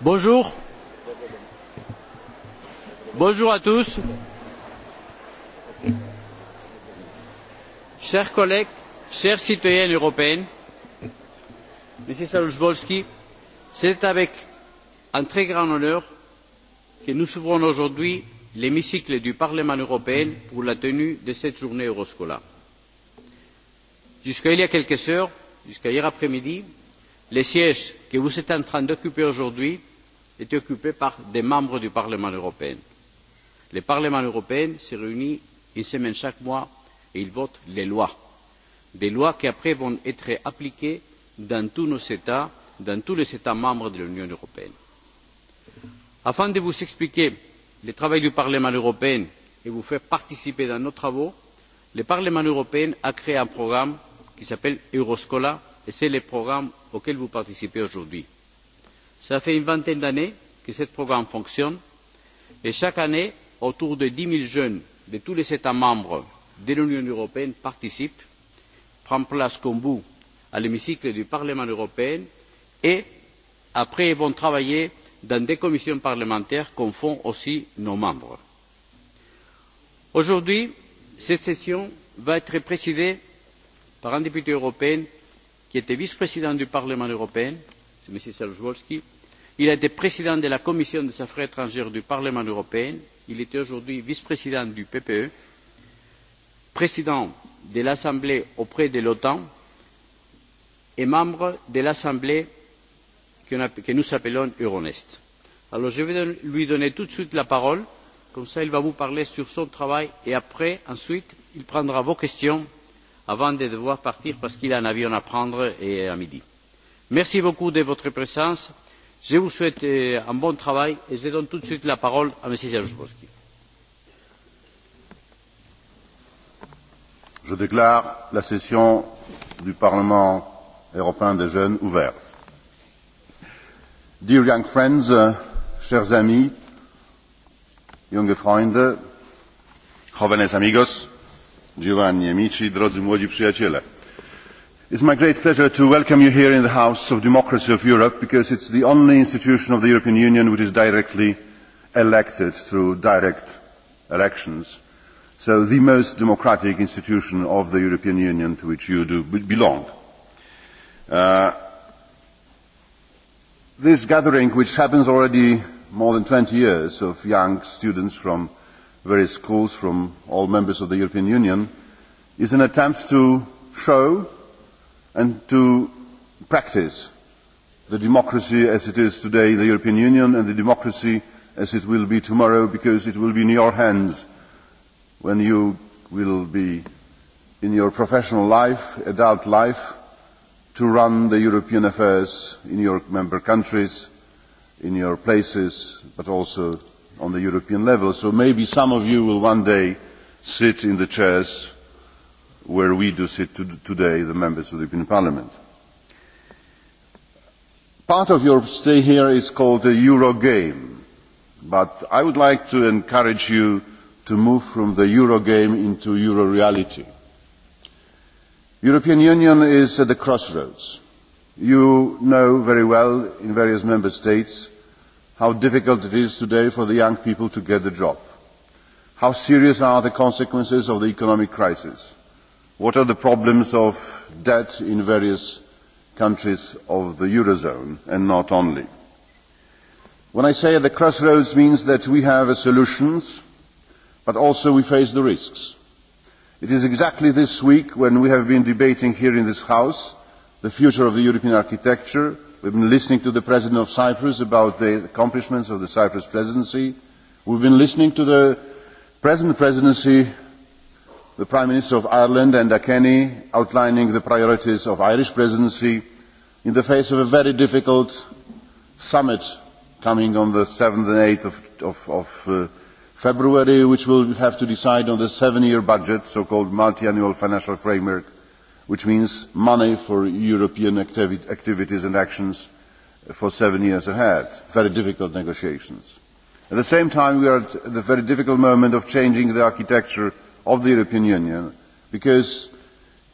Bonjour. Bonjour à tous. Chers collègues, chers citoyens européens, Monsieur Salusbolski, c'est avec un très grand honneur que nous ouvrons aujourd'hui l'hémicycle du Parlement européen pour la tenue de cette journée Euroscola Jusqu'à il y a quelques heures, jusqu'à hier après-midi, les sièges que vous êtes en train d'occuper aujourd'hui étaient occupé par des membres du Parlement européen. Le Parlement européen se réunit une semaine chaque mois et il vote les lois. Des lois qui après vont être appliquées dans tous nos États, dans tous les États membres de l'Union européenne. Afin de vous expliquer le travail du Parlement européen et vous faire participer à nos travaux, le Parlement européen a créé un programme qui s'appelle Euroscola et c'est le programme auquel vous participez aujourd'hui. Cela fait une vingtaine d'années que ce programme fonctionne et chaque année, autour de dix jeunes de tous les États membres de l'Union européenne participent, prennent place comme vous à l'hémicycle du Parlement européen et après vont travailler dans des commissions parlementaires qu'en font aussi nos membres. Aujourd'hui, cette session va être présidée par un député européen qui était vice-président du Parlement européen, c'est M. Il a été président de la Commission des affaires étrangères du Parlement européen. Il est aujourd'hui vice-président du PPE, président de l'Assemblée auprès de l'OTAN et membre de l'Assemblée que nous appelons Euronest. Alors je vais lui donner tout de suite la parole, comme ça il va vous parler sur son travail et après, ensuite, il prendra vos questions avant de devoir partir parce qu'il a un avion à prendre et à midi. Merci beaucoup de votre présence. Je vous souhaite un bon travail et je donne tout de suite la parole à M. Jaruzelski. Je déclare la session du Parlement européen des jeunes ouverte. Dear young friends, chers amis, junge Freunde, jóvenes amigos, Giovanni Amici, drodzy młodzi przyjaciele. It's my great pleasure to welcome you here in the House of Democracy of Europe because it's the only institution of the European Union which is directly elected through direct elections. So the most democratic institution of the European Union to which you do belong. This gathering, which happens already more than 20 years, of young students from various schools from all members of the European Union is an attempt to show and to practice the democracy as it is today in the European Union and the democracy as it will be tomorrow because it will be in your hands when you will be in your professional life, adult life, to run the European affairs in your member countries, in your places, but also on the European level. So maybe some of you will one day sit in the chairs where we do sit today, the members of the European Parliament. Part of your stay here is called the Euro game, but I would like to encourage you to move from the Euro game into Euro reality. European Union is at the crossroads. You know very well in various member states how difficult it is today for the young people to get a job, how serious are the consequences of the economic crisis, what are the problems of debt in various countries of the Eurozone and not only. When I say at the crossroads means that we have solutions, but also we face the risks. It is exactly this week when we have been debating here in this House the future of the European architecture We have been listening to the President of Cyprus about the accomplishments of the Cyprus presidency. We have been listening to the present presidency, the Prime Minister of Ireland and Akeni outlining the priorities of the Irish presidency in the face of a very difficult summit coming on the 7th and 8th of February, which will have to decide on the seven-year budget, so-called multiannual financial framework which means money for European activities and actions for seven years ahead. Very difficult negotiations. At the same time, we are at the very difficult moment of changing the architecture of the European Union because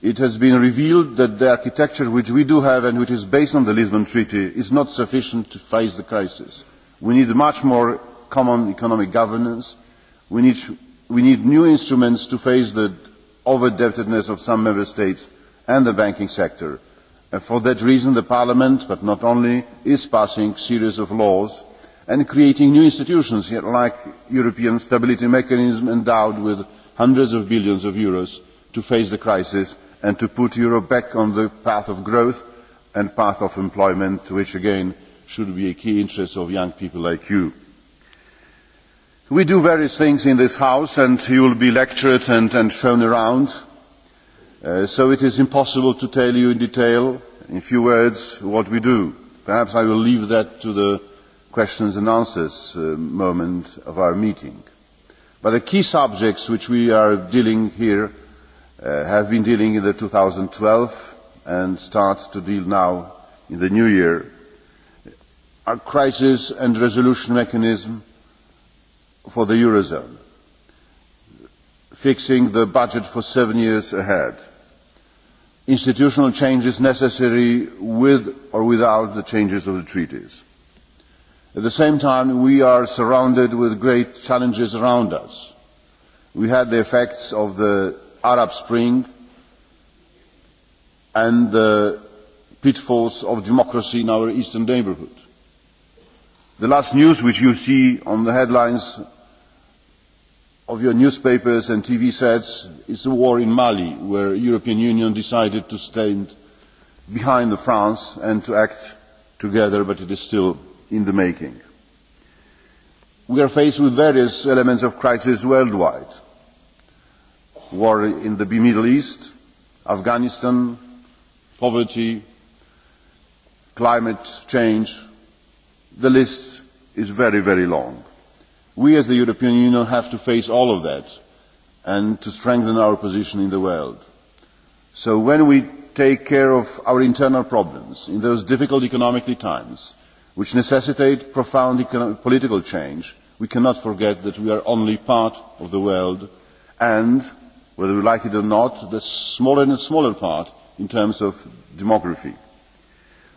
it has been revealed that the architecture which we do have and which is based on the Lisbon Treaty is not sufficient to face the crisis. We need much more common economic governance. We need new instruments to face the overdebtedness of some member states and the banking sector. For that reason, the Parliament, but not only, is passing a series of laws and creating new institutions like the European Stability Mechanism endowed with hundreds of billions of euros to face the crisis and to put Europe back on the path of growth and path of employment, which again should be a key interest of young people like you. We do various things in this House and you will be lectured and shown around so it is impossible to tell you in detail, in few words, what we do. Perhaps I will leave that to the questions and answers moment of our meeting. But the key subjects which we are dealing here have been dealing in the 2012 and start to deal now in the new year are crisis and resolution mechanism for the Eurozone, fixing the budget for seven years ahead, institutional changes necessary with or without the changes of the treaties. At the same time, we are surrounded with great challenges around us. We had the effects of the Arab Spring and the pitfalls of democracy in our eastern neighbourhood. The last news which you see on the headlines of your newspapers and TV sets is the war in Mali, where the European Union decided to stand behind France and to act together, but it is still in the making. We are faced with various elements of crisis worldwide. War in the Middle East, Afghanistan, poverty, climate change. The list is very, very long. We as the European Union have to face all of that and to strengthen our position in the world. So when we take care of our internal problems in those difficult economic times, which necessitate profound political change, we cannot forget that we are only part of the world and, whether we like it or not, the smaller and smaller part in terms of demography.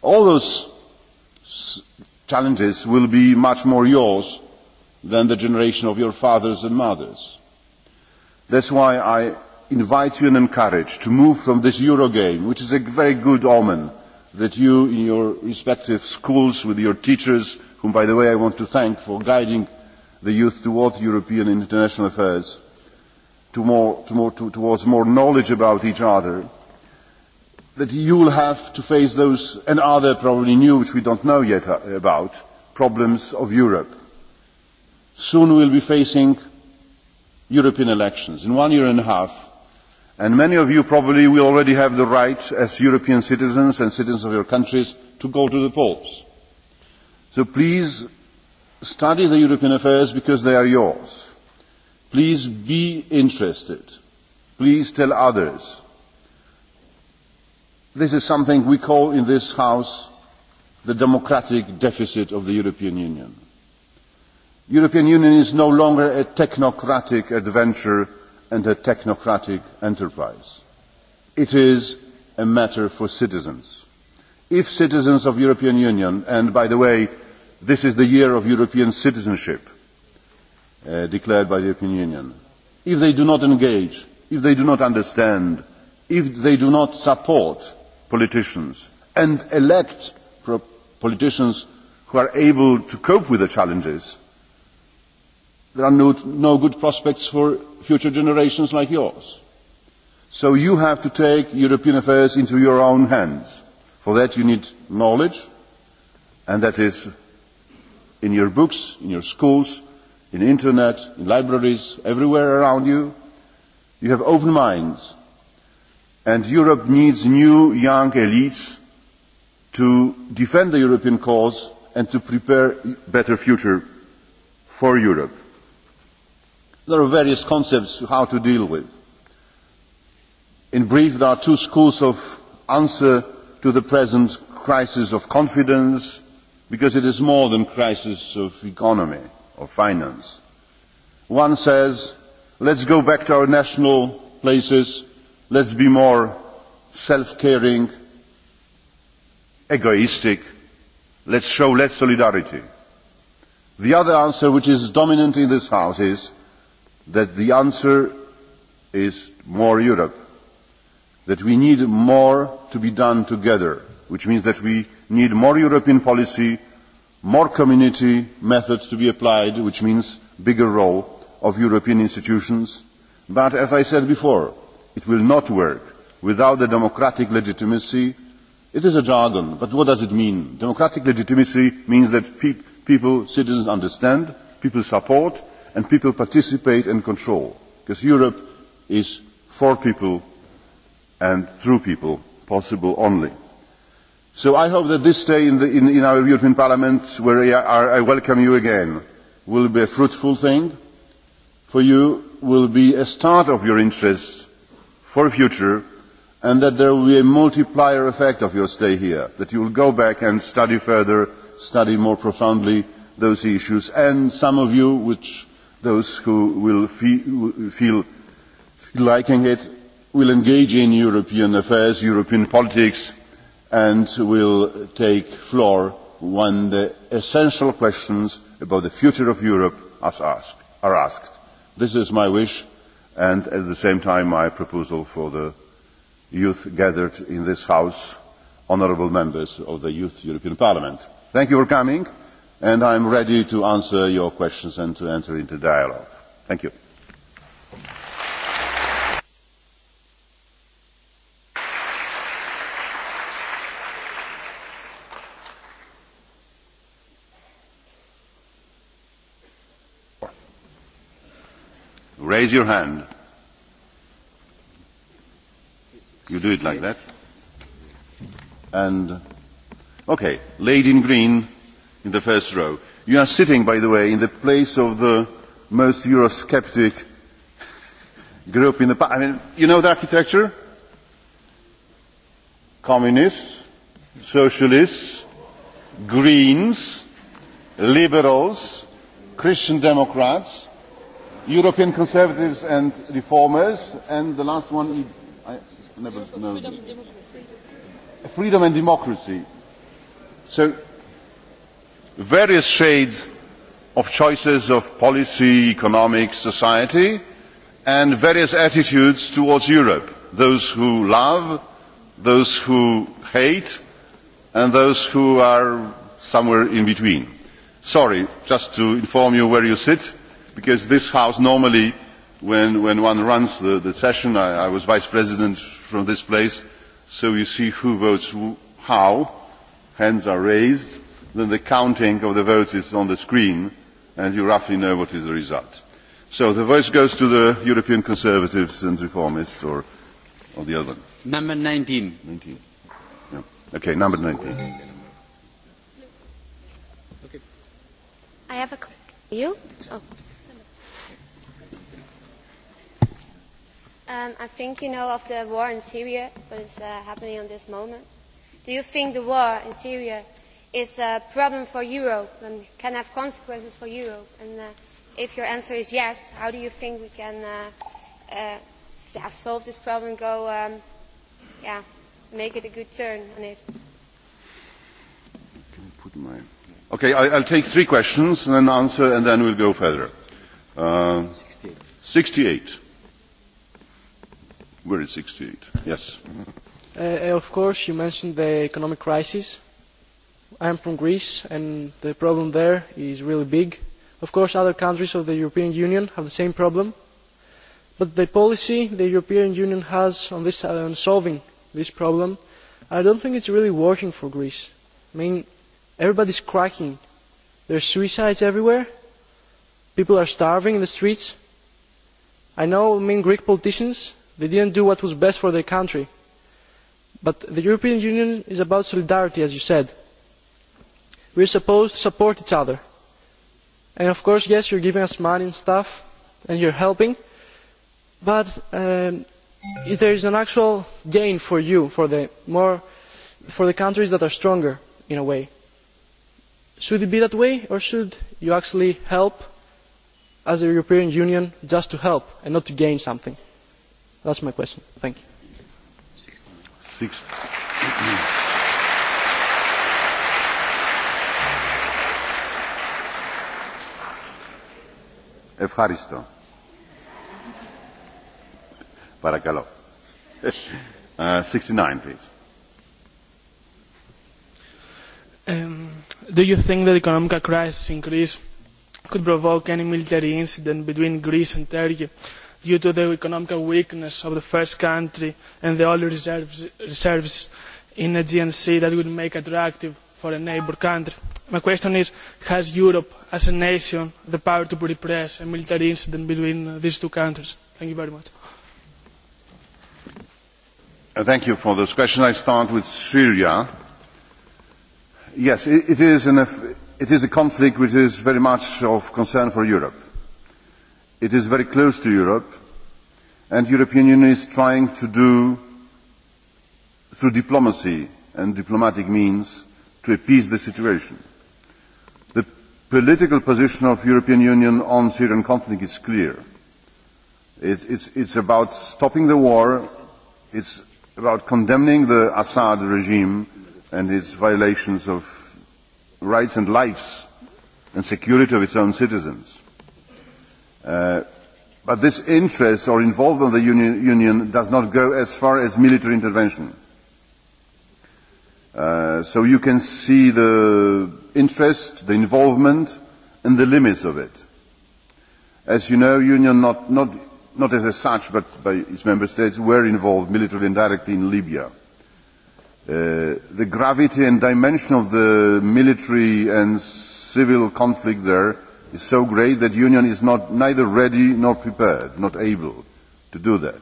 All those challenges will be much more yours than the generation of your fathers and mothers. That's why I invite you and encourage to move from this Euro game, which is a very good omen that you in your respective schools with your teachers, whom by the way I want to thank for guiding the youth towards European and international affairs, towards more knowledge about each other, that you will have to face those and other probably new, which we don't know yet about, problems of Europe Soon we will be facing European elections, in one year and a half, and many of you probably will already have the right, as European citizens and citizens of your countries, to go to the polls. So please study the European affairs because they are yours. Please be interested. Please tell others. This is something we call in this House the democratic deficit of the European Union. The European Union is no longer a technocratic adventure and a technocratic enterprise. It is a matter for citizens. If citizens of the European Union, and by the way, this is the year of European citizenship declared by the European Union, if they do not engage, if they do not understand, if they do not support politicians and elect politicians who are able to cope with the challenges, There are no good prospects for future generations like yours. So you have to take European affairs into your own hands. For that you need knowledge, and that is in your books, in your schools, in the internet, in libraries, everywhere around you. You have open minds, and Europe needs new young elites to defend the European cause and to prepare a better future for Europe. There are various concepts how to deal with. In brief, there are two schools of answer to the present crisis of confidence, because it is more than crisis of economy or finance. One says, let's go back to our national places, let's be more self-caring, egoistic, let's show less solidarity. The other answer, which is dominant in this House, is that the answer is more Europe, that we need more to be done together, which means that we need more European policy, more community methods to be applied, which means bigger role of European institutions. But as I said before, it will not work without the democratic legitimacy. It is a jargon, but what does it mean? Democratic legitimacy means that people, citizens understand, people support, and people participate and control. Because Europe is for people and through people, possible only. So I hope that this stay in our European Parliament, where I welcome you again, will be a fruitful thing for you, will be a start of your interest for the future, and that there will be a multiplier effect of your stay here, that you will go back and study further, study more profoundly those issues, and some of you, which those who will feel liking it will engage in European affairs, European politics and will take floor when the essential questions about the future of Europe are asked. This is my wish and at the same time my proposal for the youth gathered in this House, honourable members of the Youth European Parliament. Thank you for coming and I am ready to answer your questions and to enter into dialogue. Thank you. Raise your hand. You do it like that. And, okay, lady in green in the first row. You are sitting, by the way, in the place of the most Eurosceptic group in the I mean, you know the architecture? Communists, socialists, Greens, liberals, Christian Democrats, European conservatives and reformers, and the last one is, I never know. Freedom and democracy. So various shades of choices of policy, economics, society, and various attitudes towards Europe. Those who love, those who hate, and those who are somewhere in between. Sorry, just to inform you where you sit, because this House normally, when one runs the session, I was Vice President from this place, so you see who votes how, hands are raised then the counting of the votes is on the screen and you roughly know what is the result. So the voice goes to the European Conservatives and Reformists or, the other. Number 19. 19. Okay, number 19. I have a you. I think you know of the war in Syria, what is happening at this moment. Do you think the war in Syria is a problem for Europe and can have consequences for Europe? And if your answer is yes, how do you think we can uh solve this problem and go, yeah, make it a good turn on it? put my Okay, I'll take three questions and then answer and then we'll go further. 68. Where is 68? Yes. Of course, you mentioned the economic crisis I am from Greece, and the problem there is really big. Of course, other countries of the European Union have the same problem, but the policy the European Union has on solving this problem, I don't think it's really working for Greece. I mean, everybody's cracking. There are suicides everywhere. People are starving in the streets. I know, I mean, Greek politicians, they didn't do what was best for their country. But the European Union is about solidarity, as you said we are supposed to support each other. And of course, yes, you're giving us money and stuff, and you're helping, but if there is an actual gain for you, for the more, for the countries that are stronger, in a way. Should it be that way, or should you actually help as a European Union just to help and not to gain something? That's my question. Thank you. Ευχαριστώ. Παρακαλώ. 69, please. Do you think that the economic crisis in Greece could provoke any military incident between Greece and Turkey due to the economic weakness of the first country and the oil reserves in the GNC that would make attractive for a neighbour country. My question is, has Europe as a nation the power to repress a military incident between these two countries? Thank you very much. Thank you for those questions. I start with Syria. Yes, it is a conflict which is very much of concern for Europe. It is very close to Europe, and the European Union is trying to do, through diplomacy and diplomatic means, to appease the situation. The political position of the European Union on the Syrian conflict is clear. It is about stopping the war, it is about condemning the Assad regime and its violations of rights and lives and security of its own citizens. But this interest or involvement of the Union does not go as far as military intervention. So you can see the interest, the involvement and the limits of it. As you know, Union not as such, but by its member states, were involved militarily and directly in Libya. The gravity and dimension of the military and civil conflict there is so great that the Union is neither ready nor prepared, not able to do that.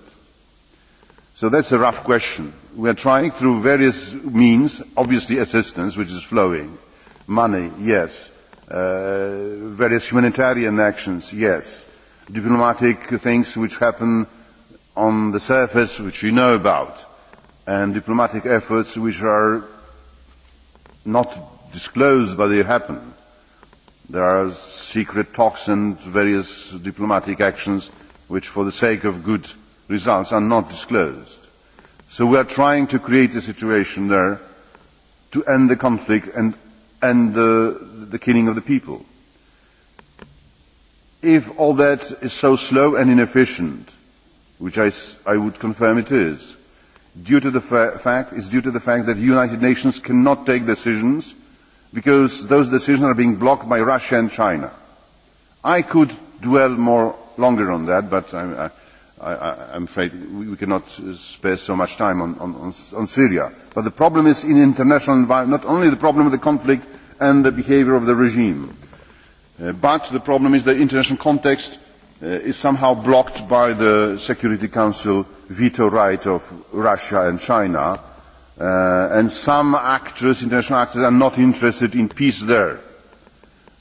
So that's a rough question we are trying through various means, obviously assistance, which is flowing, money, yes, various humanitarian actions, yes, diplomatic things which happen on the surface, which we know about, and diplomatic efforts which are not disclosed but they happen. There are secret talks and various diplomatic actions which, for the sake of good results, are not disclosed So we are trying to create a situation there to end the conflict and end the killing of the people. If all that is so slow and inefficient, which I would confirm it is, due to the fact is due to the fact that the United Nations cannot take decisions because those decisions are being blocked by Russia and China. I could dwell more longer on that, but I am afraid we cannot spare so much time on Syria. But the problem is in international environment, not only the problem of the conflict and the behaviour of the regime, but the problem is the international context is somehow blocked by the Security Council veto right of Russia and China, and some actors, international actors, are not interested in peace there.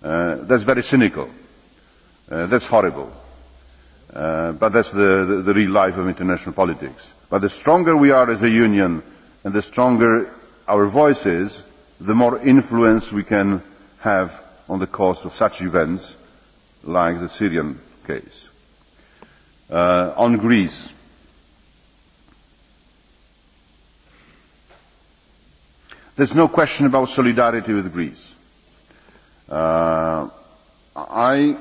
That's very cynical. That's horrible but that's the the real life of international politics. but the stronger we are as a union and the stronger our voice is the more influence we can have on the course of such events like the syrian case. on greece there is no question about solidarity with greece. i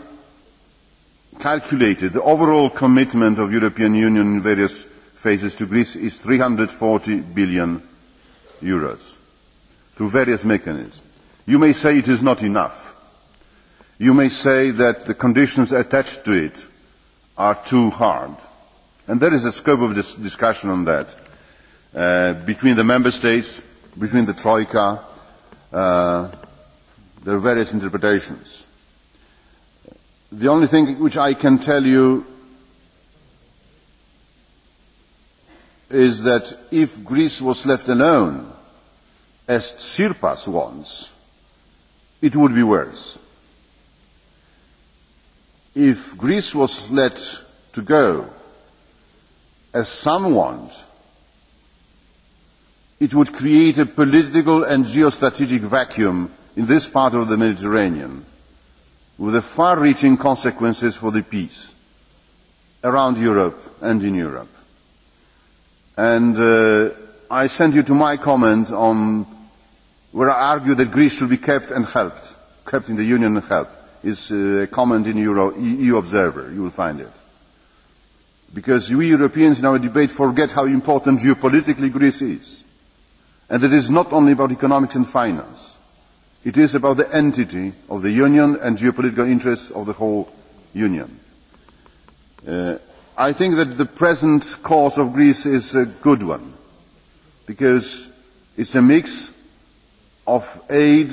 calculated the overall commitment of the European Union in various phases to Greece is EUR 340 billion through various mechanisms. You may say it is not enough. You may say that the conditions attached to it are too hard. And there is a scope of discussion on that between the Member States, between the Troika. There are various interpretations. The only thing which I can tell you is that if Greece was left alone, as Sirpas wants, it would be worse. If Greece was let to go, as some want, it would create a political and geostrategic vacuum in this part of the Mediterranean with far reaching consequences for the peace around Europe and in Europe. And I send you to my comment on where I argue that Greece should be kept and helped, kept in the Union and helped, is a comment in EU Observer. You will find it. Because we Europeans in our debate forget how important geopolitically Greece is. And it is not only about economics and finance. It is about the entity of the Union and geopolitical interests of the whole Union. I think that the present course of Greece is a good one, because it is a mix of aid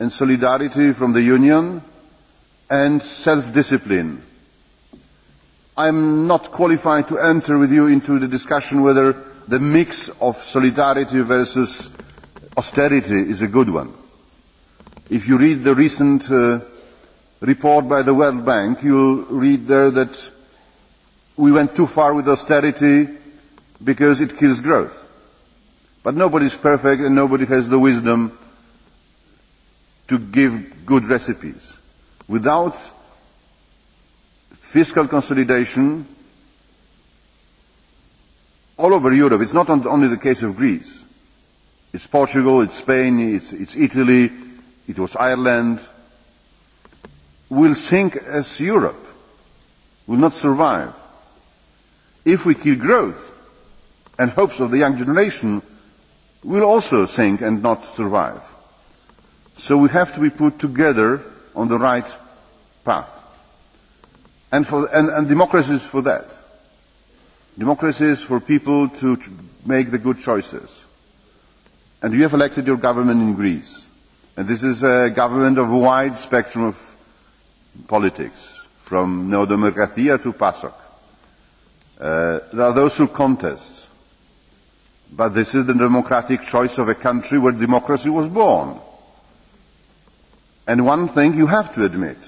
and solidarity from the Union and self discipline. I am not qualified to enter with you into the discussion whether the mix of solidarity versus austerity is a good one If you read the recent report by the World Bank, you'll read there that we went too far with austerity because it kills growth. But nobody is perfect and nobody has the wisdom to give good recipes. Without fiscal consolidation all over Europe, it's not only the case of Greece. It's Portugal, it's Spain, it's Italy, it was Ireland, will sink as Europe, will not survive. If we kill growth and hopes of the young generation, will also sink and not survive. So we have to be put together on the right path. And democracy is for that. Democracies for people to make the good choices. And you have elected your government in Greece And this is a government of a wide spectrum of politics, from Neodemokratia to PASOK. There are those who contest. But this is the democratic choice of a country where democracy was born. And one thing you have to admit,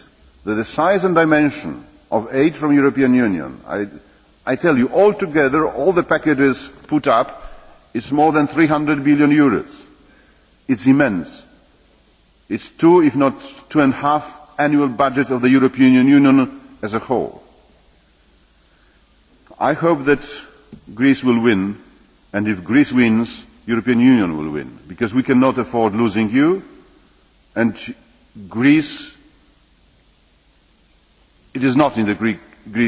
that the size and dimension of aid from the European Union, I tell you, altogether, all the packages put up, is more than 300 billion euros. It's immense. It its two if not two and a half annual budget of the european union as a whole. i hope that greece will win and if greece wins the european union will win because we cannot afford losing you and greece it is not in the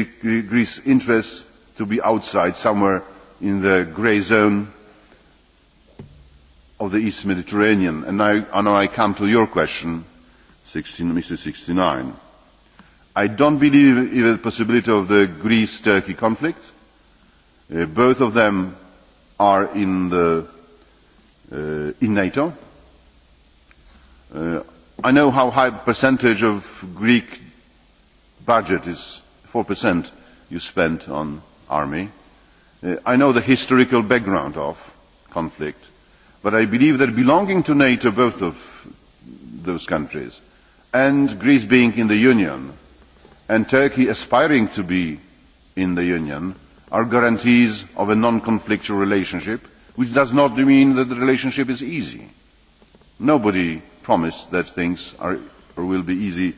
greece's interest to be outside somewhere in the grey zone of the East Mediterranean. And now I come to your question, Mr. 69. I don't believe in the possibility of the Greece-Turkey conflict. Both of them are in NATO. I know how high percentage of Greek budget is 4% you spent on army. I know the historical background of conflict But I believe that belonging to NATO, both of those countries, and Greece being in the Union, and Turkey aspiring to be in the Union, are guarantees of a non-conflictual relationship, which does not mean that the relationship is easy. Nobody promised that things are or will be easy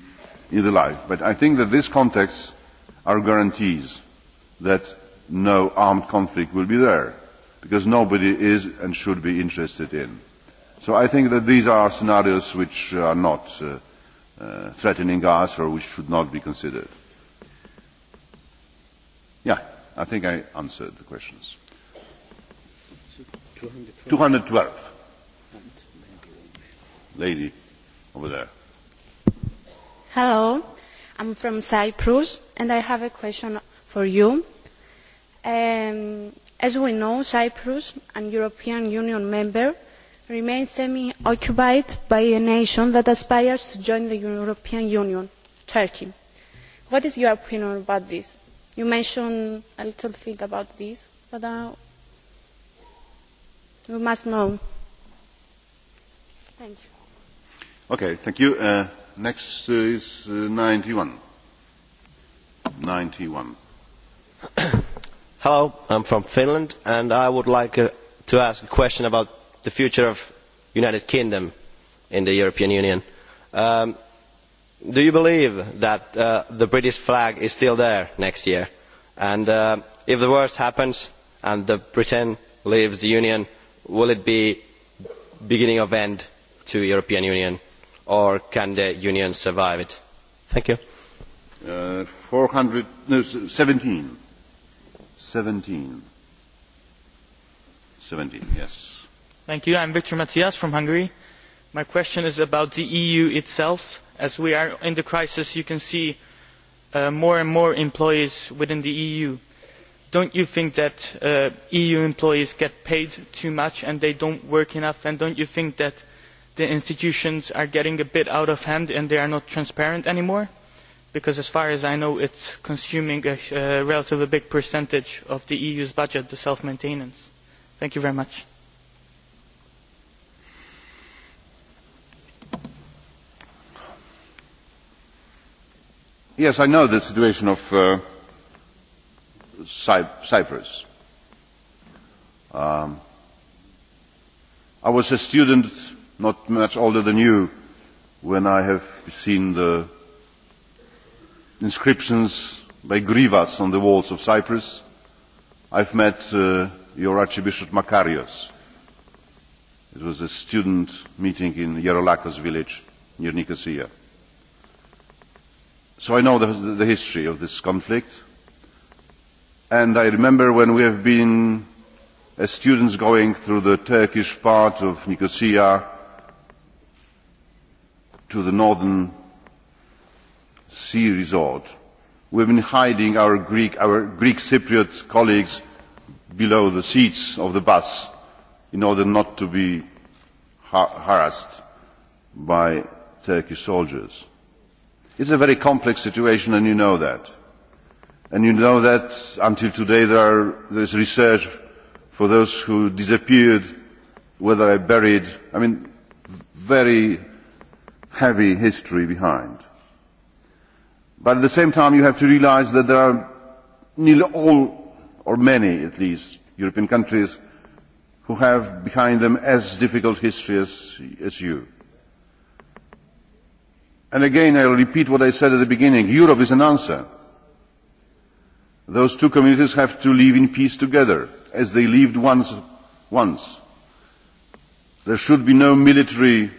in the life. But I think that these contexts are guarantees that no armed conflict will be there because nobody is and should be interested in. So I think that these are scenarios which are not threatening us or which should not be considered. Yeah, I think I answered the questions. 212. Lady over there. Hello, I'm from Cyprus and I have a question for you. Um, As we know, Cyprus, a European Union member, remains semi-occupied by a nation that aspires to join the European Union, Turkey. What is your opinion about this? You mentioned a little thing about this, but we must know. Thank you. Okay, thank you. Next is 91. 91. Hello, am from Finland and I would like to ask a question about the future of the United Kingdom in the European Union. Do you believe that the British flag is still there next year? And if the worst happens and Britain leaves the Union, will it be beginning of end to the European Union or can the Union survive it? Thank you. 417 17. 17, yes. Thank you. Victor Matias from Hungary. My question is about the EU itself. As we are in the crisis, you can see more and more employees within the EU. Don't you think that EU employees get paid too much and they don't work enough? And don't you think that the institutions are getting a bit out of hand and they are not transparent anymore? because as far as i know it is consuming a relatively big percentage of the eu's budget the self maintenance. thank you very much. yes i know the situation of cyprus. i was a student not much older than you when i have seen the inscriptions by Grivas on the walls of Cyprus. I've met your Archbishop Makarios. It was a student meeting in Yerolakos village near Nicosia. So I know the history of this conflict. And I remember when we have been, as students, going through the Turkish part of Nicosia to the northern sea resort. We have been hiding our Greek Cypriot colleagues below the seats of the bus in order not to be harassed by Turkish soldiers. It's a very complex situation and you know that. And you know that until today there is research for those who disappeared, whether I buried I mean very heavy history behind. But at the same time, you have to realize that there are nearly all, or many at least, European countries who have behind them as difficult history as you. And again, I will repeat what I said at the beginning. Europe is an answer. Those two communities have to live in peace together, as they lived once. There should be no military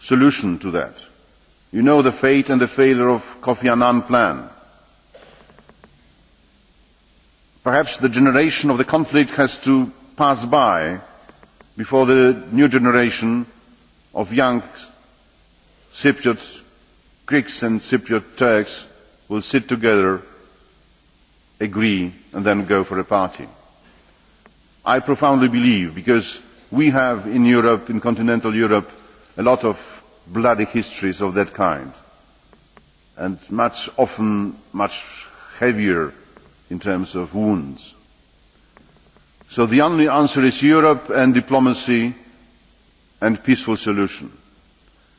solution to that. You know the fate and the failure of the Kofi Annan plan. Perhaps the generation of the conflict has to pass by before the new generation of young Cypriot Greeks and Cypriot Turks will sit together, agree and then go for a party. I profoundly believe, because we have in Europe, in continental Europe, a lot of bloody histories of that kind and much often much heavier in terms of wounds. So the only answer is Europe and diplomacy and peaceful solution.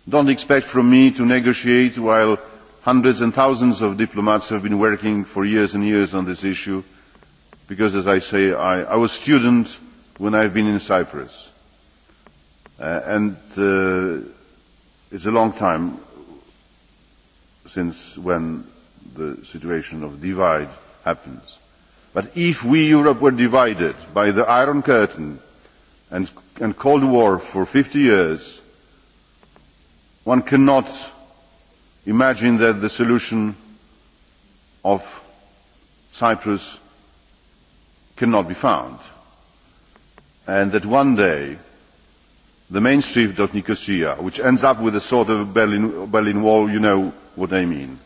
Don't expect from me to negotiate while hundreds and thousands of diplomats have been working for years and years on this issue because, as I say, I, I was a student when I've been in Cyprus. and It's a long time since when the situation of divide happens. But if we, Europe, were divided by the Iron Curtain and Cold War for 50 years, one cannot imagine that the solution of Cyprus cannot be found and that one day the main street of nicosia which ends up with a sort of berlin wall you know what i mean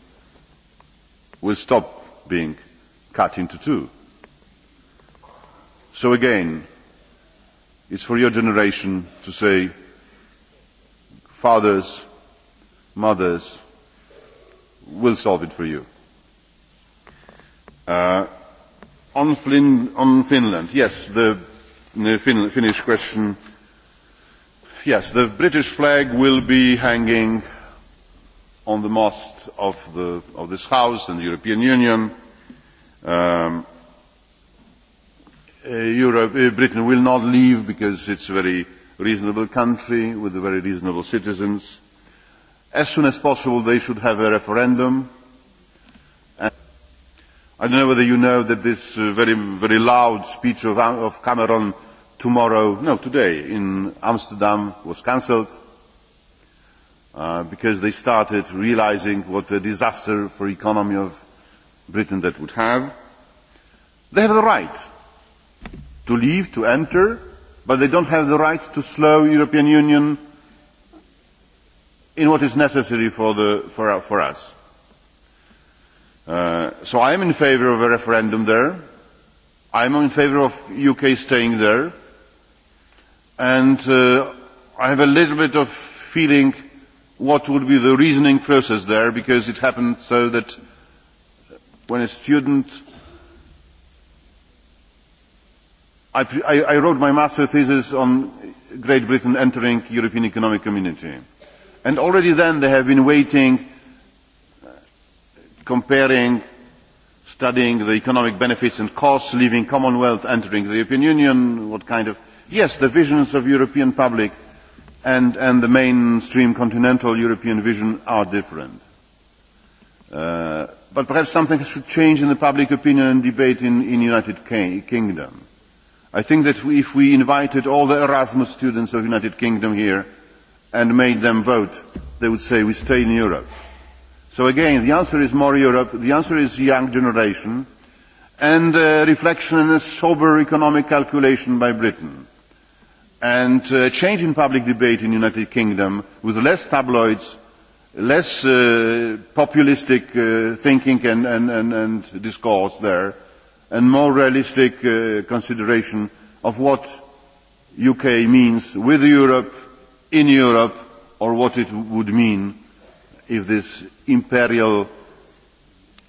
will stop being cut into two. so again it is for your generation to say fathers mothers will solve it for you. on finland yes the finnish question Yes, the British flag will be hanging on the mast of the of this House and the European Union. Britain will not leave because it's a very reasonable country with very reasonable citizens. As soon as possible they should have a referendum. I don't know whether you know that this very very loud speech of Cameron tomorrow, no, today in Amsterdam was cancelled because they started realising what a disaster for the economy of Britain that would have. They have the right to leave, to enter, but they don't have the right to slow the European Union in what is necessary for, us. so I am in favour of a referendum there. I am in favour of UK staying there and I have a little bit of feeling what would be the reasoning process there, because it happened so that when a student I wrote my master thesis on Great Britain entering European Economic Community. And already then they have been waiting, comparing, studying the economic benefits and costs, leaving Commonwealth, entering the European Union, what kind of yes the visions of european public and the mainstream continental european vision are different but perhaps something should change in the public opinion and debate in the united kingdom i think that if we invited all the erasmus students of the united kingdom here and made them vote they would say we stay in europe so again the answer is more europe the answer is young generation and reflection and a sober economic calculation by britain and a change in public debate in the united kingdom with less tabloids less populistic thinking and discourse there and more realistic consideration of what uk means with europe in europe or what it would mean if this imperial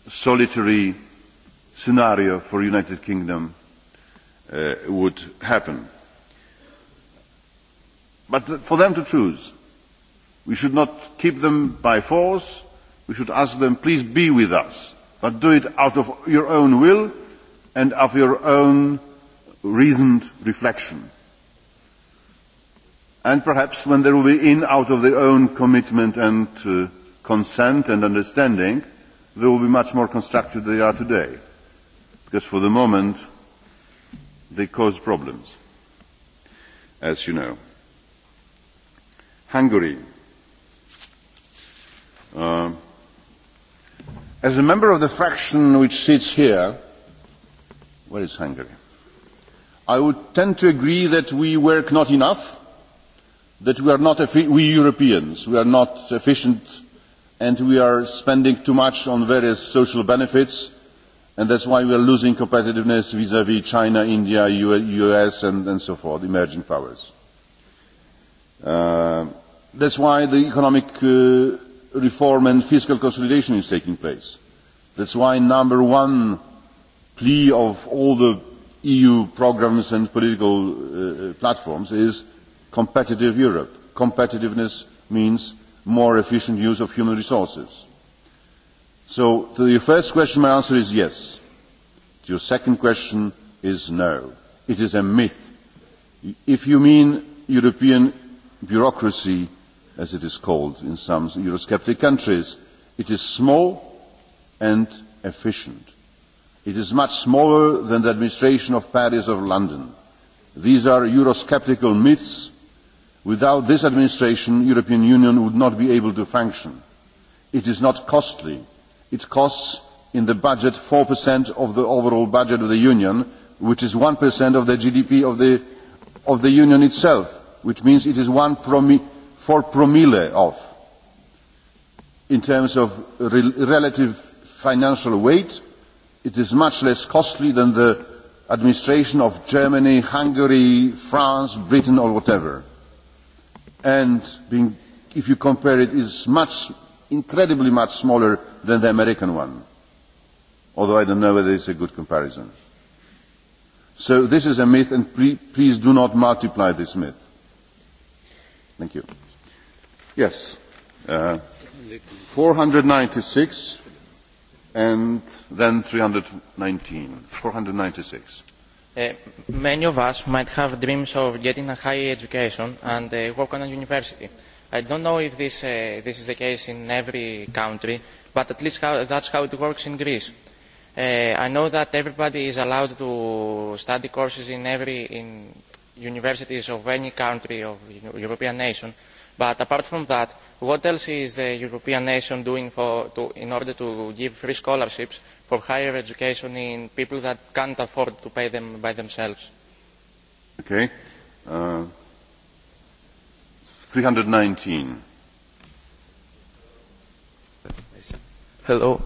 solitary scenario for the united kingdom would happen. But for them to choose. We should not keep them by force. We should ask them, please be with us. But do it out of your own will and of your own reasoned reflection. And perhaps when they will be in out of their own commitment and consent and understanding, they will be much more constructive than they are today. Because for the moment, they cause problems, as you know. Hungary. As a member of the faction which sits here, where is Hungary? I would tend to agree that we work not enough, that we are not, we Europeans, we are not efficient and we are spending too much on various social benefits and that's why we are losing competitiveness vis-à-vis China, India, US and so forth, emerging powers. That's why the economic reform and fiscal consolidation is taking place. That's why number one plea of all the EU programmes and political platforms is competitive Europe. Competitiveness means more efficient use of human resources. So to your first question, my answer is yes. To your second question is no. It is a myth. If you mean European bureaucracy as it is called in some Eurosceptic countries. It is small and efficient. It is much smaller than the administration of Paris or London. These are Eurosceptical myths. Without this administration, the European Union would not be able to function. It is not costly. It costs in the budget 4% of the overall budget of the Union, which is 1% of the GDP of the Union itself, which means it is one four promille of in terms of relative financial weight it is much less costly than the administration of germany hungary france britain or whatever and if you compare it is much incredibly much smaller than the american one although i don't know whether it's a good comparison so this is a myth and please do not multiply this myth thank you Yes. 496 and then 319. 496. Many of us might have dreams of getting a higher education and work on a university. I don't know if this this is the case in every country, but at least that's how it works in Greece. I know that everybody is allowed to study courses in every in universities of any country of European nation but apart from that what else is the european nation doing in order to give free scholarships for higher education to people that cannot afford to pay them by themselves? Okay. 319. Hello.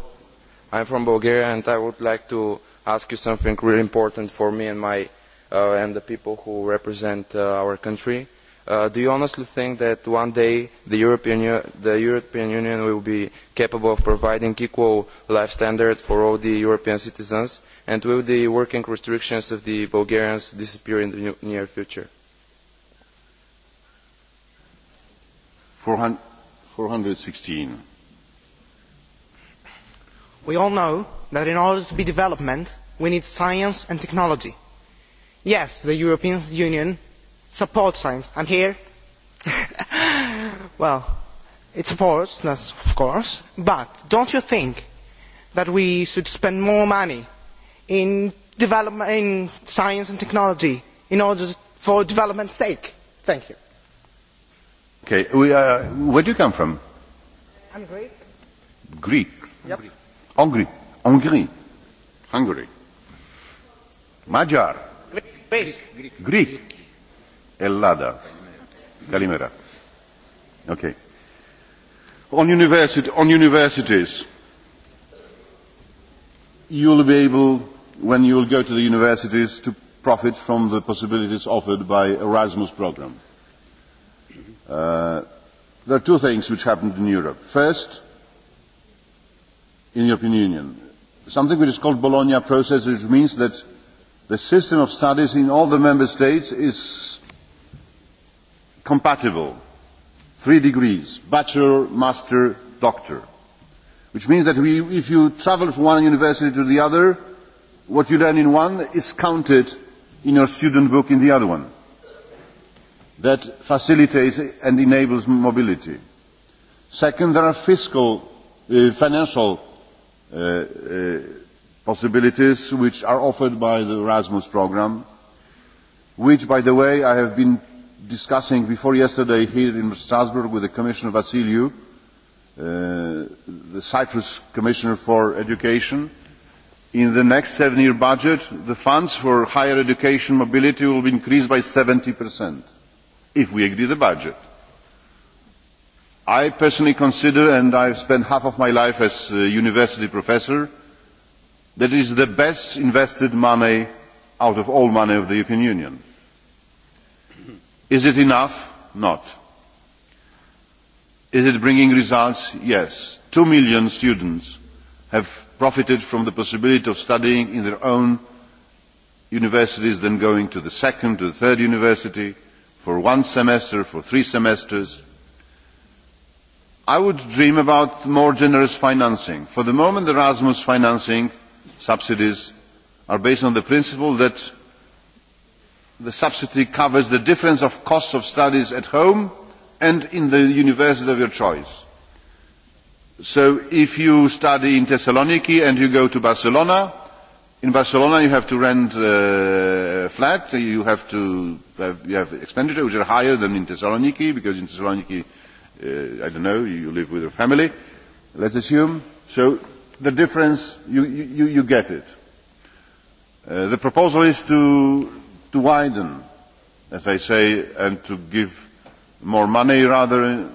I'm from Bulgaria and I would like to ask you something really important for me and my and the people who represent our country do you honestly think that one day the European Union will be capable of providing equal life standards for all the European citizens, and will the working restrictions of the Bulgarians disappear in the near future? 416. We all know that in order to be development, we need science and technology. Yes, the European Union support science. I'm here. well, it supports us, of course, but don't you think that we should spend more money in development, in science and technology, in order for development's sake? Thank you. Okay, where do you come from? I'm Greek. Greek. Yep. Hungary. Hungary. Hungary. Magyar. Greek. Greek. Ελλάδα. Καλημέρα. Okay. On, university, on universities, you will be able, when you will go to the universities, to profit from the possibilities offered by Erasmus program. Uh, there are two things which happened in Europe. First, in the European Union, something which is called Bologna process, which means that the system of studies in all the member states is compatible three degrees bachelor master doctor which means that if you travel from one university to the other what you learn in one is counted in your student book in the other one. that facilitates and enables mobility. second there are fiscal financial possibilities which are offered by the erasmus programme which by the way i have been discussing before yesterday here in Strasbourg with the Commissioner Vassiliou, the Cyprus Commissioner for Education. In the next seven-year budget, the funds for higher education mobility will be increased by 70%, if we agree the budget. I personally consider, and I have spent half of my life as a university professor, that it is the best invested money out of all money of the European Union Is it enough? Not. Is it bringing results? Yes. Two million students have profited from the possibility of studying in their own universities, then going to the second, to the third university, for one semester, for three semesters. I would dream about more generous financing. For the moment, the Erasmus financing subsidies are based on the principle that the subsidy covers the difference of costs of studies at home and in the university of your choice. So if you study in Thessaloniki and you go to Barcelona, in Barcelona you have to rent a flat, you have to have, you expenditure which are higher than in Thessaloniki because in Thessaloniki, I don't know, you live with your family, let's assume. So the difference, you get it. the proposal is to to widen, as I say, and to give more money rather.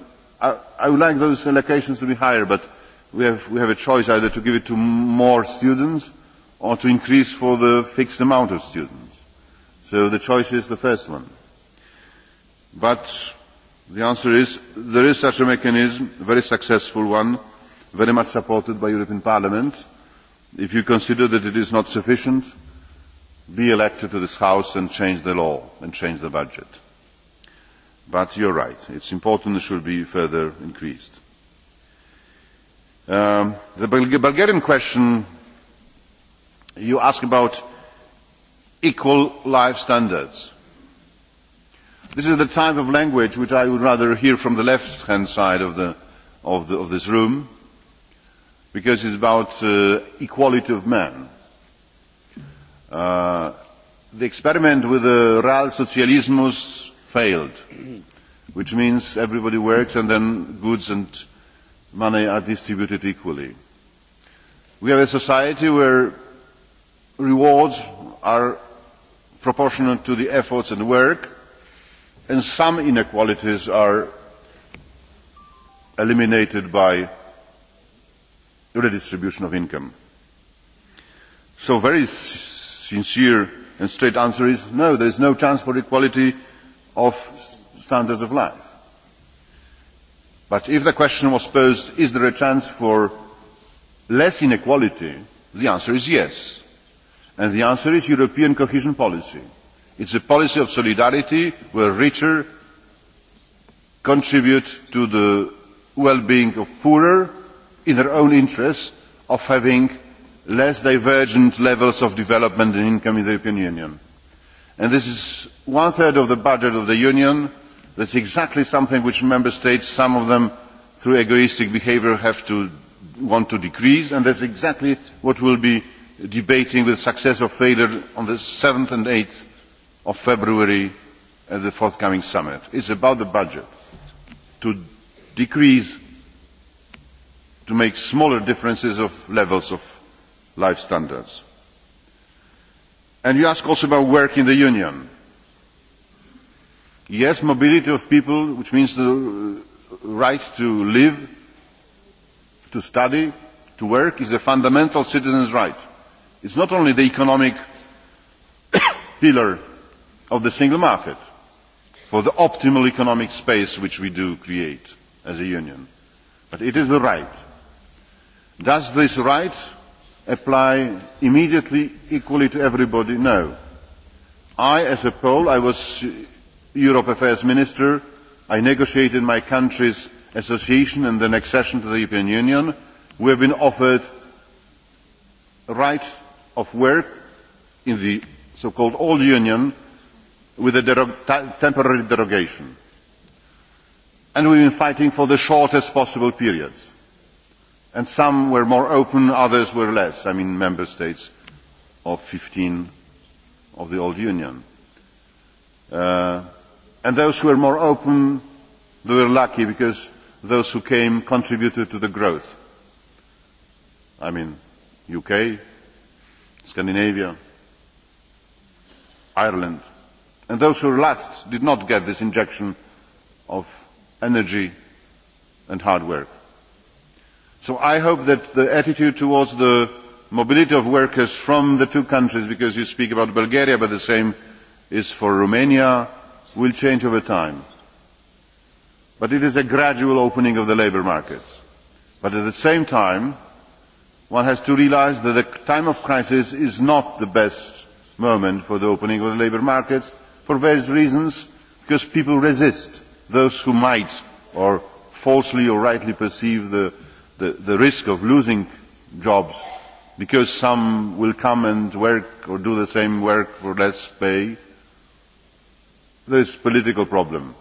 I would like those allocations to be higher, but we have a choice either to give it to more students or to increase for the fixed amount of students. So the choice is the first one. But the answer is there is such a mechanism, a very successful one, very much supported by European Parliament. If you consider that it is not sufficient, be elected to this House and change the law and change the budget. But you are right, its importance should be further increased. The Bulgarian question, you ask about equal life standards. This is the type of language which I would rather hear from the left-hand side of the of of this room, because it's about equality of men The experiment with the real socialismus failed, which means everybody works and then goods and money are distributed equally. We have a society where rewards are proportional to the efforts and work, and some inequalities are eliminated by redistribution of income. So very sincere and straight answer is no, there is no chance for equality of standards of life. But if the question was posed, is there a chance for less inequality, the answer is yes. And the answer is European cohesion policy. It's a policy of solidarity where richer contribute to the well-being of poorer in their own interests of having less divergent levels of development and income in the European Union. And this is one third of the budget of the Union. That's exactly something which Member States, some of them through egoistic behaviour, have to want to decrease, and that's exactly what will be debating with success or failure on the 7 and 8 of February at the forthcoming summit. It's about the budget. To decrease, to make smaller differences of levels of life standards. And you ask also about work in the Union. Yes, mobility of people, which means the right to live, to study, to work, is a fundamental citizen's right. It's not only the economic pillar of the single market, for the optimal economic space which we do create as a union, but it is the right. Does this right apply immediately equally to everybody. No. I, as a Pole, I was Europe Affairs Minister. I negotiated my country's association and then accession to the European Union. We have been offered rights of work in the so-called old Union with a temporary derogation. And we have been fighting for the shortest possible periods and some were more open, others were less. I mean, member states of 15 of the old Union. And those who were more open, they were lucky because those who came contributed to the growth. I mean, UK, Scandinavia, Ireland. And those who were last did not get this injection of energy and hard work. So I hope that the attitude towards the mobility of workers from the two countries, because you speak about Bulgaria, but the same is for Romania, will change over time. But it is a gradual opening of the labour markets. But at the same time, one has to realise that the time of crisis is not the best moment for the opening of the labour markets for various reasons, because people resist those who might or falsely or rightly perceive the the risk of losing jobs because some will come and work or do the same work for less pay. There is a political problem.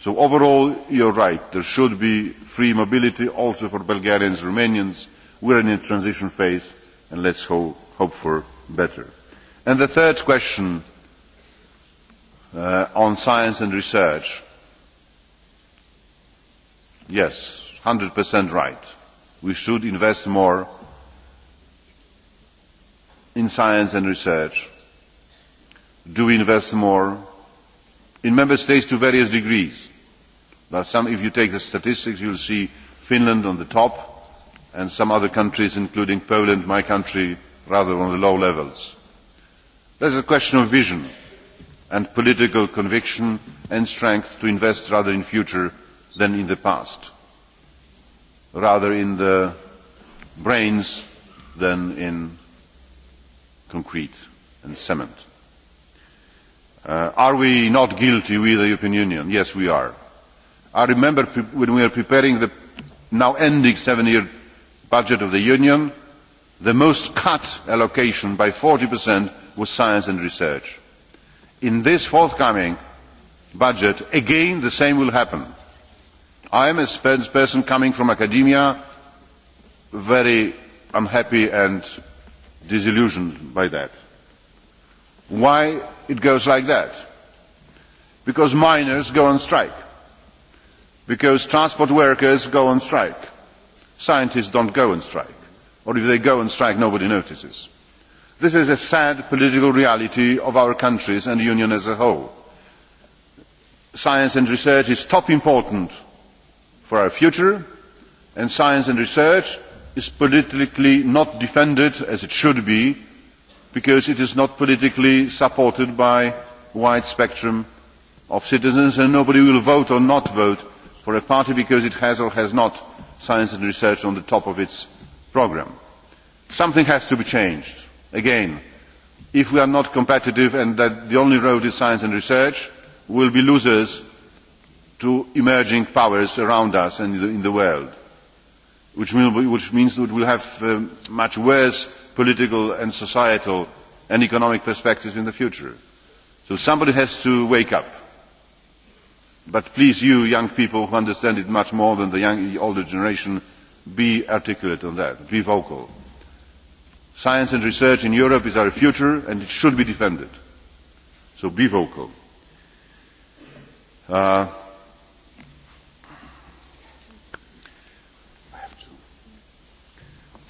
So overall, you are right. There should be free mobility also for Bulgarians, Romanians. We are in a transition phase, and let's hope for better. And the third question on science and research. Yes 100% right. We should invest more in science and research. Do we invest more in member states to various degrees? But some, if you take the statistics, you will see Finland on the top and some other countries, including Poland, my country, rather on the low levels. is a question of vision and political conviction and strength to invest rather in future than in the past rather in the brains than in concrete and cement. Are we not guilty, we the European Union? Yes, we are. I remember when we were preparing the now ending seven-year budget of the Union, the most cut allocation by 40% was science and research. In this forthcoming budget, again the same will happen. I am a person coming from academia very unhappy and disillusioned by that. Why it goes like that? Because miners go on strike. Because transport workers go on strike. Scientists don't go on strike. Or if they go on strike, nobody notices. This is a sad political reality of our countries and the Union as a whole. Science and research is top important for our future and science and research is politically not defended as it should be because it is not politically supported by a wide spectrum of citizens and nobody will vote or not vote for a party because it has or has not science and research on the top of its programme. something has to be changed. again if we are not competitive and that the only road is science and research we will be losers to emerging powers around us and in the world, which means that we will have much worse political and societal and economic perspectives in the future. So somebody has to wake up. But please, you young people who understand it much more than the older generation, be articulate on that, be vocal. Science and research in Europe is our future and it should be defended. So be vocal.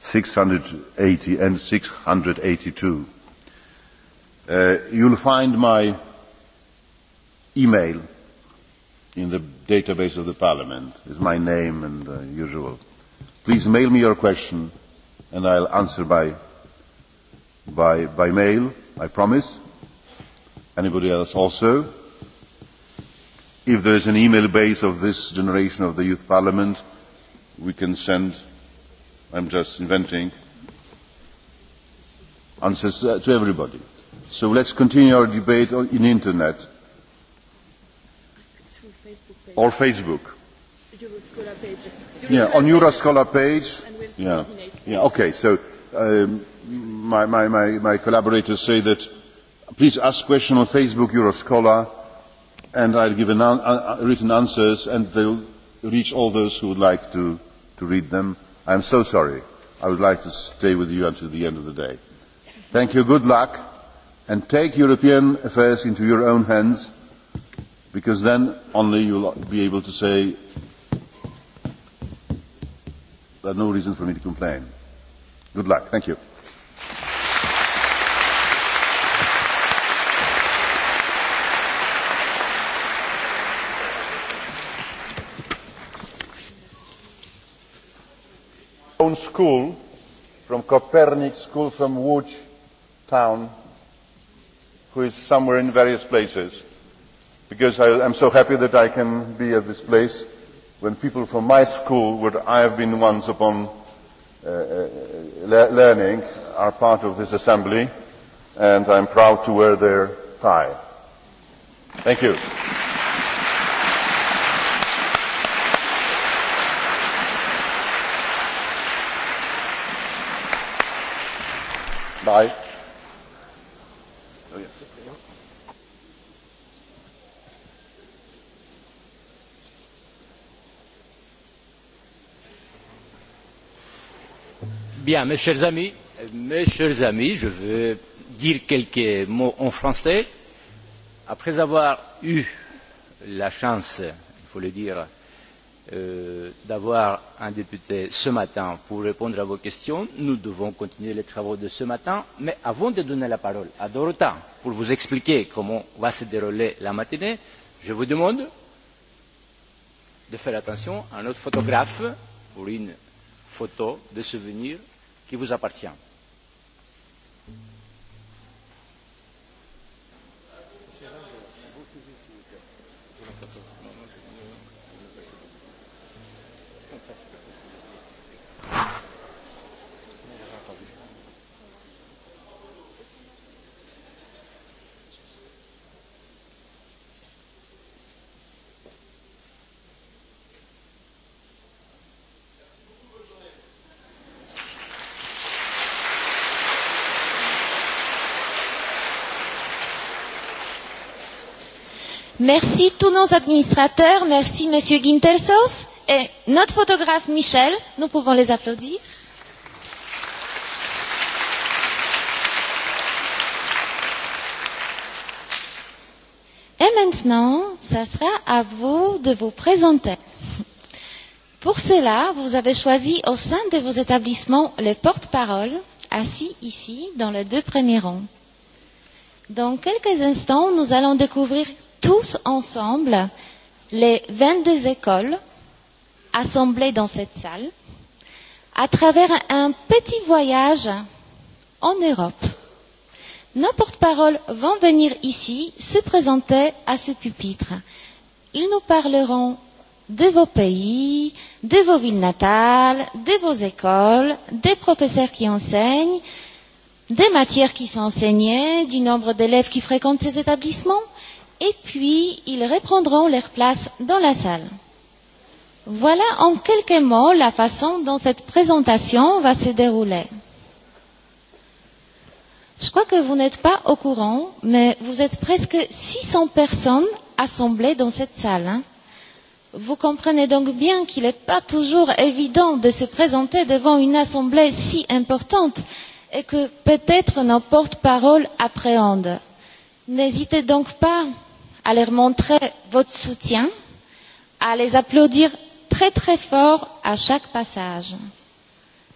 680 and 682. You'll find my email in the database of the Parliament. It's my name and usual. Please mail me your question and I'll answer by by by mail, I promise. Anybody else also? If there is an email base of this generation of the Youth Parliament, we can send I'm just inventing answers to everybody. So let's continue our debate in internet. Or Facebook. page. Yeah, on Scholar page. Yeah. Yeah, okay. So my, my, my, my collaborators say that please ask questions on Facebook, Euroscola, and I'll give an, written answers and they'll reach all those who would like to, to read them I am so sorry. I would like to stay with you until the end of the day. Thank you. Good luck. And take European affairs into your own hands, because then only you will be able to say there is no reason for me to complain. Good luck. Thank you. school from Copernic School from Wood Town, who is somewhere in various places, because I am so happy that I can be at this place when people from my school, where I have been once upon learning, are part of this assembly, and I am proud to wear their tie. Thank you. Bien, mes chers amis, mes chers amis, je veux dire quelques mots en français. Après avoir eu la chance, il faut le dire, d'avoir un député ce matin pour répondre à vos questions. Nous devons continuer les travaux de ce matin, mais avant de donner la parole à Dorota pour vous expliquer comment va se dérouler la matinée, je vous demande de faire attention à notre photographe pour une photo de souvenir qui vous appartient. Merci tous nos administrateurs, merci Monsieur Gintersos et notre photographe Michel, nous pouvons les applaudir. Et maintenant, ça sera à vous de vous présenter. Pour cela, vous avez choisi au sein de vos établissements les porte-paroles, assis ici dans les deux premiers rangs. Dans quelques instants, nous allons découvrir tous ensemble les 22 écoles assemblées dans cette salle à travers un petit voyage en Europe. Nos porte-paroles vont venir ici se présenter à ce pupitre. Ils nous parleront de vos pays, de vos villes natales, de vos écoles, des professeurs qui enseignent, des matières qui sont enseignées, du nombre d'élèves qui fréquentent ces établissements et puis ils reprendront leur place dans la salle. Voilà en quelques mots la façon dont cette présentation va se dérouler. Je crois que vous n'êtes pas au courant, mais vous êtes presque 600 personnes assemblées dans cette salle. Vous comprenez donc bien qu'il n'est pas toujours évident de se présenter devant une assemblée si importante et que peut-être nos porte-paroles appréhendent. N'hésitez donc pas à leur montrer votre soutien, à les applaudir très très fort à chaque passage.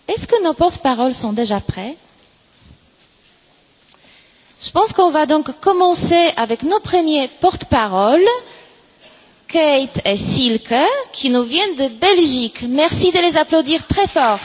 Est-ce que nos porte-paroles sont déjà prêts Je pense qu'on va donc commencer avec nos premiers porte-paroles, Kate et Silke, qui nous viennent de Belgique. Merci de les applaudir très fort.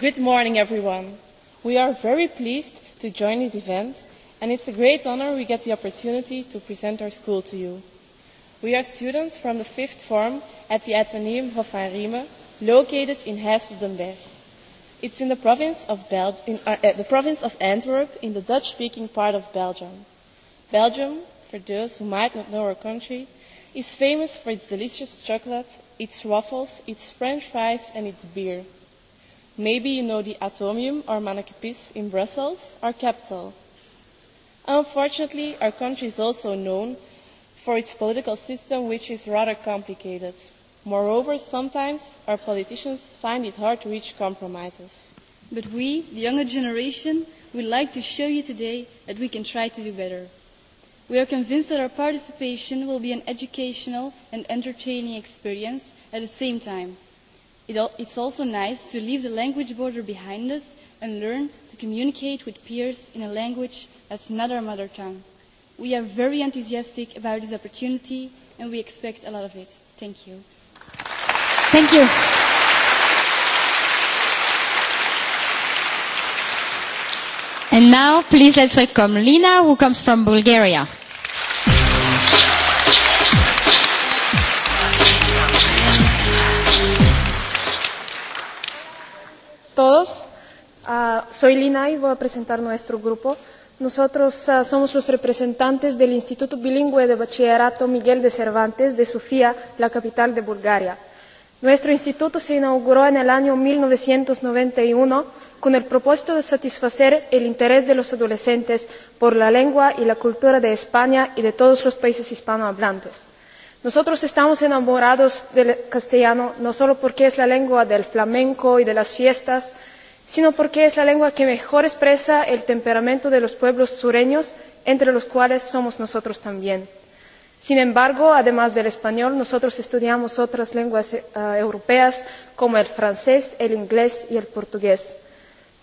Good morning, everyone. We are very pleased to join this event, and it's a great honor we get the opportunity to present our school to you. We are students from the fifth form at the Atheneum Hof van Riemen, located in Berg. It's in the province of Bel in the province of Antwerp, in the Dutch-speaking part of Belgium. Belgium, for those who might not know our country, is famous for its delicious chocolate, its waffles, its French fries and its beer. Maybe you know the Atomium or Manakipis in Brussels, our capital. Unfortunately, our country is also known for its political system, which is rather complicated. Moreover, sometimes our politicians find it hard to reach compromises. But we, the younger generation, would like to show you today that we can try to do better. We are convinced that our participation will be an educational and entertaining experience at the same time It's also nice to leave the language border behind us and learn to communicate with peers in a language that's not our mother tongue. We are very enthusiastic about this opportunity and we expect a lot of it. Thank you. Thank you. And now please let's welcome Lina who comes from Bulgaria. todos. Soy Lina y voy a presentar nuestro grupo. Nosotros somos los representantes del Instituto Bilingüe de Bachillerato Miguel de Cervantes de Sofía, la capital de Bulgaria. Nuestro instituto se inauguró en el año 1991 con el propósito de satisfacer el interés de los adolescentes por la lengua y la cultura de España y de todos los países hispanohablantes. Nosotros estamos enamorados del castellano no solo porque es la lengua del flamenco y de las fiestas, sino porque es la lengua que mejor expresa el temperamento de los pueblos sureños, entre los cuales somos nosotros también. Sin embargo, además del español, nosotros estudiamos otras lenguas europeas como el francés, el inglés y el portugués.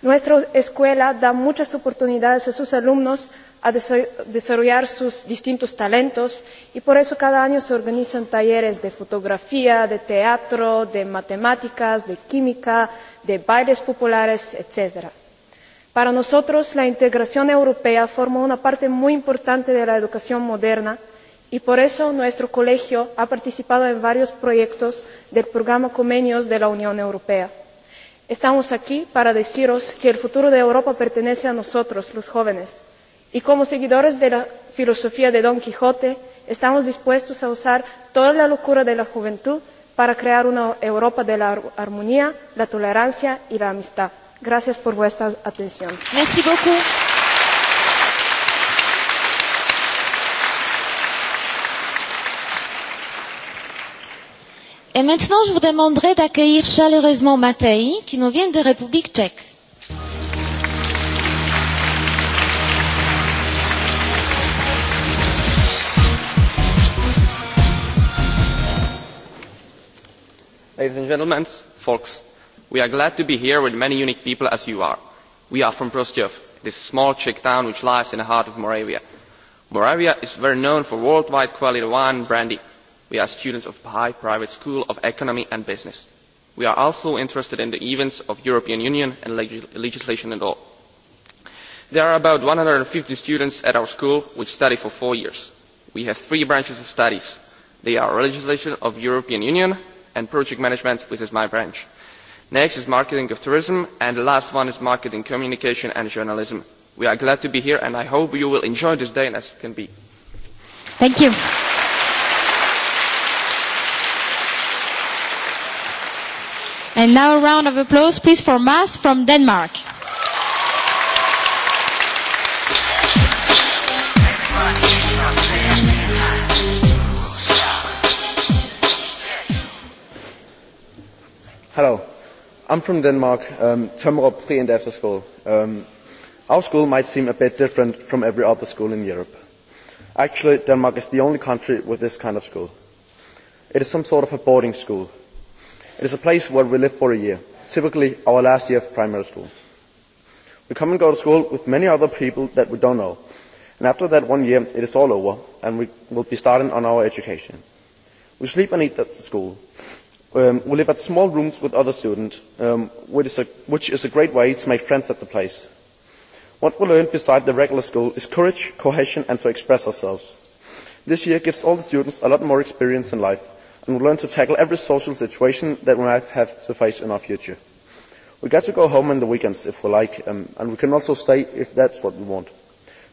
Nuestra escuela da muchas oportunidades a sus alumnos a desarrollar sus distintos talentos y por eso cada año se organizan talleres de fotografía de teatro de matemáticas de química de bailes populares etc. para nosotros la integración europea forma una parte muy importante de la educación moderna y por eso nuestro colegio ha participado en varios proyectos del programa comenios de la unión europea. estamos aquí para deciros que el futuro de europa pertenece a nosotros los jóvenes y como seguidores de la filosofía de Don Quijote, estamos dispuestos a usar toda la locura de la juventud para crear una Europa de la armonía, la tolerancia y la amistad. Gracias por vuestra atención. Merci beaucoup. Et maintenant, je vous demanderai d'accueillir chaleureusement Matei, qui nous vient de République tchèque. Ladies and gentlemen, folks, we are glad to be here with many unique people as you are. We are from Prostějov, this small Czech town which lies in the heart of Moravia. Moravia is very known for worldwide quality wine and brandy. We are students of high Private School of Economy and Business. We are also interested in the events of European Union and legislation and all. There are about 150 students at our school which study for four years. We have three branches of studies. They are legislation of European Union, and project management, which is my branch. Next is marketing of tourism, and the last one is marketing, communication and journalism. We are glad to be here, and I hope you will enjoy this day as can be. Thank you. And now a round of applause, please, for Maas from Denmark. Hello. I'm from Denmark, Tommerup Pre and After School. Our school might seem a bit different from every other school in Europe. Actually, Denmark is the only country with this kind of school. It is some sort of a boarding school. It is a place where we live for a year, typically our last year of primary school. We come and go to school with many other people that we don't know, and after that one year it is all over and we will be starting on our education. We sleep and eat at the school. We live at small rooms with other students, which is a great way to make friends at the place. What we learn beside the regular school is courage, cohesion and to express ourselves. This year gives all the students a lot more experience in life and we learn to tackle every social situation that we might have to face in our future. We get to go home on the weekends if we like and we can also stay if that's what we want.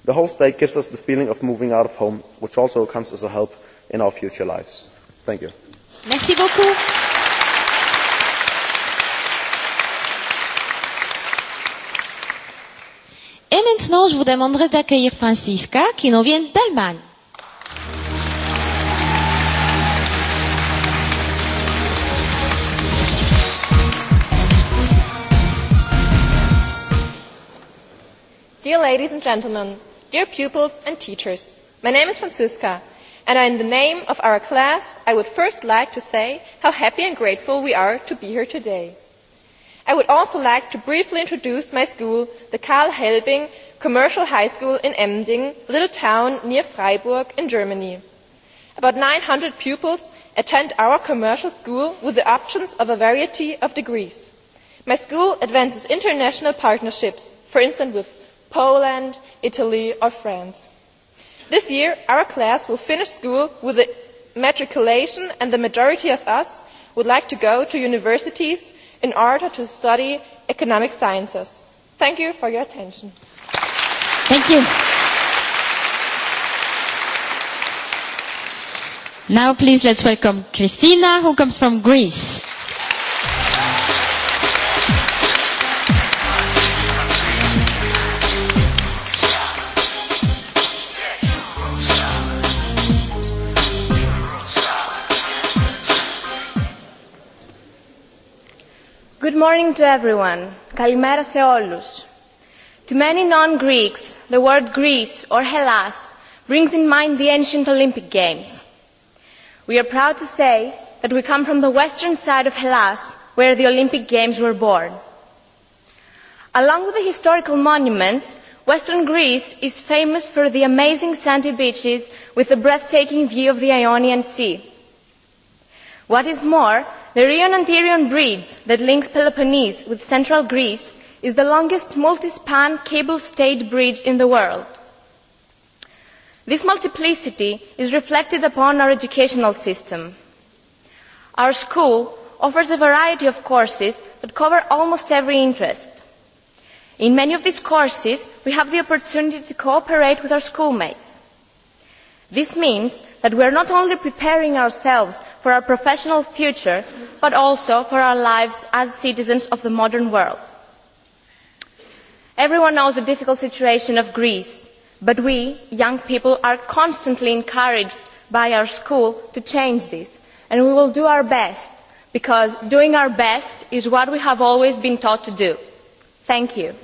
The whole state gives us the feeling of moving out of home, which also comes as a help in our future lives. Thank you. Merci beaucoup. maintenant, je vous demanderai d'accueillir Francisca, qui nous vient d'Allemagne. Dear ladies and gentlemen, dear pupils and teachers, my name is Francisca, and in the name of our class, I would first like to say how happy and grateful we are to be here today. I would also like to briefly introduce my school, the Karl Helbing commercial high school in Emding, a little town near Freiburg in Germany. About 900 pupils attend our commercial school with the options of a variety of degrees. My school advances international partnerships, for instance with Poland, Italy or France. This year our class will finish school with a matriculation and the majority of us would like to go to universities in order to study economic sciences. Thank you for your attention. Thank you. Now please let's welcome Christina who comes from Greece. Good morning to everyone. Καλημέρα σε όλους. To many non-Greeks, the word Greece or Hellas brings in mind the ancient Olympic Games. We are proud to say that we come from the western side of Hellas, where the Olympic Games were born. Along with the historical monuments, western Greece is famous for the amazing sandy beaches with a breathtaking view of the Ionian Sea. What is more, the Rion Antirion bridge that links Peloponnese with central Greece is the longest multi-span cable stayed bridge in the world. This multiplicity is reflected upon our educational system. Our school offers a variety of courses that cover almost every interest. In many of these courses, we have the opportunity to cooperate with our schoolmates. This means that we are not only preparing ourselves for our professional future, but also for our lives as citizens of the modern world. Everyone knows the difficult situation of Greece, but we, young people, are constantly encouraged by our school to change this, and we will do our best, because doing our best is what we have always been taught to do. Thank you.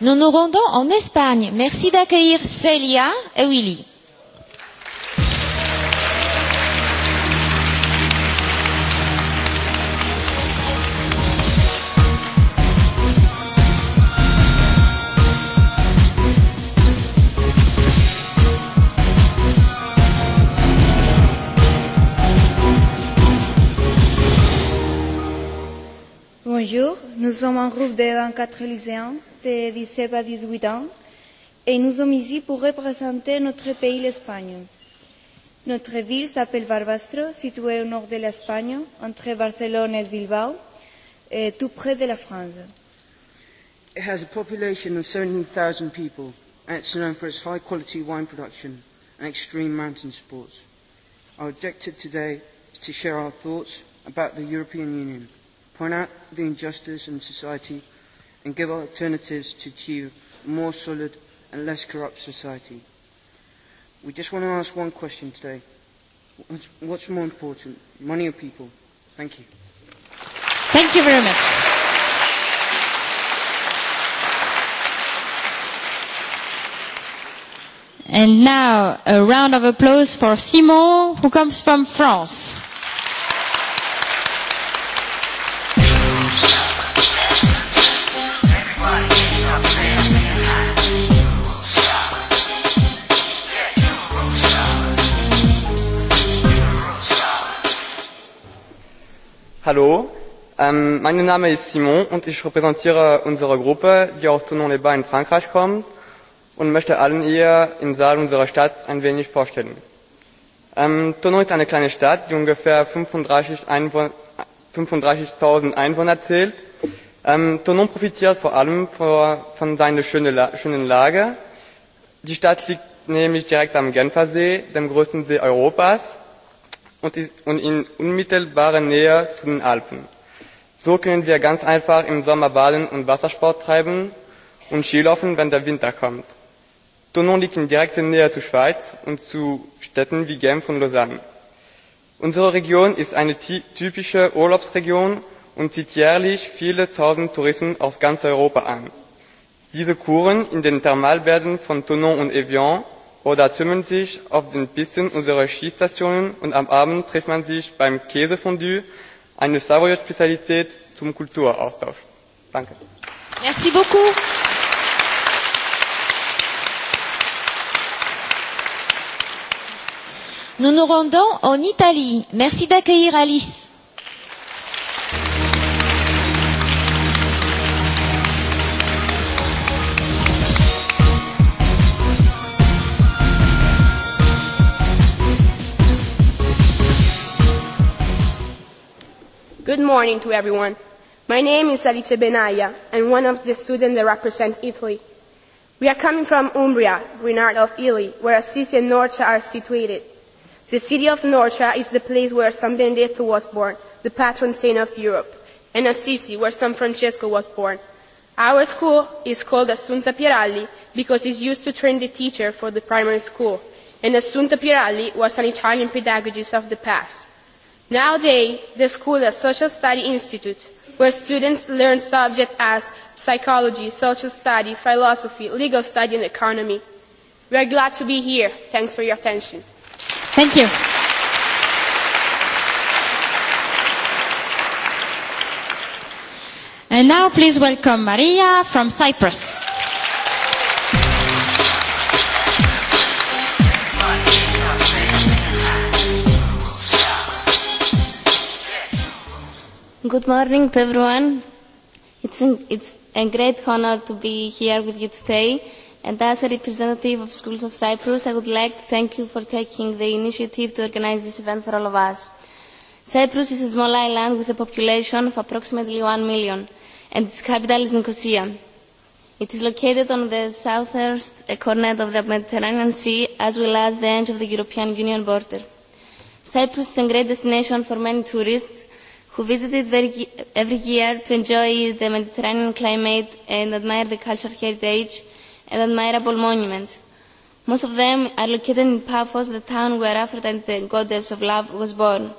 en Espagne. Merci d'accueillir Celia et Willy. Bonjour, nous sommes un groupe de 24 lycéens de 17 à 18 ans et nous sommes ici pour représenter notre pays, l'Espagne. Notre ville s'appelle Barbastro, située au nord de l'Espagne, entre Barcelone et Bilbao, et tout près de la France. It has a population of 17,000 people and it's known for its high quality wine production and extreme mountain sports. Our objective today is to share our thoughts about the European Union point out the injustice in society and give alternatives to achieve a more solid and less corrupt society. We just want to ask one question today. What's more important, money or people? Thank you. Thank you very much. And now a round of applause for Simon, who comes from France. Hallo, mein Name ist Simon und ich repräsentiere unsere Gruppe, die aus Tonon les bains in Frankreich kommt und möchte allen hier im Saal unserer Stadt ein wenig vorstellen. Tonon ist eine kleine Stadt, die ungefähr 35.000 Einwohner zählt. Tonon profitiert vor allem von seiner schönen Lage. Die Stadt liegt nämlich direkt am Genfersee, dem größten See Europas und in unmittelbarer Nähe zu den Alpen. So können wir ganz einfach im Sommer baden und Wassersport treiben und Skilaufen, wenn der Winter kommt. Tonon liegt in direkter Nähe zur Schweiz und zu Städten wie Genf und Lausanne. Unsere Region ist eine typische Urlaubsregion und zieht jährlich viele tausend Touristen aus ganz Europa an. Diese Kuren in den Thermalbädern von Tonon und Evian oder tümmern sich auf den Pisten unserer Skistationen und am Abend trifft man sich beim Käsefondue, eine Savoyer Spezialität zum Kulturaustausch. Danke. Merci beaucoup. Nous nous rendons en Italie. Merci d'accueillir Alice. Good morning to everyone. My name is Alice Benaya, and one of the students that represent Italy. We are coming from Umbria, Renard of Italy, where Assisi and Norcia are situated. The city of Norcia is the place where San Benedetto was born, the patron saint of Europe, and Assisi, where San Francesco was born. Our school is called Assunta Piralli because it's used to train the teacher for the primary school, and Assunta Piralli was an Italian pedagogist of the past. Nowadays, the school is a social study institute where students learn subjects as psychology, social study, philosophy, legal study and economy. We are glad to be here. Thanks for your attention. Thank you. And now please welcome Maria from Cyprus. Good morning to everyone. It's, it's a great honor to be here with you today. And as a representative of Schools of Cyprus, I would like to thank you for taking the initiative to organize this event for all of us. Cyprus is a small island with a population of approximately 1 million, and its capital is Nicosia. It is located on the southeast corner of the Mediterranean Sea, as well as the edge of the European Union border. Cyprus is a great destination for many tourists, who visited every year to enjoy the Mediterranean climate and admire the cultural heritage and admirable monuments. Most of them are located in Paphos, the town where Aphrodite, the goddess of love, was born.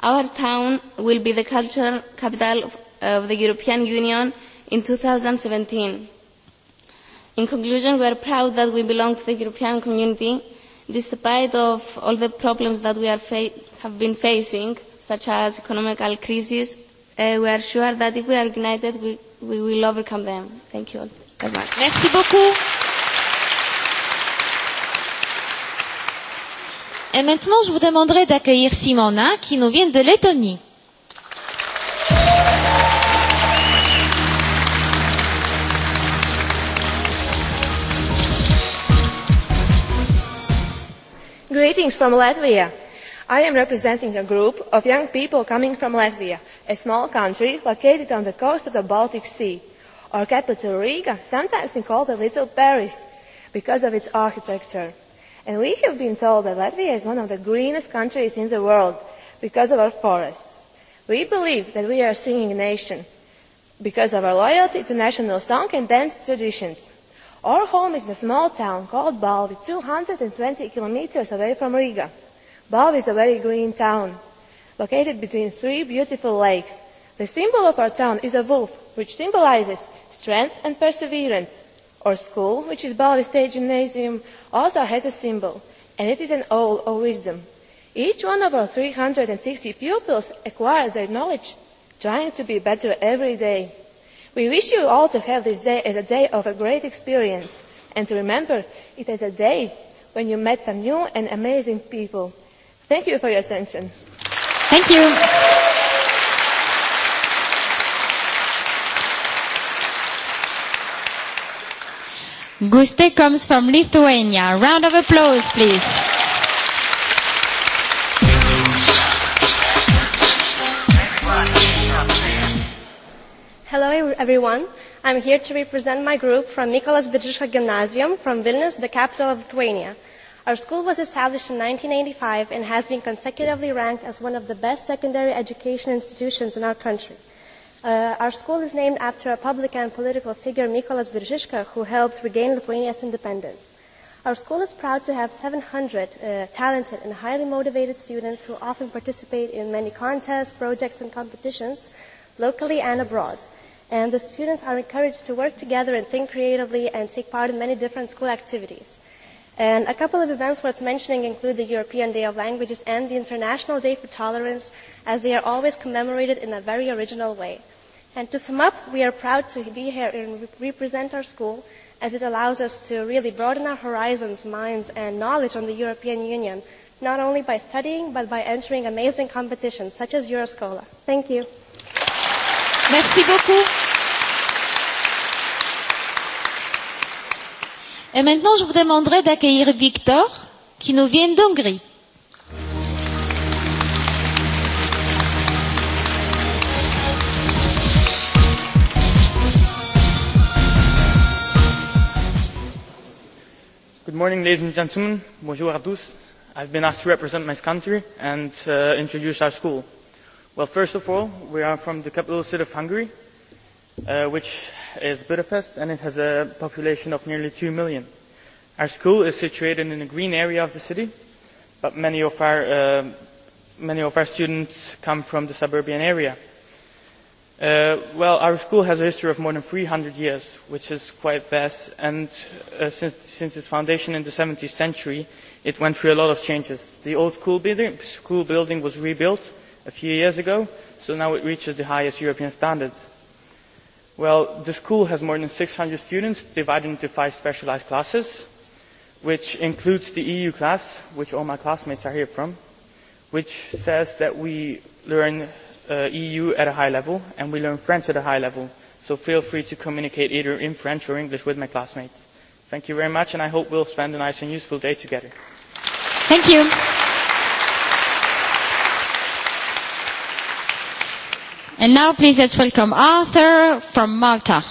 Our town will be the cultural capital of the European Union in 2017. In conclusion, we are proud that we belong to the European community, despite of all the problems that we have been facing such as economical crises, we are sure that if we are united, we, we will overcome them. Thank you all very much. Merci beaucoup. Et maintenant, je vous demanderai d'accueillir Simona, qui nous vient de Lettonie. Greetings from Latvia. I am representing a group of young people coming from Latvia, a small country located on the coast of the Baltic Sea. Our capital, Riga, sometimes called the Little Paris because of its architecture. And we have been told that Latvia is one of the greenest countries in the world because of our forests. We believe that we are a singing nation because of our loyalty to national song and dance traditions. Our home is in a small town called Balvi, 220 kilometers away from Riga. Bob is a very green town, located between three beautiful lakes. The symbol of our town is a wolf, which symbolises strength and perseverance. Our school, which is Balvi State Gymnasium, also has a symbol, and it is an owl of wisdom. Each one of our 360 pupils acquires their knowledge, trying to be better every day. We wish you all to have this day as a day of a great experience, and to remember it as a day when you met some new and amazing people Thank you for your attention. Thank you. Guste comes from Lithuania. Round of applause, please. Hello, everyone. I'm here to represent my group from Nicholas Biržiška Gymnasium from Vilnius, the capital of Lithuania. Our school was established in 1985 and has been consecutively ranked as one of the best secondary education institutions in our country. Our school is named after a public and political figure, Mikolas Biržiška, who helped regain Lithuania's independence. Our school is proud to have 700 talented and highly motivated students who often participate in many contests, projects and competitions, locally and abroad. And the students are encouraged to work together and think creatively and take part in many different school activities. And a couple of events worth mentioning include the European Day of Languages and the International Day for Tolerance, as they are always commemorated in a very original way. And to sum up, we are proud to be here and represent our school, as it allows us to really broaden our horizons, minds, and knowledge on the European Union, not only by studying, but by entering amazing competitions such as Euroscola. Thank you. Merci beaucoup. Et maintenant, je vous demanderai d'accueillir Victor, qui nous vient d'Hongrie. Good morning, ladies and gentlemen. Bonjour à tous. I've been asked to represent my country and introduce our school. Well, first of all, we are from the capital city of Hungary, which is Budapest, and it has a population of nearly 2 million. Our school is situated in a green area of the city, but many of our many of our students come from the suburban area. Well, our school has a history of more than 300 years, which is quite vast, and since its foundation in the 17th century, it went through a lot of changes. The old school building was rebuilt a few years ago, so now it reaches the highest European standards. Well, the school has more than 600 students divided into five specialized classes, which includes the EU class, which all my classmates are here from, which says that we learn EU at a high level and we learn French at a high level. So feel free to communicate either in French or English with my classmates. Thank you very much, and I hope we'll spend a nice and useful day together. Thank you. And now please let's welcome Arthur from Malta.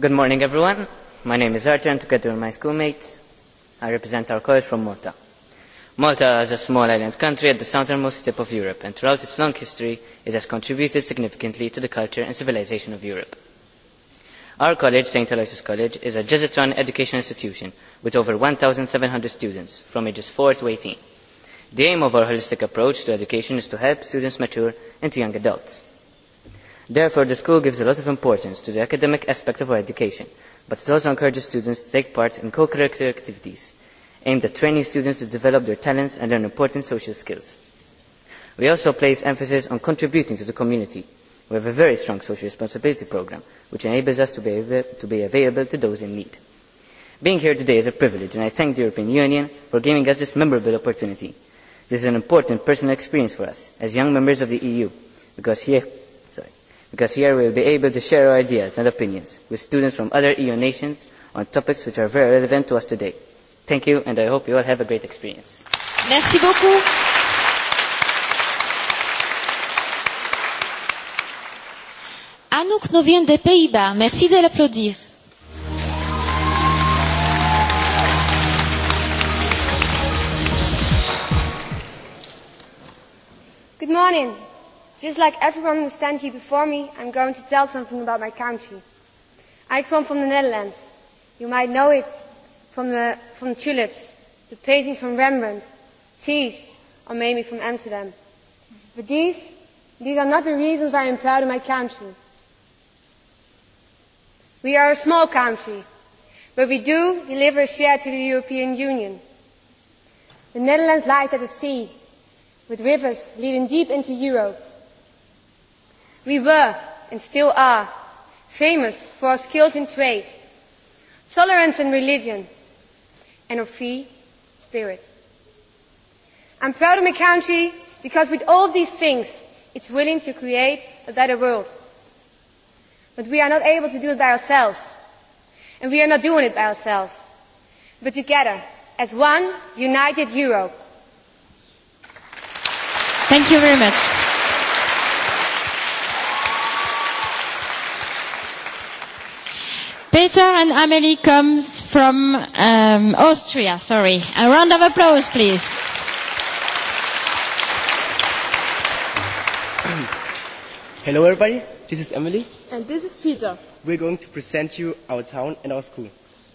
Good morning everyone. My name is Arthur and together with my schoolmates I represent our college from Malta. Malta is a small island country at the southernmost tip of Europe and throughout its long history it has contributed significantly to the culture and civilization of Europe. Our college, St. Elias College, is a Jesuit-run education institution with over 1,700 students from ages 4 to 18. The aim of our holistic approach to education is to help students mature into young adults. Therefore, the school gives a lot of importance to the academic aspect of our education, but it also encourages students to take part in co-curricular activities aimed at training students to develop their talents and learn important social skills. We also place emphasis on contributing to the community We have a very strong social responsibility programme, which enables us to be available to those in need. Being here today is a privilege, and I thank the European Union for giving us this memorable opportunity. This is an important personal experience for us, as young members of the EU, because here we will be able to share our ideas and opinions with students from other EU nations on topics which are very relevant to us today. Thank you, and I hope you all have a great experience. Anouk nous vient des Pays-Bas. Merci de l'applaudir. Good morning. Just like everyone who stands here before me, I'm going to tell something about my country. I come from the Netherlands. You might know it from the, from the tulips, the painting from Rembrandt, cheese, or maybe from Amsterdam. But these, these are not the reasons why I'm proud of my country we are a small country but we do deliver share to the european union. the netherlands lies at the sea with rivers leading deep into europe. we were and still are famous for our skills in trade tolerance in religion and our free spirit. i'm proud of my country because with all these things it's willing to create a better world. But we are not able to do it by ourselves. And we are not doing it by ourselves. But together, as one united Europe. Thank you very much. Peter and Amelie comes from Austria, sorry. A round of applause, please. Hello everybody, this is Emily. And this is Peter. We're going to present you our town and our school.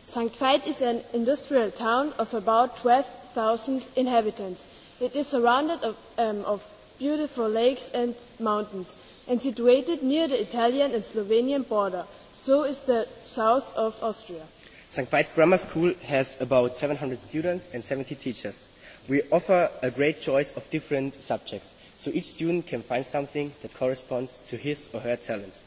St. Veit is an industrial town of about 12,000 inhabitants. It is surrounded of beautiful lakes and mountains and situated near the Italian and Slovenian border. So is the south of Austria. St. Veit Grammar School has about 700 students and 70 teachers. We offer a great choice of different subjects so each student can find something that corresponds to his or her talents.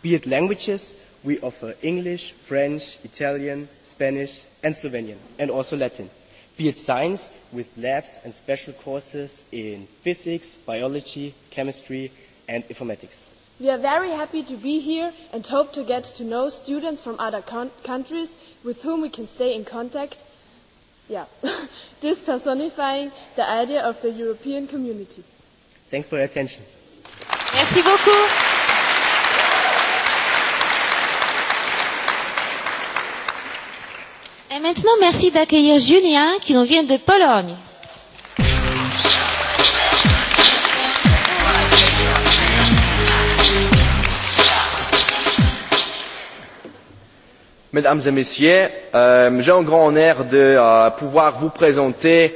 Be it languages, we offer English, French, Italian, Spanish and Slovenian, and also Latin. Be it science, with labs and special courses in physics, biology, chemistry and informatics. We are very happy to be here and hope to get to know students from other countries with whom we can stay in contact, yeah, this personifying the idea of the European community. Thanks for your attention. Merci beaucoup. Et maintenant, merci d'accueillir Julien qui nous vient de Pologne. Mesdames et messieurs, j'ai un grand honneur de pouvoir vous présenter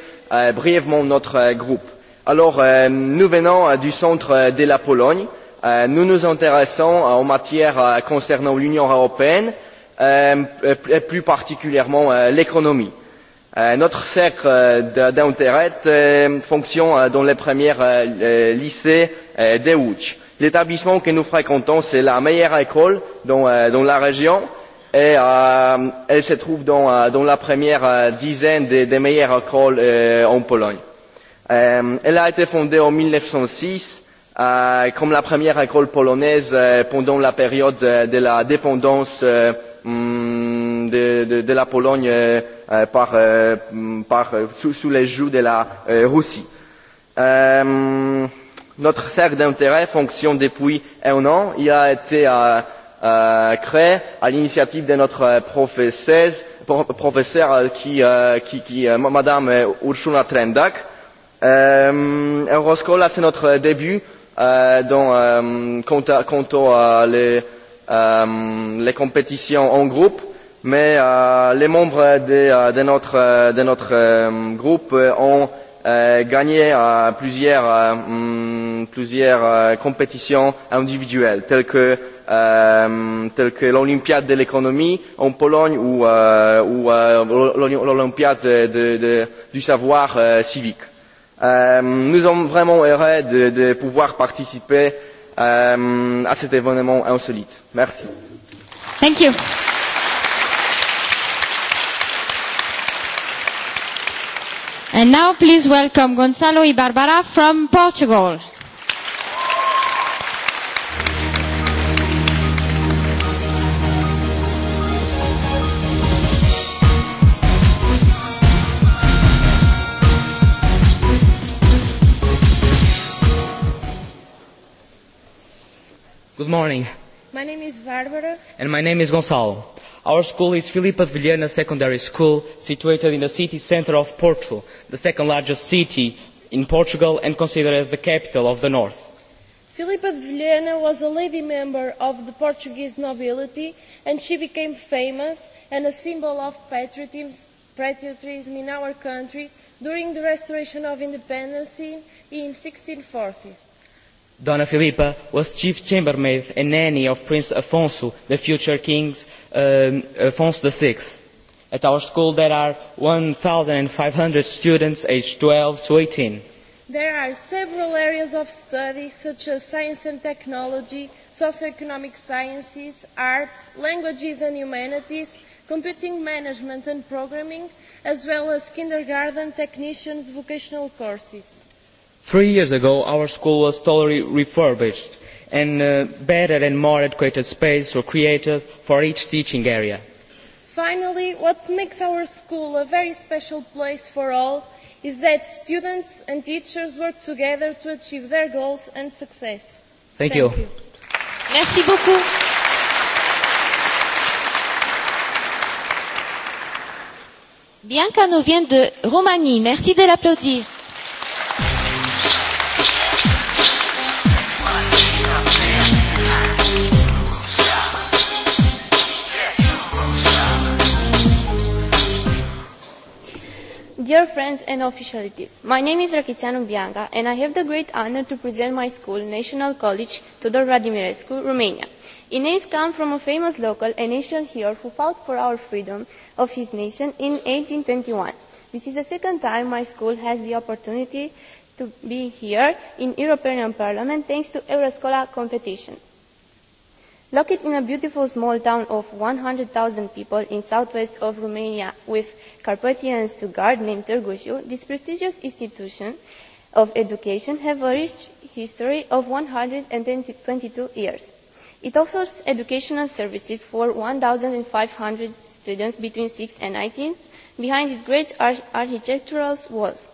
brièvement notre groupe Alors, nous venons du centre de la Pologne. Nous nous intéressons en matière concernant l'Union européenne, et plus particulièrement l'économie. Notre cercle d'intérêt fonctionne dans les premier lycées de Łódź. L'établissement que nous fréquentons, c'est la meilleure école dans la région et elle se trouve dans la première dizaine des meilleures écoles en Pologne. Elle a été fondée en 1906 comme la première école polonaise pendant la période de la dépendance de la Pologne sous les joues de la Russie. Notre cercle d'intérêt fonctionne depuis un an. Il a été créé à l'initiative de notre professeure, Madame urszula Trendak Euroscola, c'est notre début dans, quant à les compétitions en groupe, mais les membres de notre groupe ont gagné plusieurs compétitions individuelles, telles que l'Olympiade de l'économie en Pologne ou l'Olympiade du savoir civique Nous sommes vraiment heureux de pouvoir participer à cet événement insolite. Merci. Thank you. And now please welcome Gonzalo Ibarbara from Portugal. morning. My name is Barbara. And my name is Gonçalo. Our school is Filipe de Vilhena Secondary School, situated in the city centre of Porto, the second largest city in Portugal and considered the capital of the north. Filipe de Vilhena was a lady member of the Portuguese nobility and she became famous and a symbol of patriotism in our country during the restoration of independence in 1640. Donna Filippa was chief chambermaid and nanny of Prince Afonso, the future King Afonso VI. At our school there are 1,500 students aged 12 to 18. There are several areas of study such as science and technology, socioeconomic sciences, arts, languages and humanities, computing management and programming, as well as kindergarten technicians vocational courses. Three years ago, our school was totally refurbished, and better and more adequate space were created for each teaching area. Finally, what makes our school a very special place for all is that students and teachers work together to achieve their goals and success. Thank you. Merci beaucoup. Bianca nous vient de Roumanie. Merci de l'applaudir. Dear friends and officialities, my name is Rakitianu Bianca and I have the great honor to present my school, National College Tudor Radimirescu, Romania. Ines come from a famous local and national hero who fought for our freedom of his nation in 1821. This is the second time my school has the opportunity to be here in European Parliament thanks to Euroscola competition. Located in a beautiful small town of 100,000 people in southwest of Romania with Carpathians to guard named Târgușu, this prestigious institution of education have a rich history of 122 years. It offers educational services for 1,500 students between 6 and 18 behind its great architectural walls.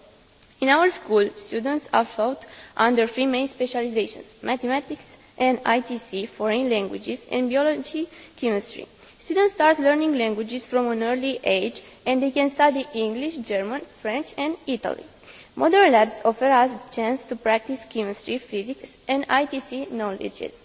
In our school, students are taught under three main specializations, mathematics, and ITC, foreign languages, and biology, chemistry. Students start learning languages from an early age, and they can study English, German, French, and Italy. Modern labs offer us the chance to practice chemistry, physics, and ITC knowledges.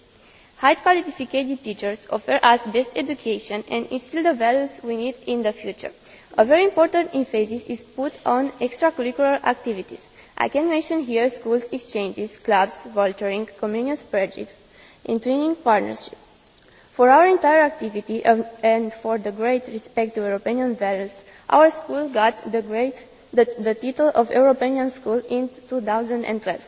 High-qualified teachers offer us best education and instill the values we need in the future. A very important emphasis is put on extracurricular activities. I can mention here schools exchanges, clubs, volunteering, communion projects, and twinning partnerships. For our entire activity and for the great respect to European values, our school got the title of European School in 2012.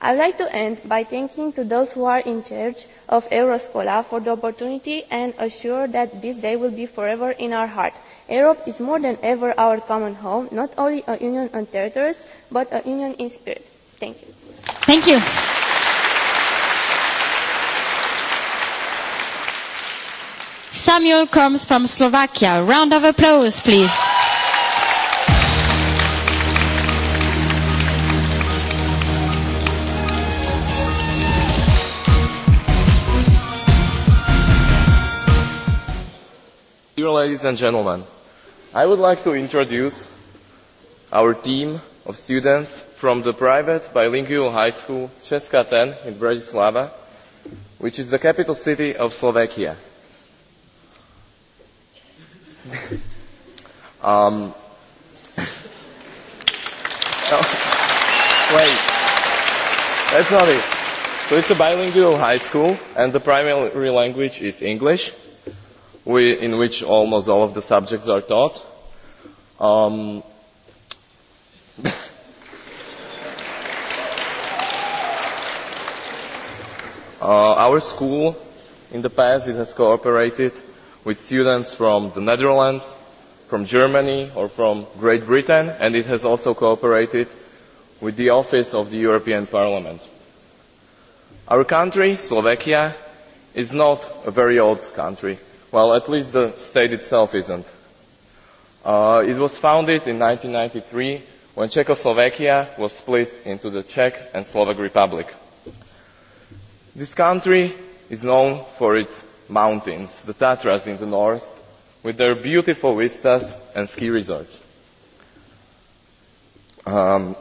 I would like to end by thanking to those who are in charge of Euroscola for the opportunity and assure that this day will be forever in our heart. Europe is more than ever our common home, not only a union on territories, but a union in spirit. Thank you. Thank you. Samuel comes from Slovakia. Round of applause, please. Dear ladies and gentlemen, I would like to introduce our team of students from the private bilingual high school Česká Ten in Bratislava, which is the capital city of Slovakia. um, wait, that's not it. So it's a bilingual high school, and the primary language is English in which almost all of the subjects are taught. Um, our school, in the past, it has cooperated with students from the Netherlands, from Germany or from Great Britain, and it has also cooperated with the Office of the European Parliament. Our country, Slovakia, is not a very old country Well, at least the state itself isn't. it was founded in 1993 when Czechoslovakia was split into the Czech and Slovak Republic. This country is known for its mountains, the Tatras in the north, with their beautiful vistas and ski resorts. Um,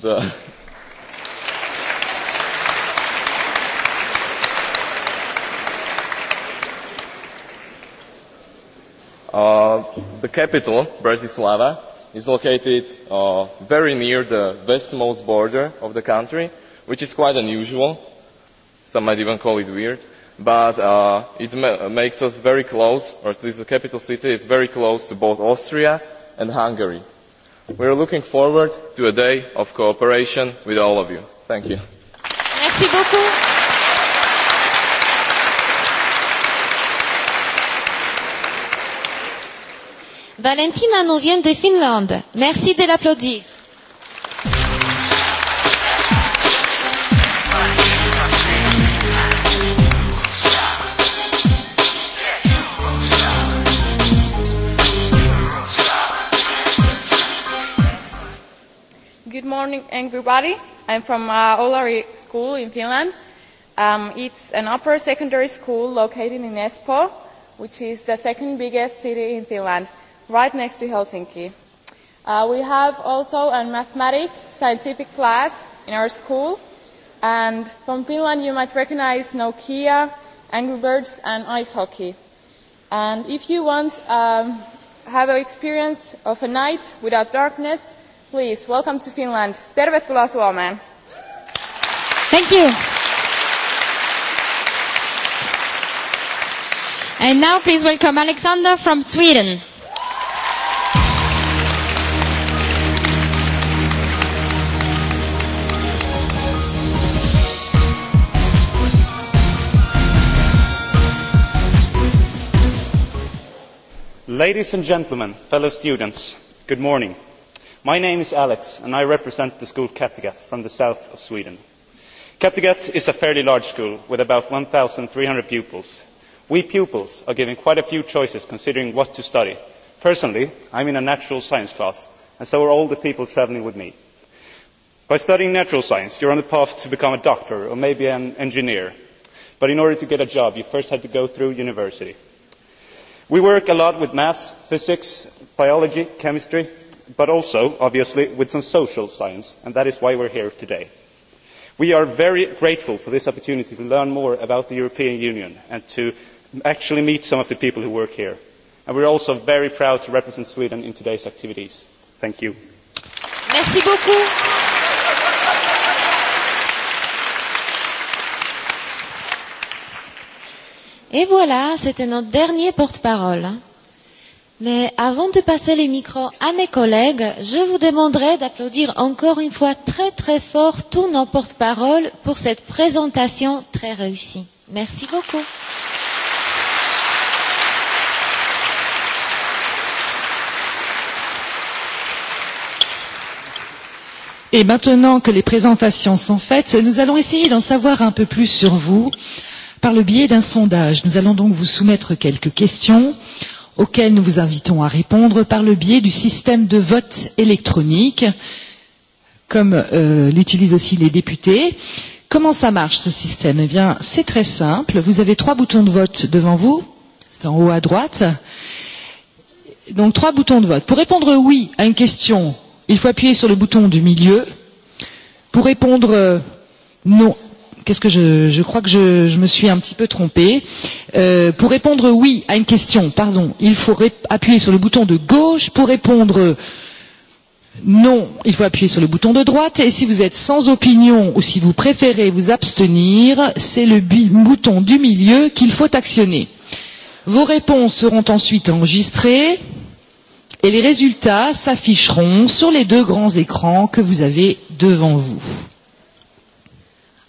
the The capital, Bratislava, is located very near the westmost border of the country, which is quite unusual. Some might even call it weird, but it makes us very close, or at least the capital city is very close to both Austria and Hungary. We are looking forward to a day of cooperation with all of you. Thank you. Merci Valentina nous vient de Finlande. Merci de l'applaudir. Good morning, everybody. I'm from Olari School in Finland. It's an upper secondary school located in Espoo, which is the second biggest city in Finland right next to Helsinki. We have also a mathematics scientific class in our school and from Finland you might recognise Nokia, Angry Birds and ice hockey. And if you want to have an experience of a night without darkness, please welcome to Finland. Tervetuloa Suomeen. Thank you. And now please welcome Alexander from Sweden. ladies and gentlemen fellow students good morning my name is alex and i represent the school kattegat from the south of sweden kattegat is a fairly large school with about hundred pupils we pupils are given quite a few choices considering what to study personally I am in a natural science class and so are all the people travelling with me by studying natural science you are on the path to become a doctor or maybe an engineer but in order to get a job you first have to go through university we work a lot with maths physics biology chemistry but also obviously with some social science and that is why we are here today. we are very grateful for this opportunity to learn more about the european union and to actually meet some of the people who work here and we are also very proud to represent sweden in today's activities. thank you. Et voilà, c'était notre dernier porte-parole. Mais avant de passer les micros à mes collègues, je vous demanderai d'applaudir encore une fois très très fort tous nos porte-paroles pour cette présentation très réussie. Merci beaucoup. Et maintenant que les présentations sont faites, nous allons essayer d'en savoir un peu plus sur vous par le biais d'un sondage. Nous allons donc vous soumettre quelques questions auxquelles nous vous invitons à répondre par le biais du système de vote électronique, comme l'utilisent aussi les députés. Comment ça marche ce système Eh bien, c'est très simple. Vous avez trois boutons de vote devant vous. C'est en haut à droite. Donc, trois boutons de vote. Pour répondre oui à une question, il faut appuyer sur le bouton du milieu. Pour répondre non qu'est-ce que je, je crois que je, je me suis un petit peu trompée. pour répondre oui à une question, pardon, il faut appuyer sur le bouton de gauche. Pour répondre non, il faut appuyer sur le bouton de droite. Et si vous êtes sans opinion ou si vous préférez vous abstenir, c'est le bouton du milieu qu'il faut actionner. Vos réponses seront ensuite enregistrées et les résultats s'afficheront sur les deux grands écrans que vous avez devant vous.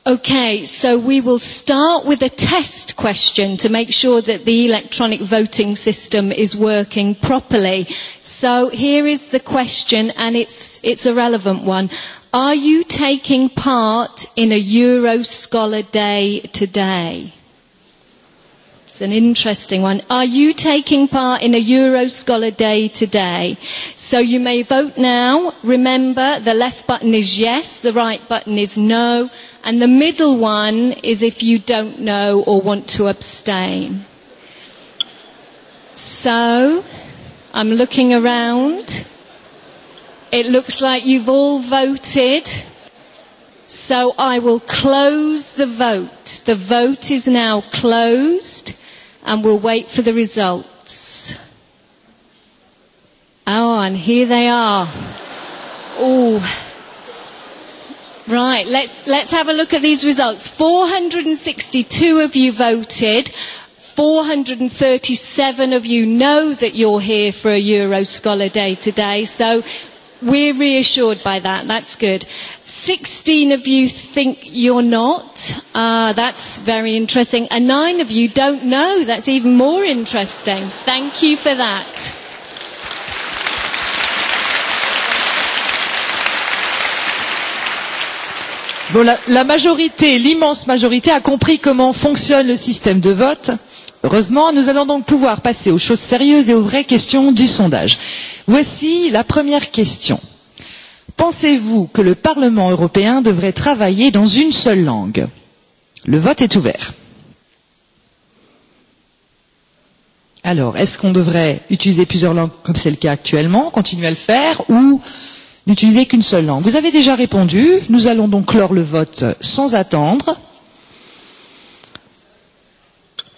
Okay, so we will start with a test question to make sure that the electronic voting system is working properly. So here is the question, and it's it's a relevant one. Are you taking part in a Euro Scholar Day today? an interesting one. Are you taking part in a Euro Scholar Day today? So you may vote now. Remember, the left button is yes, the right button is no, and the middle one is if you don't know or want to abstain. So, I'm looking around. It looks like you've all voted. So I will close the vote. The vote is now closed and we'll wait for the results. Oh, and here they are. Oh. Right, let's, let's have a look at these results. 462 of you voted. 437 of you know that you're here for a Euro Scholar Day today. So We're reassured by that. That's good. 16 of you think you're not. That's very interesting. And nine of you don't know. That's even more interesting. Thank you for that. Bon, la majorité, l'immense majorité, a compris comment fonctionne le système de vote Heureusement, nous allons donc pouvoir passer aux choses sérieuses et aux vraies questions du sondage. Voici la première question. Pensez-vous que le Parlement européen devrait travailler dans une seule langue Le vote est ouvert. Alors, est-ce qu'on devrait utiliser plusieurs langues comme c'est le cas actuellement, continuer à le faire, ou n'utiliser qu'une seule langue Vous avez déjà répondu. Nous allons donc clore le vote sans attendre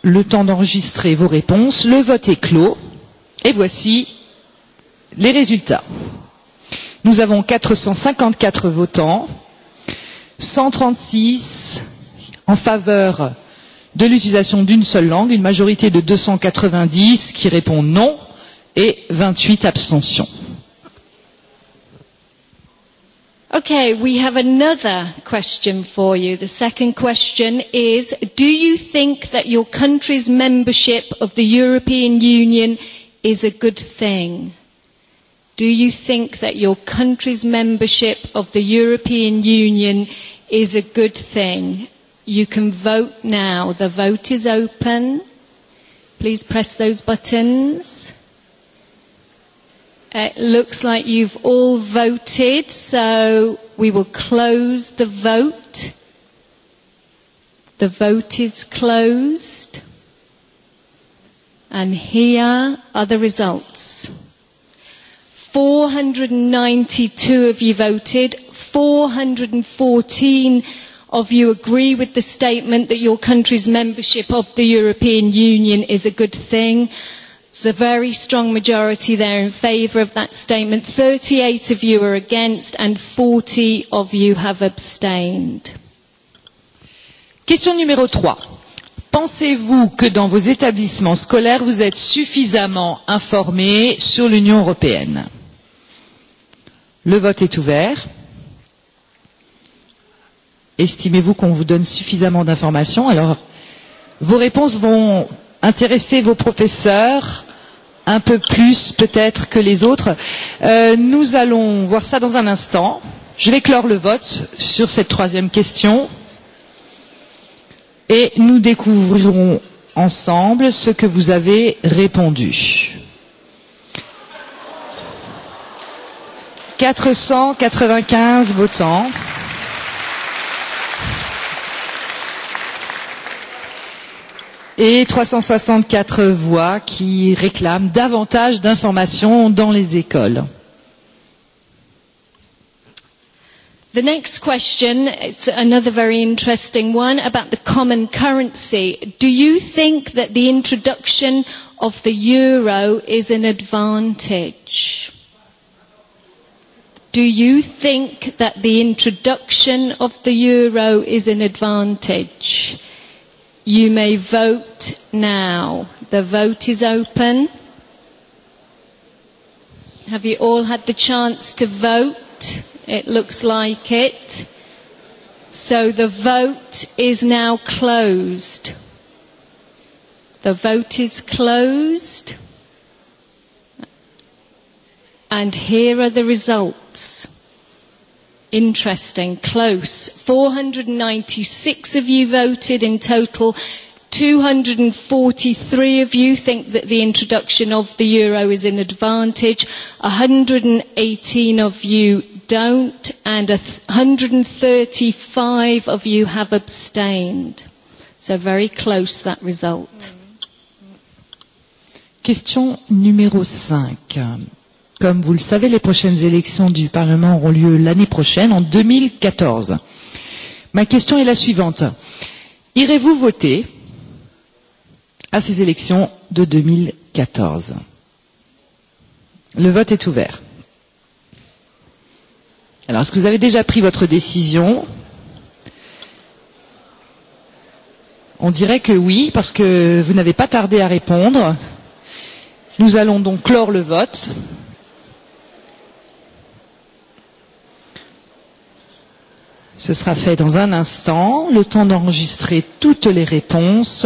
le temps d'enregistrer vos réponses. Le vote est clos. Et voici les résultats. Nous avons 454 votants, 136 en faveur de l'utilisation d'une seule langue, une majorité de 290 qui répond non et 28 abstentions. Okay, we have another question for you. The second question is, do you think that your country's membership of the European Union is a good thing? Do you think that your country's membership of the European Union is a good thing? You can vote now. The vote is open. Please press those buttons. It looks like you've all voted, so we will close the vote. The vote is closed. And here are the results. 492 of you voted. 414 of you agree with the statement that your country's membership of the European Union is a good thing. There's a very strong majority there in favour of that statement. 38 of you are against and 40 of you have abstained. Question numéro 3. Pensez-vous que dans vos établissements scolaires, vous êtes suffisamment informés sur l'Union européenne Le vote est ouvert. Estimez-vous qu'on vous donne suffisamment d'informations Alors, vos réponses vont intéresser vos professeurs un peu plus peut-être que les autres. Nous allons voir ça dans un instant. Je vais clore le vote sur cette troisième question et nous découvrirons ensemble ce que vous avez répondu. 495 votants. et 364 voix qui réclament davantage d'informations dans les écoles. The next question is another very interesting one about the common currency. Do you think that the introduction of the euro is an advantage? Do you think that the introduction of the euro is an advantage? You may vote now. The vote is open. Have you all had the chance to vote? It looks like it. So the vote is now closed. The vote is closed. And here are the results. Interesting, close. 496 of you voted in total. 243 of you think that the introduction of the euro is an advantage. 118 of you don't. And 135 of you have abstained. So very close, that result. Question numéro 5. Comme vous le savez, les prochaines élections du Parlement auront lieu l'année prochaine, en 2014. Ma question est la suivante. Irez-vous voter à ces élections de 2014 Le vote est ouvert. Alors, est-ce que vous avez déjà pris votre décision On dirait que oui, parce que vous n'avez pas tardé à répondre. Nous allons donc clore le vote. Ce sera fait dans un instant, le temps d'enregistrer toutes les réponses.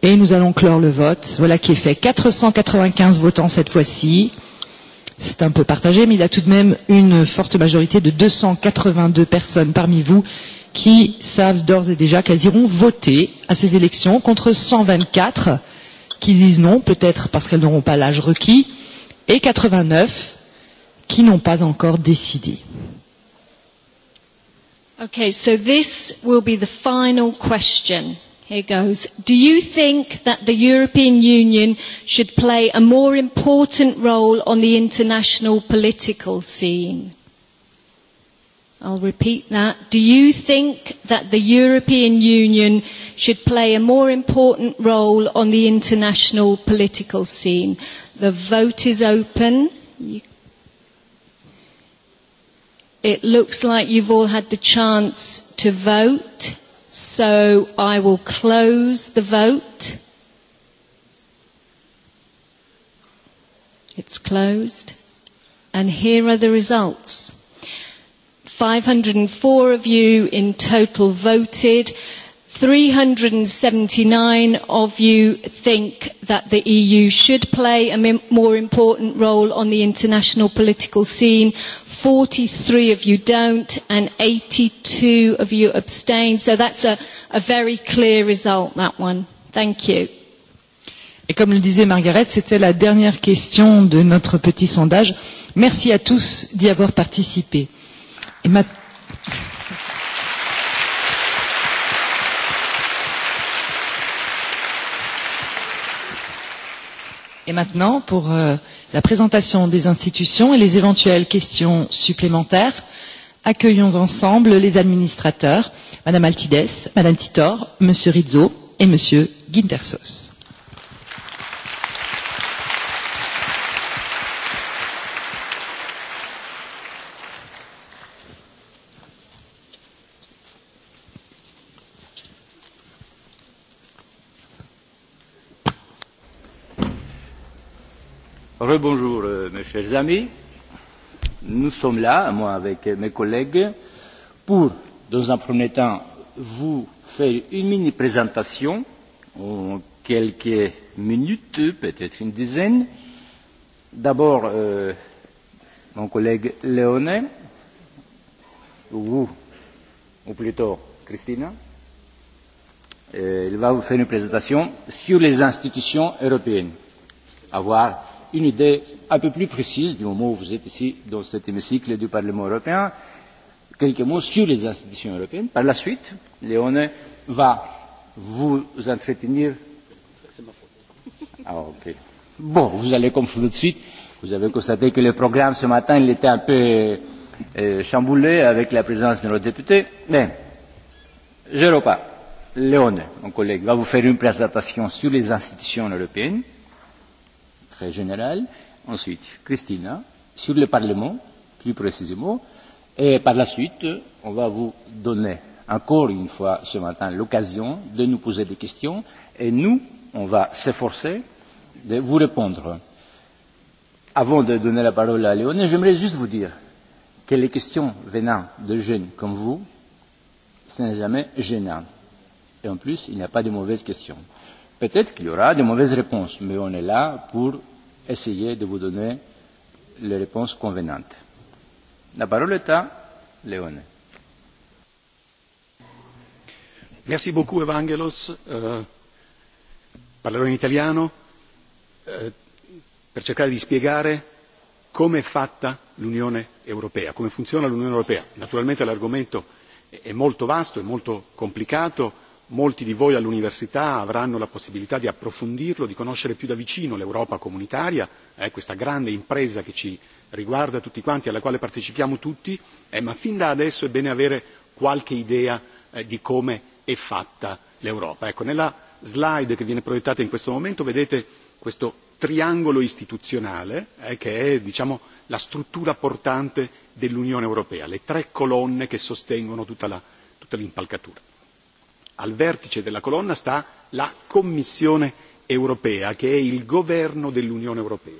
Et nous allons clore le vote. Voilà qui est fait. 495 votants cette fois-ci. C'est un peu partagé, mais il y a tout de même une forte majorité de 282 personnes parmi vous qui savent d'ores et déjà qu'elles iront voter à ces élections contre 124 qui disent non, peut-être parce qu'elles n'auront pas l'âge requis, et 89 qui n'ont pas encore décidé. Okay, so this will be the final question. Here goes. Do you think that the European Union should play a more important role on the international political scene? I'll repeat that. Do you think that the European Union should play a more important role on the international political scene? The vote is open. It looks like you've all had the chance to vote, so I will close the vote. It's closed. And here are the results. 504 of you in total voted. 379 of you think that the EU should play a more important role on the international political scene. 43 of you don't and 82 of you abstain. So that's a very clear result, that one. Thank you. Et comme le disait Margaret, c'était la dernière question de notre petit sondage. Merci à tous d'y avoir participé. Et maintenant, Et maintenant, pour la présentation des institutions et les éventuelles questions supplémentaires, accueillons ensemble les administrateurs, Madame Altides, Madame Titor, Monsieur Rizzo et Monsieur Gintersos. Rebonjour mes chers amis. Nous sommes là, moi avec mes collègues, pour, dans un premier temps, vous faire une mini présentation en quelques minutes, peut être une dizaine. D'abord mon collègue Léonet, vous, ou plutôt Christina, il va vous faire une présentation sur les institutions européennes, une idée un peu plus précise du moment où vous êtes ici dans cet hémicycle du Parlement européen, quelques mots sur les institutions européennes. Par la suite, Léone va vous entretenir. Ah, Bon, vous allez comprendre tout de suite. Vous avez constaté que le programme ce matin, il était un peu chamboulé avec la présence de nos députés. Mais, je repars. Léone, mon collègue, va vous faire une présentation sur les institutions européennes très général, Ensuite, Christina, sur le Parlement, plus précisément. Et par la suite, on va vous donner encore une fois ce matin l'occasion de nous poser des questions et nous, on va s'efforcer de vous répondre. Avant de donner la parole à Léoné, j'aimerais juste vous dire que les questions venant de jeunes comme vous, ce n'est jamais gênant. Et en plus, il n'y a pas de mauvaises questions. Peut-être qu'il y aura de mauvaises réponses, mais on est là pour essayer de vous donner les réponses convenantes. La parole est à Léone. Merci beaucoup Evangelos. Parlerò in italiano per cercare di spiegare come è fatta l'Unione Europea, come funziona l'Unione Europea. Naturalmente l'argomento è molto vasto, è molto complicato molti di voi all'università avranno la possibilità di approfondirlo di conoscere più da vicino l'europa comunitaria questa grande impresa che ci riguarda tutti quanti alla quale partecipiamo tutti ma fin da adesso è bene avere qualche idea di come è fatta l'europa. nella slide che viene proiettata in questo momento vedete questo triangolo istituzionale che è diciamo la struttura portante dell'unione europea le tre colonne che sostengono tutta l'impalcatura al vertice della colonna sta la Commissione europea, che è il governo dell'Unione europea,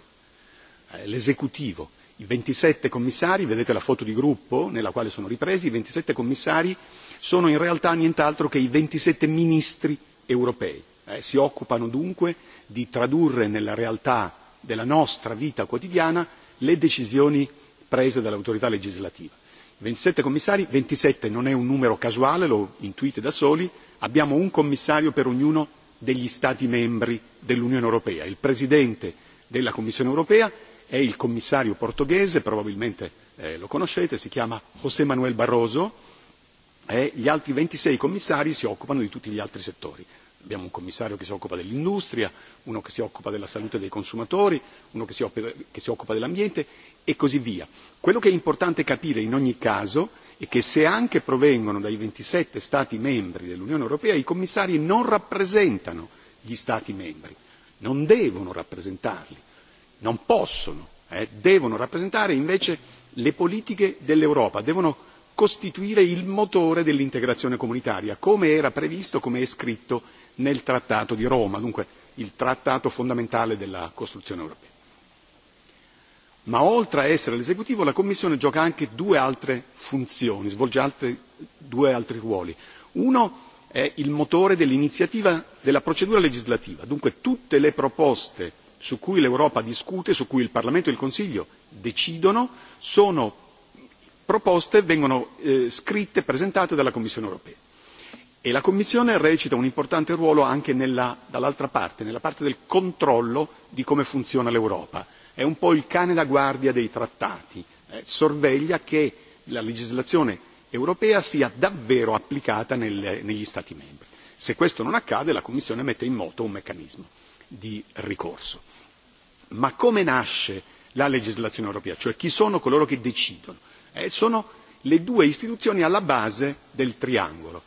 l'esecutivo. I 27 commissari, vedete la foto di gruppo nella quale sono ripresi, i 27 commissari sono in realtà nient'altro che i 27 ministri europei. Si occupano dunque di tradurre nella realtà della nostra vita quotidiana le decisioni prese dall'autorità legislativa. 27 commissari, 27 non è un numero casuale, lo intuite da soli, abbiamo un commissario per ognuno degli Stati membri dell'Unione Europea. Il Presidente della Commissione Europea è il commissario portoghese, probabilmente lo conoscete, si chiama José Manuel Barroso e gli altri 26 commissari si occupano di tutti gli altri settori. Abbiamo un commissario che si occupa dell'industria, uno che si occupa della salute dei consumatori, uno che si occupa dell'ambiente e così via. Quello che è importante capire in ogni caso è che se anche provengono dai 27 Stati membri dell'Unione Europea, i commissari non rappresentano gli Stati membri, non devono rappresentarli, non possono, devono rappresentare invece le politiche dell'Europa, devono costituire il motore dell'integrazione comunitaria, come era previsto, come è scritto nel Trattato di Roma, dunque il trattato fondamentale della costruzione europea ma oltre a essere l'esecutivo la commissione gioca anche due altre funzioni svolge due altri ruoli uno è il motore dell'iniziativa della procedura legislativa dunque tutte le proposte su cui l'europa discute su cui il parlamento e il consiglio decidono sono proposte vengono scritte presentate dalla commissione europea e la commissione recita un importante ruolo anche dall'altra parte nella parte del controllo di come funziona l'europa è un po' il cane da guardia dei trattati sorveglia che la legislazione europea sia davvero applicata negli stati membri. se questo non accade la commissione mette in moto un meccanismo di ricorso. ma come nasce la legislazione europea cioè chi sono coloro che decidono? sono le due istituzioni alla base del triangolo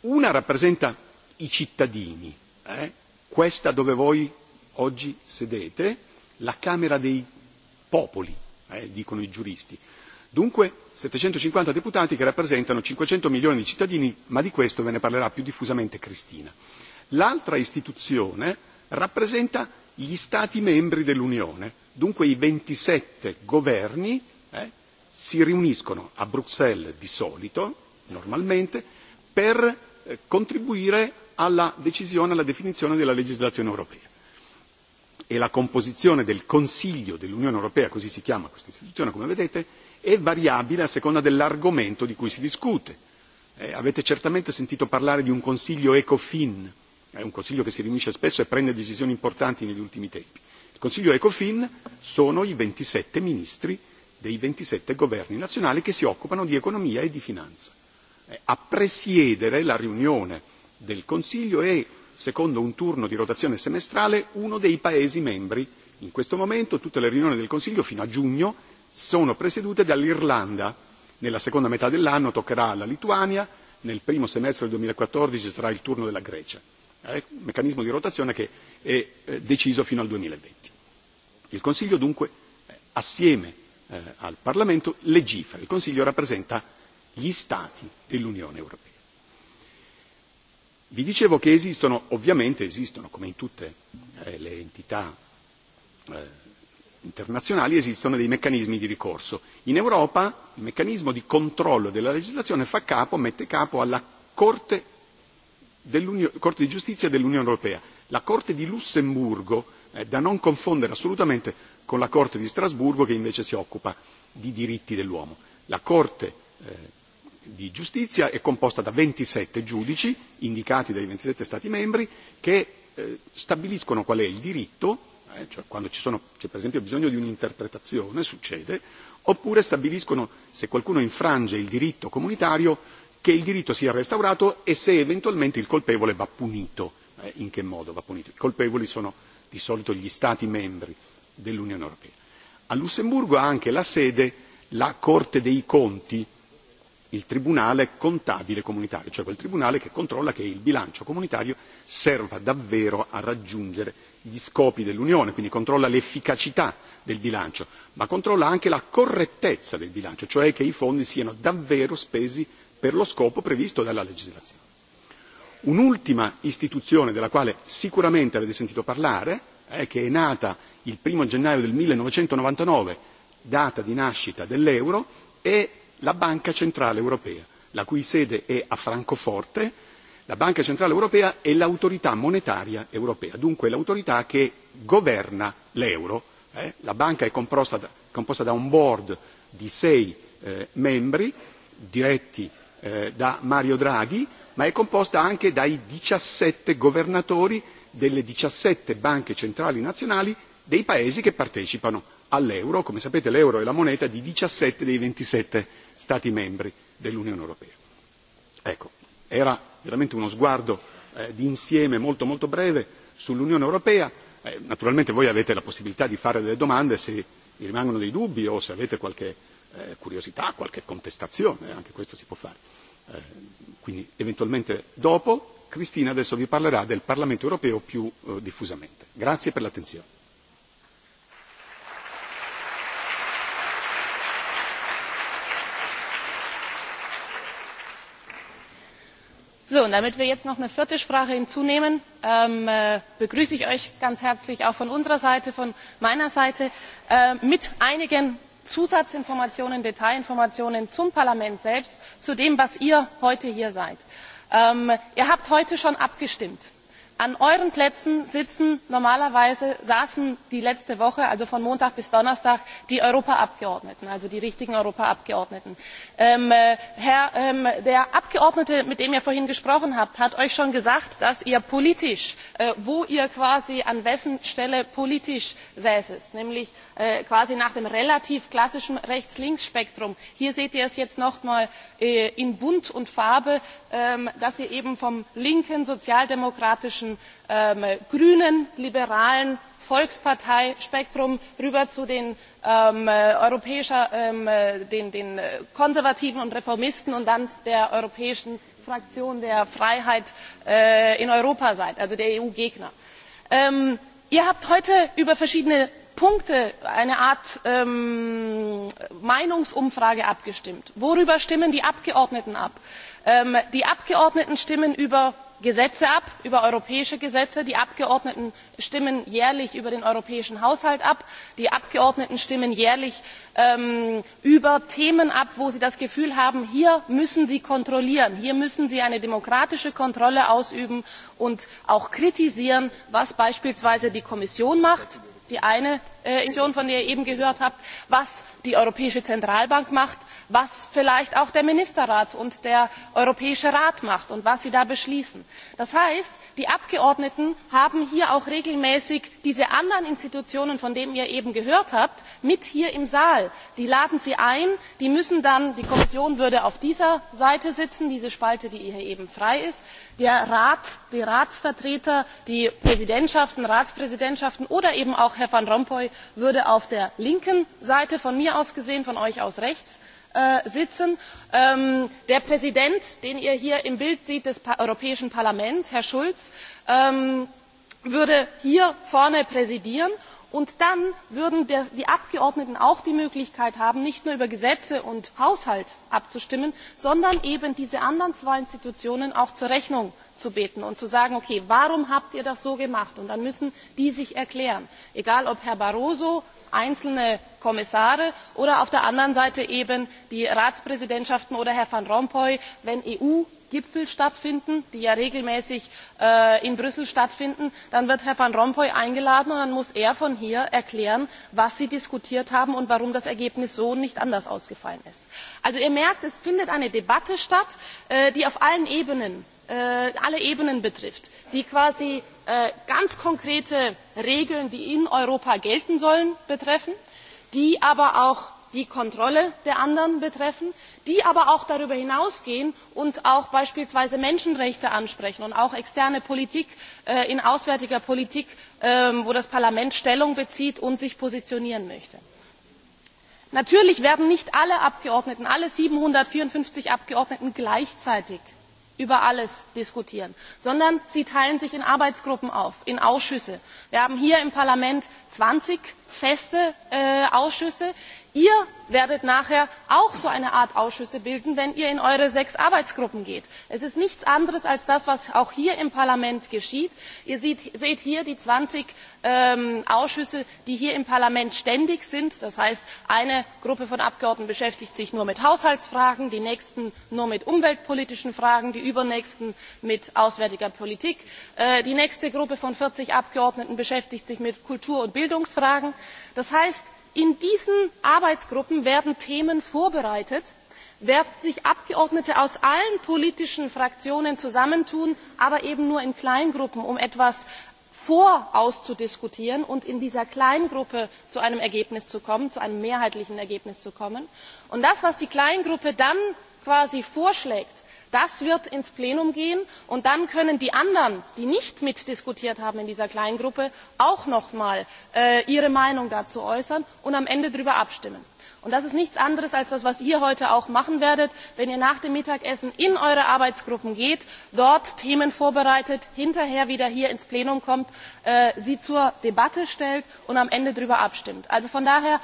una rappresenta i cittadini questa dove voi oggi sedete la Camera dei popoli, dicono i giuristi. Dunque 750 deputati che rappresentano 500 milioni di cittadini, ma di questo ve ne parlerà più diffusamente Cristina. L'altra istituzione rappresenta gli Stati membri dell'Unione, dunque i 27 governi si riuniscono a Bruxelles di solito, normalmente, per contribuire alla decisione, alla definizione della legislazione europea e la composizione del Consiglio dell'Unione Europea, così si chiama questa istituzione come vedete, è variabile a seconda dell'argomento di cui si discute. Avete certamente sentito parlare di un Consiglio ECOFIN, è un Consiglio che si riunisce spesso e prende decisioni importanti negli ultimi tempi. Il Consiglio ECOFIN sono i 27 ministri dei 27 governi nazionali che si occupano di economia e di finanza. A presiedere la riunione del Consiglio è secondo un turno di rotazione semestrale uno dei Paesi membri. In questo momento tutte le riunioni del Consiglio fino a giugno sono presiedute dall'Irlanda. Nella seconda metà dell'anno toccherà alla Lituania, nel primo semestre del 2014 sarà il turno della Grecia. È un meccanismo di rotazione che è deciso fino al 2020. Il Consiglio dunque, assieme al Parlamento, legifera. Il Consiglio rappresenta gli Stati dell'Unione Europea. Vi dicevo che esistono, ovviamente esistono, come in tutte le entità internazionali, esistono dei meccanismi di ricorso. In Europa il meccanismo di controllo della legislazione fa capo, mette capo alla Corte di giustizia dell'Unione europea, la Corte di Lussemburgo, da non confondere assolutamente con la Corte di Strasburgo che invece si occupa di diritti dell'uomo. La Corte di giustizia è composta da 27 giudici, indicati dai 27 Stati membri, che stabiliscono qual è il diritto, cioè quando c'è per esempio bisogno di un'interpretazione, succede, oppure stabiliscono se qualcuno infrange il diritto comunitario che il diritto sia restaurato e se eventualmente il colpevole va punito, in che modo va punito. I colpevoli sono di solito gli Stati membri dell'Unione Europea. A Lussemburgo ha anche la sede la Corte dei Conti, il Tribunale contabile comunitario, cioè quel Tribunale che controlla che il bilancio comunitario serva davvero a raggiungere gli scopi dell'Unione, quindi controlla l'efficacità del bilancio, ma controlla anche la correttezza del bilancio, cioè che i fondi siano davvero spesi per lo scopo previsto dalla legislazione. Un'ultima istituzione della quale sicuramente avete sentito parlare, è che è nata il 1 gennaio del 1999, data di nascita dell'euro, è la Banca Centrale Europea, la cui sede è a Francoforte. La Banca Centrale Europea è l'autorità monetaria europea, dunque l'autorità che governa l'euro. La banca è composta da un board di sei membri, diretti da Mario Draghi, ma è composta anche dai 17 governatori delle 17 banche centrali nazionali dei paesi che partecipano all'euro come sapete l'euro è la moneta di 17 dei 27 stati membri dell'Unione Europea ecco era veramente uno sguardo di insieme molto molto breve sull'Unione Europea naturalmente voi avete la possibilità di fare delle domande se vi rimangono dei dubbi o se avete qualche curiosità qualche contestazione anche questo si può fare quindi eventualmente dopo Cristina adesso vi parlerà del Parlamento europeo più diffusamente grazie per l'attenzione damit wir jetzt noch eine vierte sprache hinzunehmen begrüße ich euch ganz herzlich auch von unserer seite von meiner seite mit einigen zusatzinformationen detailinformationen zum parlament selbst zu dem was ihr heute hier seid. ihr habt heute schon abgestimmt an euren plätzen sitzen normalerweise saßen die letzte woche also von montag bis donnerstag die europaabgeordneten also die richtigen europaabgeordneten. der abgeordnete mit dem ihr vorhin gesprochen habt hat euch schon gesagt dass ihr politisch wo ihr quasi an wessen stelle politisch säßet nämlich quasi nach dem relativ klassischen rechts links spektrum. hier seht ihr es jetzt noch einmal in bunt und farbe dass ihr eben vom linken sozialdemokratischen zwischen grünen liberalen volkspartei spektrum rüber zu den konservativen und reformisten und dann der europäischen fraktion der freiheit in europa seid also der eu gegner. ihr habt heute über verschiedene punkte eine art meinungsumfrage abgestimmt. worüber stimmen die abgeordneten ab? die abgeordneten stimmen gesetze ab über europäische gesetze die abgeordneten stimmen jährlich über den europäischen haushalt ab die abgeordneten stimmen jährlich über themen ab wo sie das gefühl haben hier müssen sie kontrollieren hier müssen sie eine demokratische kontrolle ausüben und auch kritisieren was beispielsweise die kommission macht die eine institution von der ihr eben gehört habt was die europäische zentralbank macht was vielleicht auch der ministerrat und der europäische rat machen und was sie da beschließen. das heißt die abgeordneten haben hier auch regelmäßig diese anderen institutionen von denen ihr eben gehört habt mit hier im saal. die laden sie ein die kommission würde auf dieser seite sitzen diese spalte die hier eben frei ist der Rat, die Ratsvertreter, die Präsidentschaften, Ratspräsidentschaften oder eben auch Herr Van Rompuy würde auf der linken Seite von mir aus gesehen, von euch aus rechts sitzen. Der Präsident, den ihr hier im Bild seht des Europäischen Parlaments, Herr Schulz, würde hier vorne präsidieren und dann würden die abgeordneten auch die möglichkeit haben nicht nur über gesetze und haushalt abzustimmen sondern eben diese anderen zwei institutionen auch zur rechnung zu bitten und zu sagen okay warum habt ihr das so gemacht? und dann müssen die sich erklären egal ob herr barroso einzelne kommissare oder auf der anderen seite eben die ratspräsidentschaften oder herr van rompuy wenn eu gipfel stattfinden die ja regelmäßig in brüssel stattfinden dann wird herr van rompuy eingeladen und dann muss er von hier erklären was sie diskutiert haben und warum das ergebnis so und nicht anders ausgefallen ist. also ihr merkt es findet eine debatte statt die auf alle ebenen betrifft die quasi ganz konkrete regeln die in europa gelten sollen betreffen die aber auch die Kontrolle der anderen betreffen, die aber auch darüber hinausgehen und auch beispielsweise Menschenrechte ansprechen und auch externe Politik in auswärtiger Politik, wo das Parlament Stellung bezieht und sich positionieren möchte. Natürlich werden nicht alle Abgeordneten, alle 754 Abgeordneten gleichzeitig über alles diskutieren, sondern sie teilen sich in Arbeitsgruppen auf, in Ausschüsse. Wir haben hier im Parlament 20 feste Ausschüsse, ihr werdet nachher auch so eine art ausschüsse bilden wenn ihr in eure sechs arbeitsgruppen geht. es ist nichts anderes als das was auch hier im parlament geschieht. ihr seht hier die zwanzig ausschüsse die hier im parlament ständig sind das heißt eine gruppe von abgeordneten beschäftigt sich nur mit haushaltsfragen die nächsten nur mit umweltpolitischen fragen die übernächsten mit auswärtiger politik die nächste gruppe von vierzig abgeordneten beschäftigt sich mit kultur und bildungsfragen. das heißt in diesen arbeitsgruppen werden themen vorbereitet werden sich abgeordnete aus allen politischen fraktionen zusammentun aber eben nur in kleingruppen um etwas vorauszudiskutieren und in dieser kleingruppe zu einem ergebnis zu kommen zu einem mehrheitlichen ergebnis zu kommen. und das was die kleingruppe dann quasi vorschlägt das wird ins plenum gehen und dann können die anderen die nicht mitdiskutiert haben in dieser kleinen gruppe auch noch einmal ihre meinung dazu äußern und am ende darüber abstimmen und das ist nichts anderes als das was ihr heute auch machen werdet wenn ihr nach dem mittagessen in eure arbeitsgruppen geht dort themen vorbereitet hinterher wieder hier ins plenum kommt sie zur debatte stellt und am ende darüber abstimmt. also von daher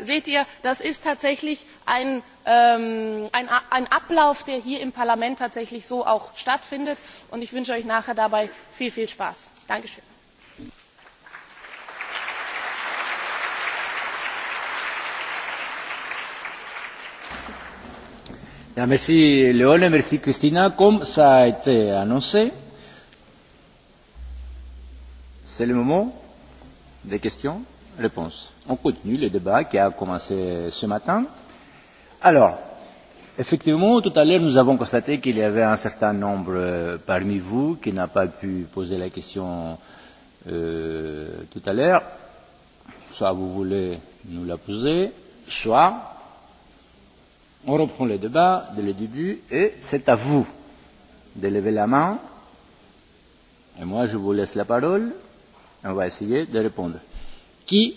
seht ihr das ist tatsächlich ein ablauf der hier im parlament tatsächlich so auch stattfindet und ich wünsche euch nachher dabei viel viel spaß. Merci Léon et merci Christina. Comme ça a été annoncé, c'est le moment des questions réponses. On continue le débat qui a commencé ce matin. Alors, effectivement, tout à l'heure, nous avons constaté qu'il y avait un certain nombre parmi vous qui n'a pas pu poser la question euh, tout à l'heure. Soit vous voulez nous la poser, soit on reprend le débat dès le début et c'est à vous de lever la main. Et moi, je vous laisse la parole. On va essayer de répondre. Qui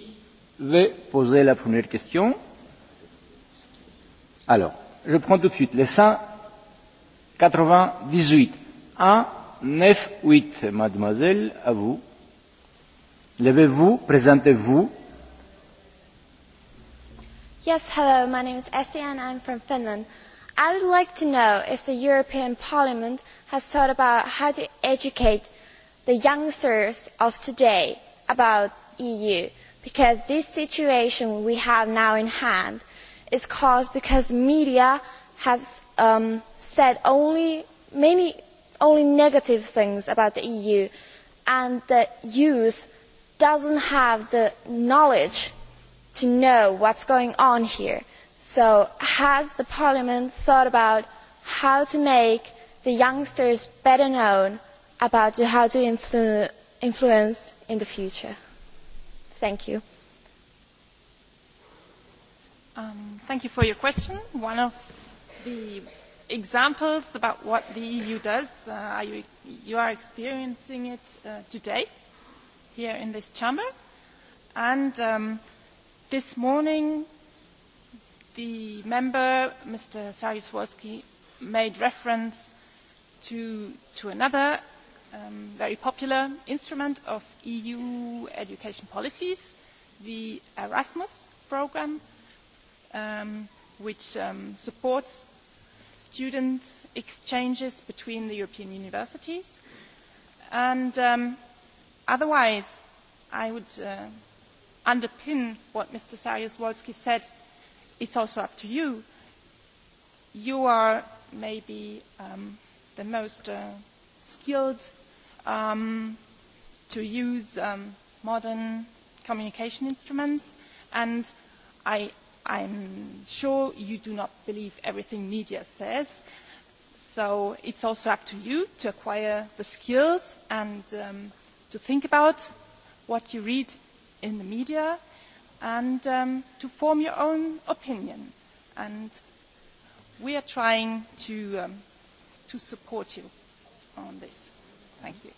veut poser la première question Alors, je prends tout de suite les 198. 1, 9, 8. Mademoiselle, à vous. Levez-vous, présentez-vous. Yes, hello, my name is Essi and I'm from Finland. I would like to know if the European Parliament has thought about how to educate the youngsters of today about the EU, because this situation we have now in hand is caused because the media has said only many only negative things about the EU and the youth doesn't have the knowledge to know what's going on here. So has the Parliament thought about how to make the youngsters better known about how to influence in the future? Thank you. Thank you for your question. One of the examples about what the EU does, you are experiencing it today here in this chamber. And This morning, the member, Mr. Saryusz-Wolski, made reference to another very popular instrument of EU education policies, the Erasmus programme, which supports student exchanges between the European universities. And otherwise, I would underpin what Mr. Saryusz-Wolski said, it's also up to you. You are maybe the most skilled to use modern communication instruments, and I I'm sure you do not believe everything media says. So it's also up to you to acquire the skills and to think about what you read in the media and to form your own opinion. And we are trying to to support you on this. Thank you.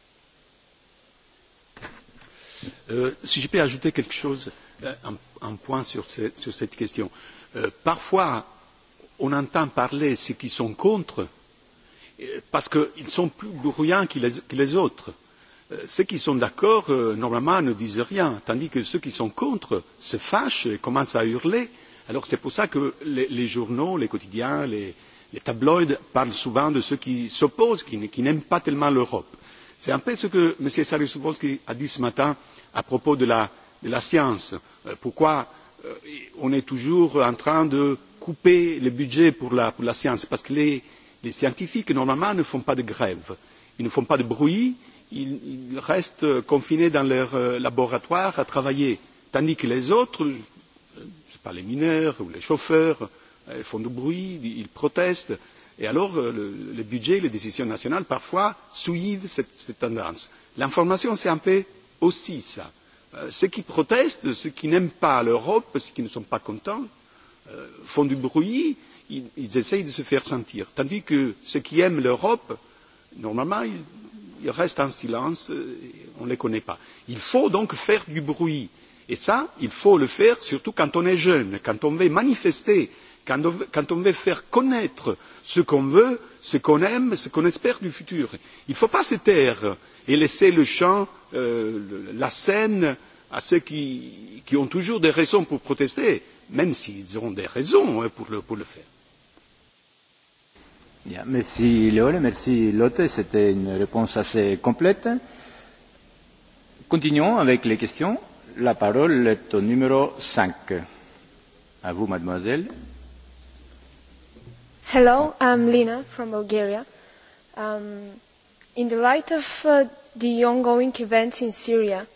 Si je peux ajouter quelque chose, un point sur sur cette question. Parfois, on entend parler ceux qui sont contre parce qu'ils sont plus bruyants que les autres ceux qui sont d'accord normalement ne disent rien tandis que ceux qui sont contre se fâchent et commencent à hurler. alors c'est pour cela que les journaux les quotidiens les tabloïds parlent souvent de ceux qui s'opposent qui n'aiment pas tellement l'europe. c'est un peu ce que m. saryusz wolski a dit ce matin à propos de la science pourquoi on est toujours en train de couper le budget pour la science parce que les scientifiques normalement ne font pas de grève ils ne font pas de bruit ils restent confinés dans leur laboratoire à travailler, tandis que les autres, pas les mineurs ou les chauffeurs, font du bruit, ils protestent, et alors le budget, les décisions nationales, parfois, souillent cette tendance. L'information, c'est un peu aussi ça. Ceux qui protestent, ceux qui n'aiment pas l'Europe, ceux qui ne sont pas contents, font du bruit, ils essayent de se faire sentir, tandis que ceux qui aiment l'Europe, normalement, il reste un silence, on ne les connaît pas. Il faut donc faire du bruit. Et ça, il faut le faire surtout quand on est jeune, quand on veut manifester, quand on veut faire connaître ce qu'on veut, ce qu'on aime, ce qu'on espère du futur. Il ne faut pas se taire et laisser le champ, la scène à ceux qui ont toujours des raisons pour protester, même s'ils ont des raisons pour le faire. Bien, merci Léole, merci Lotte, c'était une réponse assez complète. Continuons avec les questions. La parole est au numéro 5. À vous, mademoiselle. Hello, I'm Lina from Bulgaria. Um, in the light of uh, the ongoing events in Syria,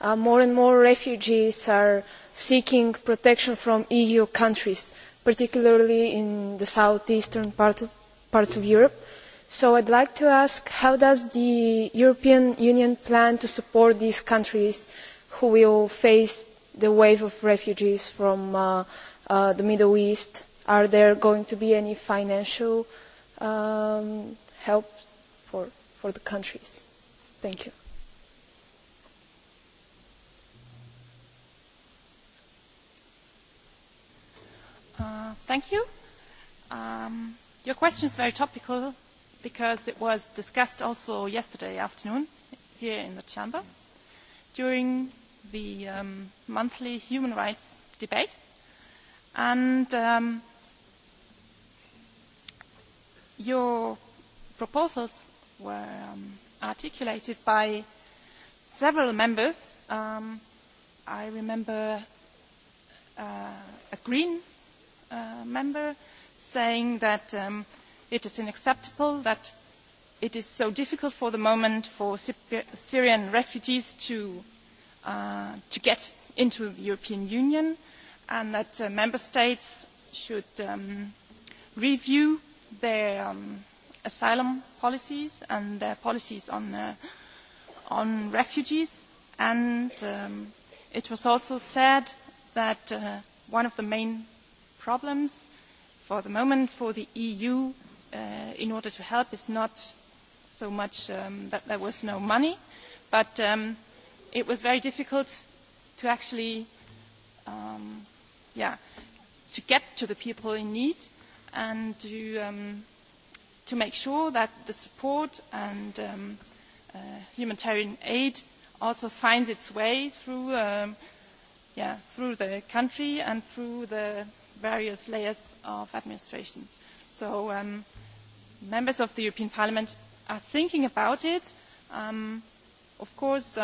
uh, more and more refugees are seeking protection from EU countries, particularly in the southeastern part of parts of Europe. So I'd like to ask, how does the European Union plan to support these countries who will face the wave of refugees from the Middle East? Are there going to be any financial help for the countries? Thank you. Thank you. Your question is very topical because it was discussed also yesterday afternoon here in the chamber during the monthly human rights debate. And your proposals were articulated by several members. I remember a Green member saying that it is unacceptable that it is so difficult for the moment for Syrian refugees to get into the European Union and that member states should review their asylum policies and their policies on refugees. And it was also said that one of the main problems for the moment for the EU in order to help it's not so much that there was no money, but it was very difficult to actually yeah to get to the people in need and to make sure that the support and humanitarian aid also finds its way through yeah, through the country and through the various layers of administrations. So members of the European Parliament are thinking about it. Of course,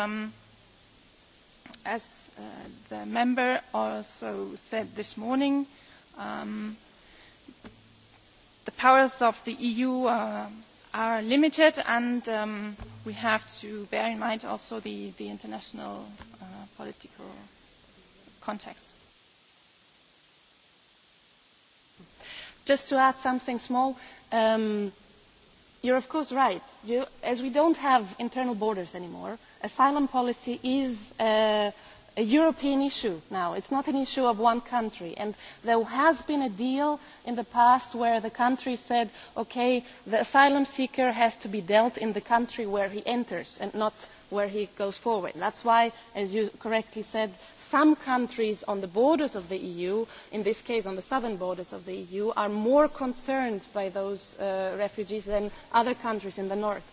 as the member also said this morning, the powers of the EU are limited and we have to bear in mind also the international political context. Just to add something small, you're of course right. As we don't have internal borders anymore, asylum policy is a European issue now. It's not an issue of one country. And there has been a deal in the past where the country said, okay, the asylum seeker has to be dealt in the country where he enters and not where he goes forward. That's why, as you correctly said, some countries on the borders of the EU, in this case on the southern borders of the EU, are more concerned by those refugees than other countries in the north.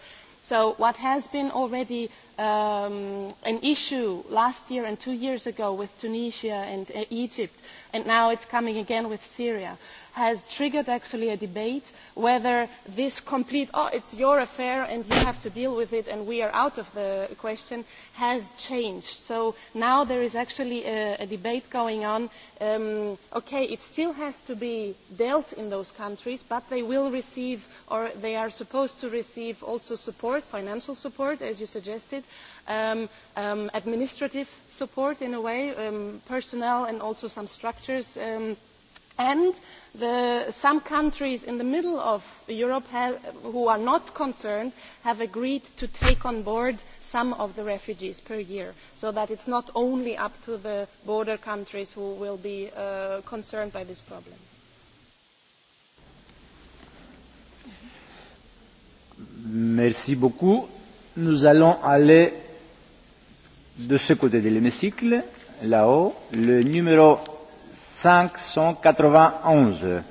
So what has been already an issue last year and two years ago with Tunisia and Egypt, and now it's coming again with Syria, has triggered actually a debate whether this complete, oh, it's your affair and you have to deal with it and we are out of the question, has changed. So now there is actually a debate going on, okay, it still has to be dealt in those countries, but they will receive or they are supposed to receive also support, financial support, as you suggested, administrative support in a way, personnel and also some structures. And some countries in the middle of Europe who are not concerned have agreed to take on board some of the refugees per year, so that it's not only up to the border countries who will be concerned by this problem nous allons aller de ce côté de l'hémicycle, là-haut, le numéro cinq cent quatre-vingt-onze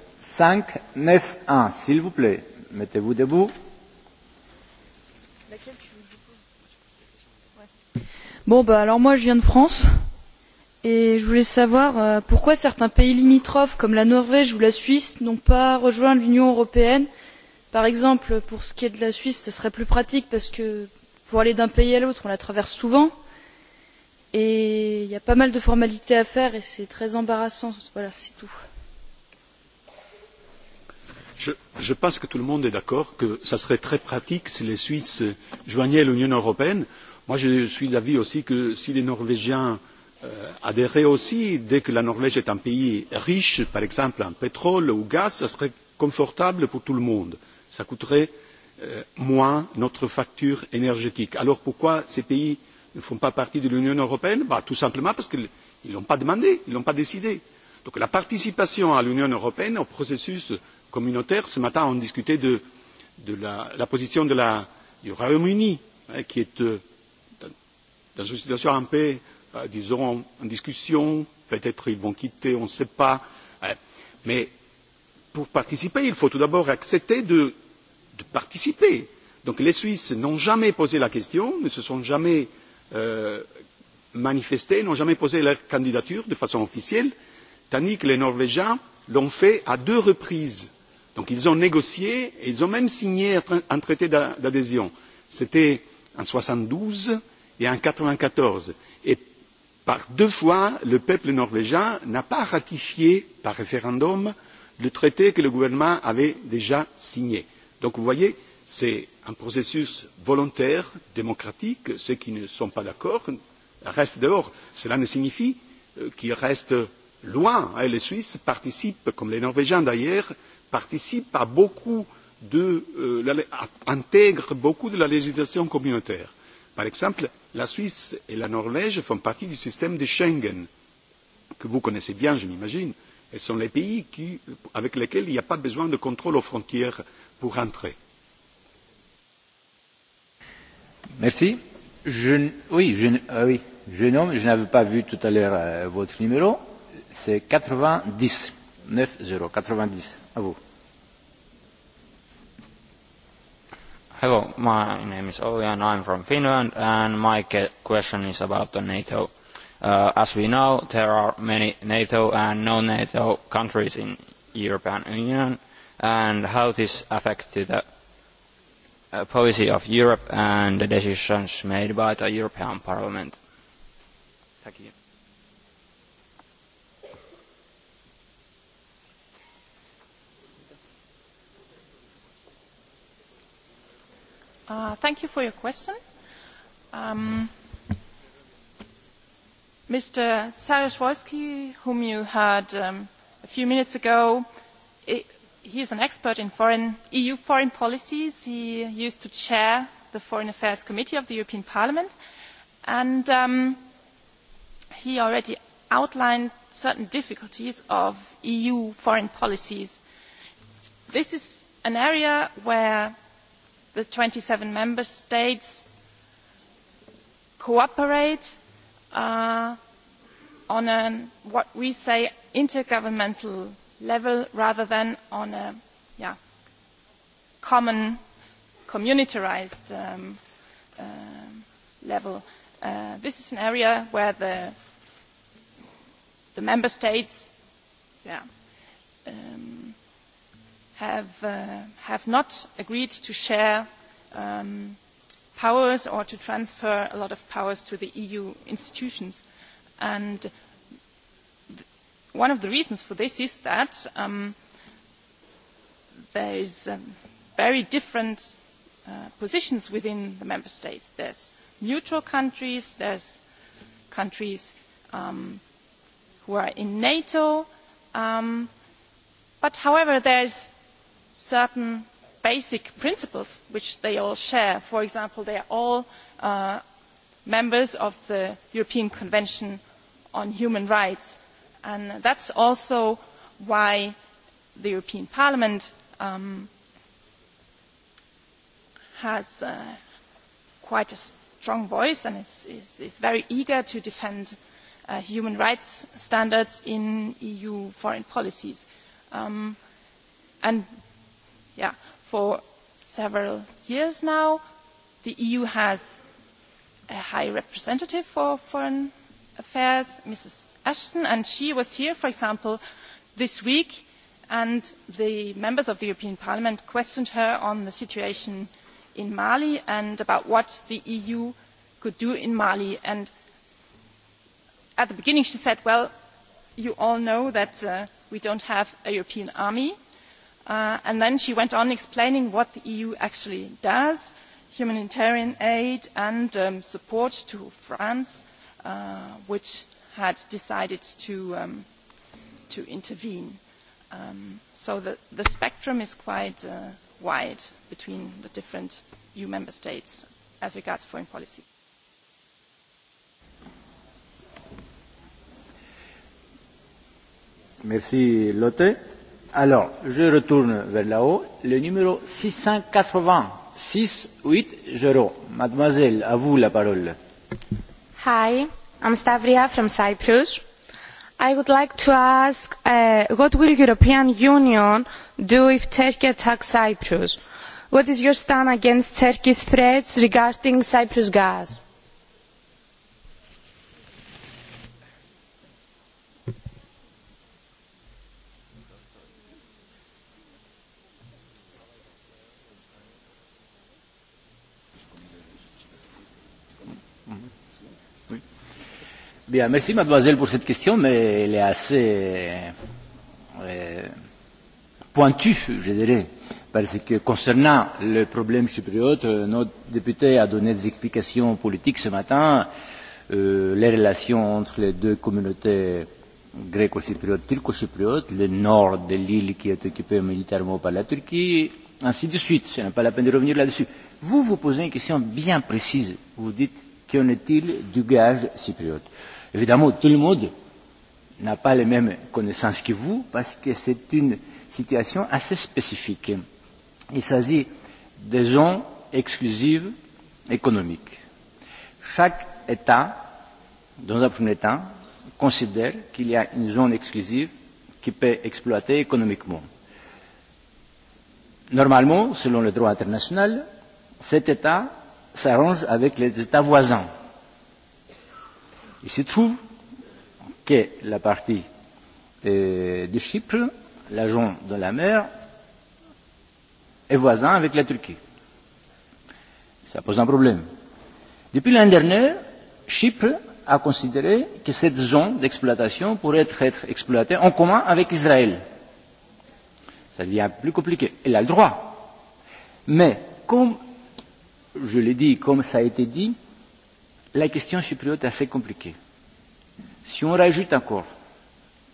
neuf un, s'il vous plaît. Mettez-vous debout. Bon, bah alors moi je viens de France et je voulais savoir pourquoi certains pays limitrophes comme la Norvège ou la Suisse n'ont pas rejoint l'Union européenne Par exemple, pour ce qui est de la Suisse, ce serait plus pratique parce que pour aller d'un pays à l'autre, on la traverse souvent et il y a pas mal de formalités à faire et c'est très embarrassant. Voilà, c'est tout. Je pense que tout le monde est d'accord que ce serait très pratique si les Suisses joignaient l'Union européenne. Moi, je suis d'avis aussi que si les Norvégiens adhéraient aussi, dès que la Norvège est un pays riche, par exemple en pétrole ou gaz, ce serait confortable pour tout le monde. Cela coûterait moins notre facture énergétique. alors pourquoi ces pays ne font pas partie de l'union européenne? tout simplement parce qu'ils ne l'ont pas demandé ils ne l'ont pas décidé. donc la participation à l'union européenne au processus communautaire ce matin on discutait de la position du royaume uni qui est dans une situation un peu disons en discussion peut être ils vont quitter on ne sait pas mais pour participer il faut tout d'abord accepter de participer. les suisses n'ont jamais posé la question ne se sont jamais manifestés n'ont jamais posé leur candidature de façon officielle tandis que les norvégiens l'ont fait à deux reprises. ils ont négocié et ils ont même signé un traité d'adhésion. c'était en soixante douze et en quatre vingt quatorze et par deux fois le peuple norvégien n'a pas ratifié par référendum le traité que le gouvernement avait déjà signé. donc vous voyez c'est un processus volontaire démocratique ceux qui ne sont pas d'accord restent dehors. cela ne signifie qu'ils restent loin. les suisses participent comme les norvégiens d'ailleurs participent à beaucoup de intègrent beaucoup de la législation communautaire. par exemple la suisse et la norvège font partie du système de schengen que vous connaissez bien je m'imagine Ce sont les pays avec lesquels il n'y a pas besoin de contrôle aux frontières pour entrer. Merci. Oui, jeune oui, je n'avais pas vu tout à l'heure votre numéro. C'est 90. 9-0, 90. À vous. Hello, my name is Ovi and I'm from Finland and my question is about the NATO As we know, there are many NATO and non-NATO countries in the European Union, and how this affected the policy of Europe and the decisions made by the European Parliament. Thank you. Thank you for your question. Mr. Saryusz-Wolski, whom you heard a few minutes ago, he is an expert in EU foreign policies. He used to chair the Foreign Affairs Committee of the European Parliament, and he already outlined certain difficulties of EU foreign policies. This is an area where the 27 member states cooperate on what we say intergovernmental level rather than on a common communitarised level. This is an area where the the member states have not agreed to share powers or to transfer a lot of powers to the EU institutions. And one of the reasons for this is that there is very different positions within the member states. There's neutral countries, there's countries who are in NATO, but however there's certain basic principles which they all share. For example, they are all members of the European Convention on Human Rights. And that's also why the European Parliament has quite a strong voice and is very eager to defend human rights standards in EU foreign policies. And, yeah for several years now. The EU has a high representative for foreign affairs, Mrs. Ashton, and she was here, for example, this week, and the members of the European Parliament questioned her on the situation in Mali and about what the EU could do in Mali. And at the beginning she said, well, you all know that we don't have a European army and then she went on explaining what the eu actually does humanitarian aid and support to france which had decided to intervene. so the spectrum is quite wide between the different eu member states as regards foreign policy. Alors, je retourne vers là-haut. Le numéro 680. 680. Mademoiselle, à vous la parole. Hi, I'm Stavria from Cyprus. I would like to ask what will European Union do if Turkey attacks Cyprus? What is your stand against Turkey's threats regarding Cyprus gas? Bien, merci mademoiselle pour cette question, mais elle est assez pointue, je dirais, parce que concernant le problème chypriote, notre député a donné des explications politiques ce matin, les relations entre les deux communautés gréco-chypriote, turco-chypriote, le nord de l'île qui est occupée militairement par la Turquie, ainsi de suite. Ce n'est pas la peine de revenir là-dessus. Vous vous posez une question bien précise. Vous dites, qu'en est-il du gage chypriote Évidemment, tout le monde n'a pas les mêmes connaissances que vous, parce que c'est une situation assez spécifique. Il s'agit des zones exclusives économiques. Chaque État, dans un premier temps, considère qu'il y a une zone exclusive qui peut exploiter économiquement. Normalement, selon le droit international, cet État s'arrange avec les États voisins Il se trouve que la partie de Chypre, l'agent de la mer, est voisin avec la Turquie. Ça pose un problème. Depuis l'an dernier, Chypre a considéré que cette zone d'exploitation pourrait être exploitée en commun avec Israël. Ça devient plus compliqué. Elle a le droit. Mais, comme je l'ai dit, comme ça a été dit, la question chypriote est assez compliquée. Si on rajoute encore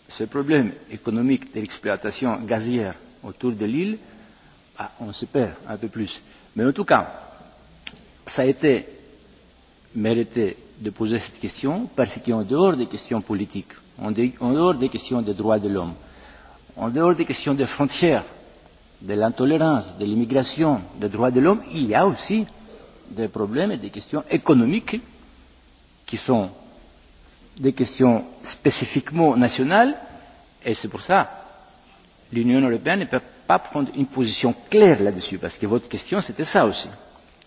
ce problème économique de l'exploitation gazière autour de l'île, on se perd un peu plus. Mais en tout cas, ça a été mérité de poser cette question parce qu'en dehors des questions politiques, en dehors des questions des droits de l'homme, en dehors des questions des frontières, de l'intolérance, de l'immigration, des droits de l'homme, il y a aussi des problèmes et des questions économiques qui sont des questions spécifiquement nationales, et c'est pour ça l'Union européenne ne peut pas prendre une position claire là-dessus, parce que votre question, c'était ça aussi.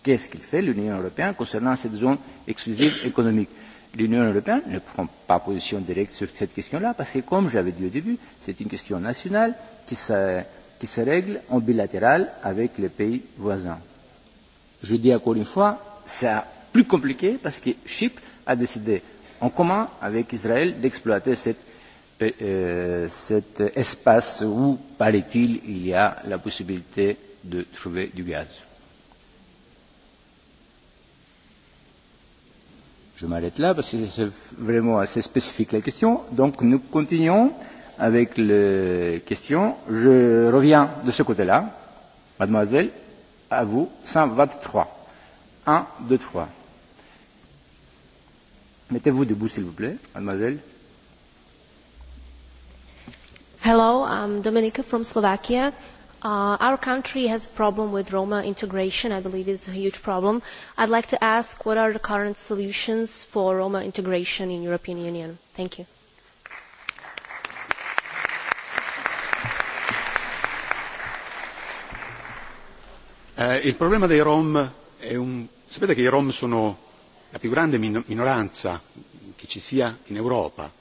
Qu'est-ce qu'il fait l'Union européenne concernant cette zone exclusive économique L'Union européenne ne prend pas position directe sur cette question-là, parce que, comme j'avais dit au début, c'est une question nationale qui se, qui se règle en bilatéral avec les pays voisins. Je dis encore une fois, c'est plus compliqué parce que Chypre a décidé en commun avec Israël d'exploiter cet espace où, paraît-il, il y a la possibilité de trouver du gaz. Je m'arrête là parce que c'est vraiment assez spécifique la question. Donc nous continuons avec les questions. Je reviens de ce côté-là. Mademoiselle, à vous, 123. 1, 2, 3. Mettez-vous debout, s'il vous plaît, mademoiselle. Hello, I'm Dominika from Slovakia. Our country has a problem with Roma integration. I believe it's a huge problem. I'd like to ask, what are the current solutions for Roma integration in European Union? Thank you. Il problema dei Rom è un sapete che i Rom sono la più grande minoranza che ci sia in Europa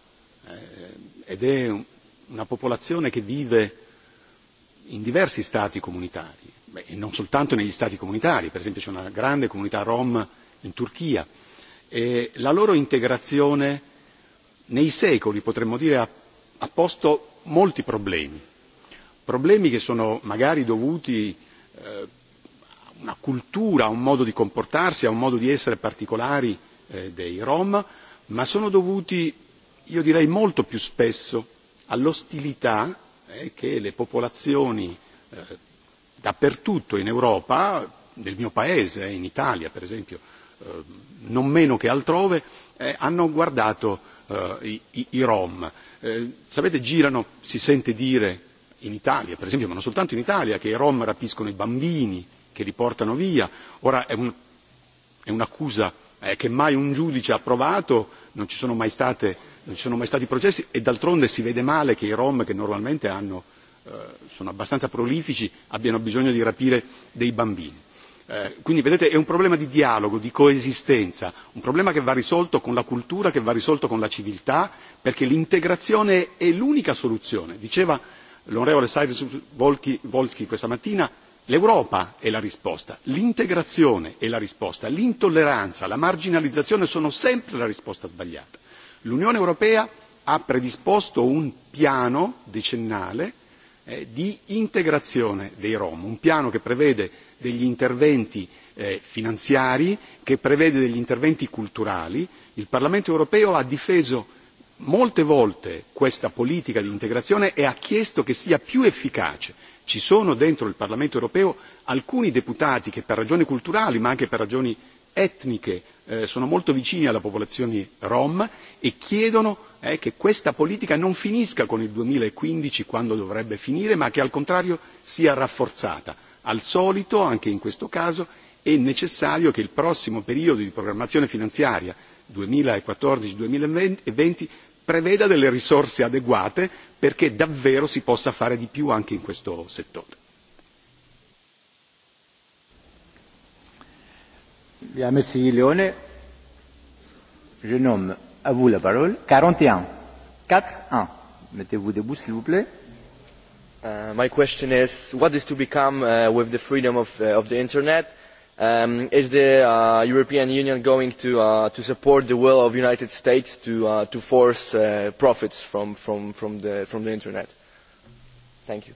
ed è una popolazione che vive in diversi stati comunitari e non soltanto negli stati comunitari per esempio c'è una grande comunità rom in Turchia e la loro integrazione nei secoli potremmo dire ha posto molti problemi problemi che sono magari dovuti una cultura, un modo di comportarsi, a un modo di essere particolari dei Rom, ma sono dovuti, io direi molto più spesso, all'ostilità che le popolazioni dappertutto in Europa, nel mio paese, in Italia per esempio, non meno che altrove, hanno guardato i Rom. Sapete, girano, si sente dire in Italia, per esempio, ma non soltanto in Italia, che i Rom rapiscono i bambini, che li portano via. Ora è un'accusa che mai un giudice ha approvato, non ci sono mai stati processi e d'altronde si vede male che i Rom, che normalmente sono abbastanza prolifici, abbiano bisogno di rapire dei bambini. Quindi vedete è un problema di dialogo, di coesistenza, un problema che va risolto con la cultura, che va risolto con la civiltà, perché l'integrazione è l'unica soluzione. Diceva l'onorevole Saryusz Volsky questa mattina L'Europa è la risposta, l'integrazione è la risposta, l'intolleranza, la marginalizzazione sono sempre la risposta sbagliata. L'Unione Europea ha predisposto un piano decennale di integrazione dei Rom, un piano che prevede degli interventi finanziari, che prevede degli interventi culturali. Il Parlamento Europeo ha difeso molte volte questa politica di integrazione e ha chiesto che sia più efficace ci sono dentro il Parlamento europeo alcuni deputati che per ragioni culturali ma anche per ragioni etniche sono molto vicini alla popolazione rom e chiedono che questa politica non finisca con il 2015 quando dovrebbe finire ma che al contrario sia rafforzata. Al solito, anche in questo caso, è necessario che il prossimo periodo di programmazione finanziaria 2014-2020 preveda delle risorse adeguate perché davvero si possa fare di più anche in questo settore. Monsieur Leone, je nomme à vous la parole. 41. 4-1. Mettez-vous debout, s'il vous plaît. My question is, what is to become with the freedom of the Internet? Is the European Union going to support the will of the United States to force profits from the Internet? Thank you.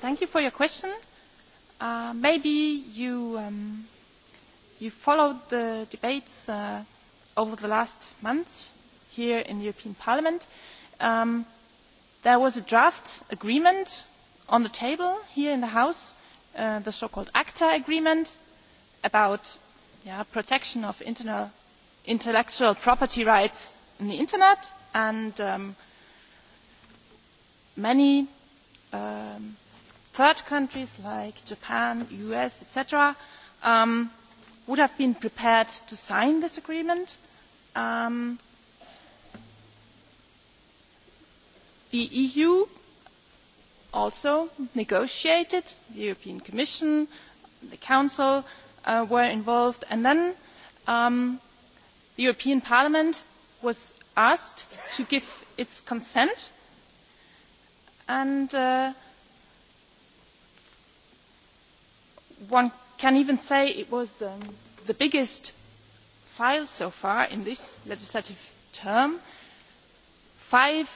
Thank you for your question. Maybe you followed the debates over the last months here in the European Parliament, there was a draft agreement on the table here in the House, the so-called ACTA agreement about protection of intellectual property rights on the Internet, and many third countries like Japan, US, etc., would have been prepared to sign this agreement. The EU also negotiated, the European Commission, the Council were involved, and then the European Parliament was asked to give its consent, and one can even say it was the biggest file so far in this legislative term. Five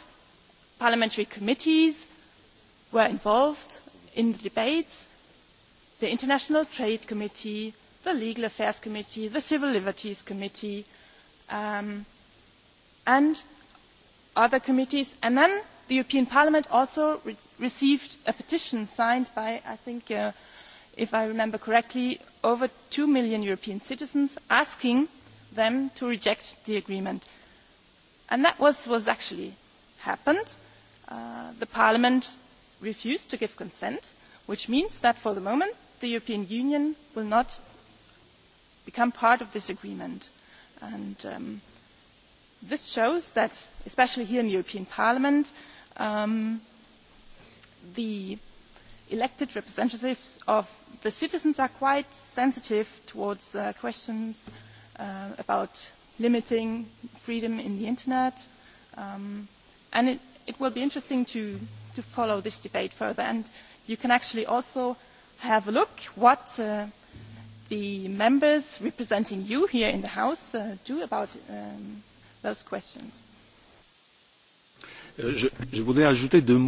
parliamentary committees were involved in the debates the International Trade Committee, the Legal Affairs Committee, the Civil Liberties Committee and other committees. And then the European Parliament also received a petition signed by, I think, if I remember correctly, over 2 million European citizens asking them to reject the agreement. And that was what actually happened. The Parliament refused to give consent, which means that for the moment the European Union will not become part of this agreement. And this shows that, especially here in the European Parliament, the elected representatives of the citizens are quite sensitive towards questions about limiting freedom in the internet and it will be interesting to follow this debate further and you can actually also have a look what the members representing you here in the House do about those questions. Je voudrais ajouter deux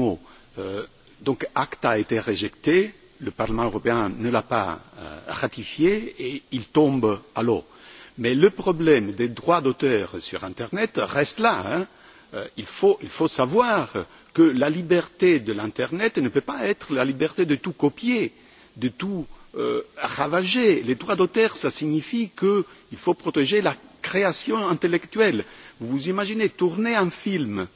Donc ACTA a été rejeté, le Parlement européen ne l'a pas ratifié et il tombe à l'eau. Mais le problème des droits d'auteur sur Internet reste là. Il faut savoir que la liberté de l'Internet ne peut pas être la liberté de tout copier, de tout ravager. Les droits d'auteur, ça signifie qu'il faut protéger la création intellectuelle. Vous imaginez tourner un film,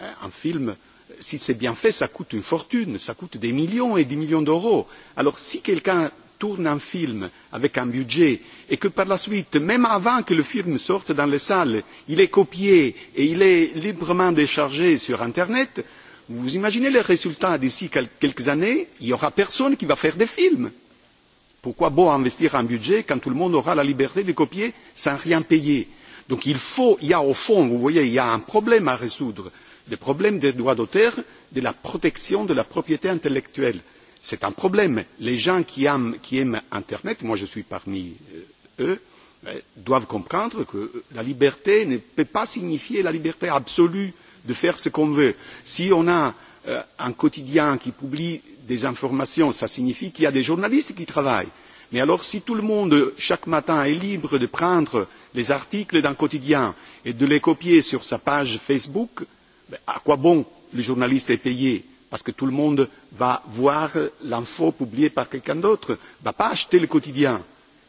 un film si c'est bien fait cela coûte une fortune ça coûte des millions et des millions d'euros. alors si quelqu'un tourne un film avec un budget et que par la suite même avant que le film sorte dans les salles il est copié et il est librement déchargé sur internet vous imaginez les résultats d'ici quelques années il n'y aura personne qui va faire des films. pourquoi bon investir un budget quand tout le monde aura la liberté de copier sans rien payer? donc il faut y a au fond vous voyez il y a un problème à résoudre des problème des droits d'auteur de la protection de la propriété intellectuelle. c'est un problème. les gens qui aiment internet moi je suis parmi eux doivent comprendre que la liberté ne peut pas signifier la liberté absolue de faire ce qu'on veut. si on a un quotidien qui publie des informations cela signifie qu'il y a des journalistes qui travaillent. mais alors si tout le monde chaque matin est libre de prendre les articles d'un quotidien et de les copier sur sa page facebook à quoi bon le journaliste est payé parce que tout le monde va voir l'info publiée par quelqu'un d'autre, ne va pas acheter le quotidien.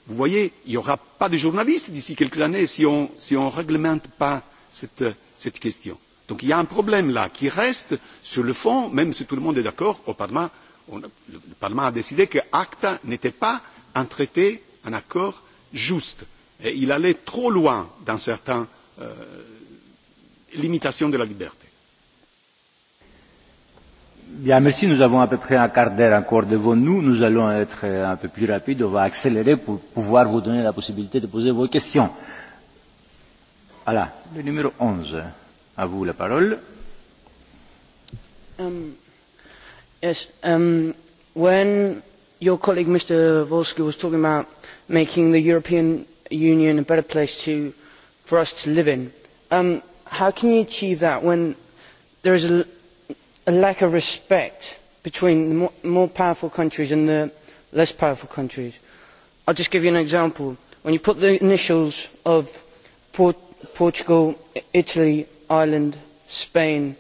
Vous voyez, il n'y aura pas de journalistes d'ici quelques années si on ne réglemente pas cette question. Donc il y a un problème là qui reste sur le fond, même si tout le monde est d'accord, au Parlement, le Parlement a décidé que ACTA n'était pas un traité, un accord juste. et Il allait trop loin dans certaines limitations de la liberté. Bien, merci. Nous avons à peu près un quart d'heure encore devant nous. Nous allons être un peu plus rapides. On va accélérer pour pouvoir vous donner la possibilité de poser vos questions. Voilà, le numéro 11. À vous la parole. Um, yes, um, when your colleague Mr. Volsky was talking about making the European Union a better place to, for us to live in, um, how can you achieve that when there is a a lack of respect between the more powerful countries and the less powerful countries. I'll just give you an example. When you put the initials of Portugal, Italy, Ireland, Spain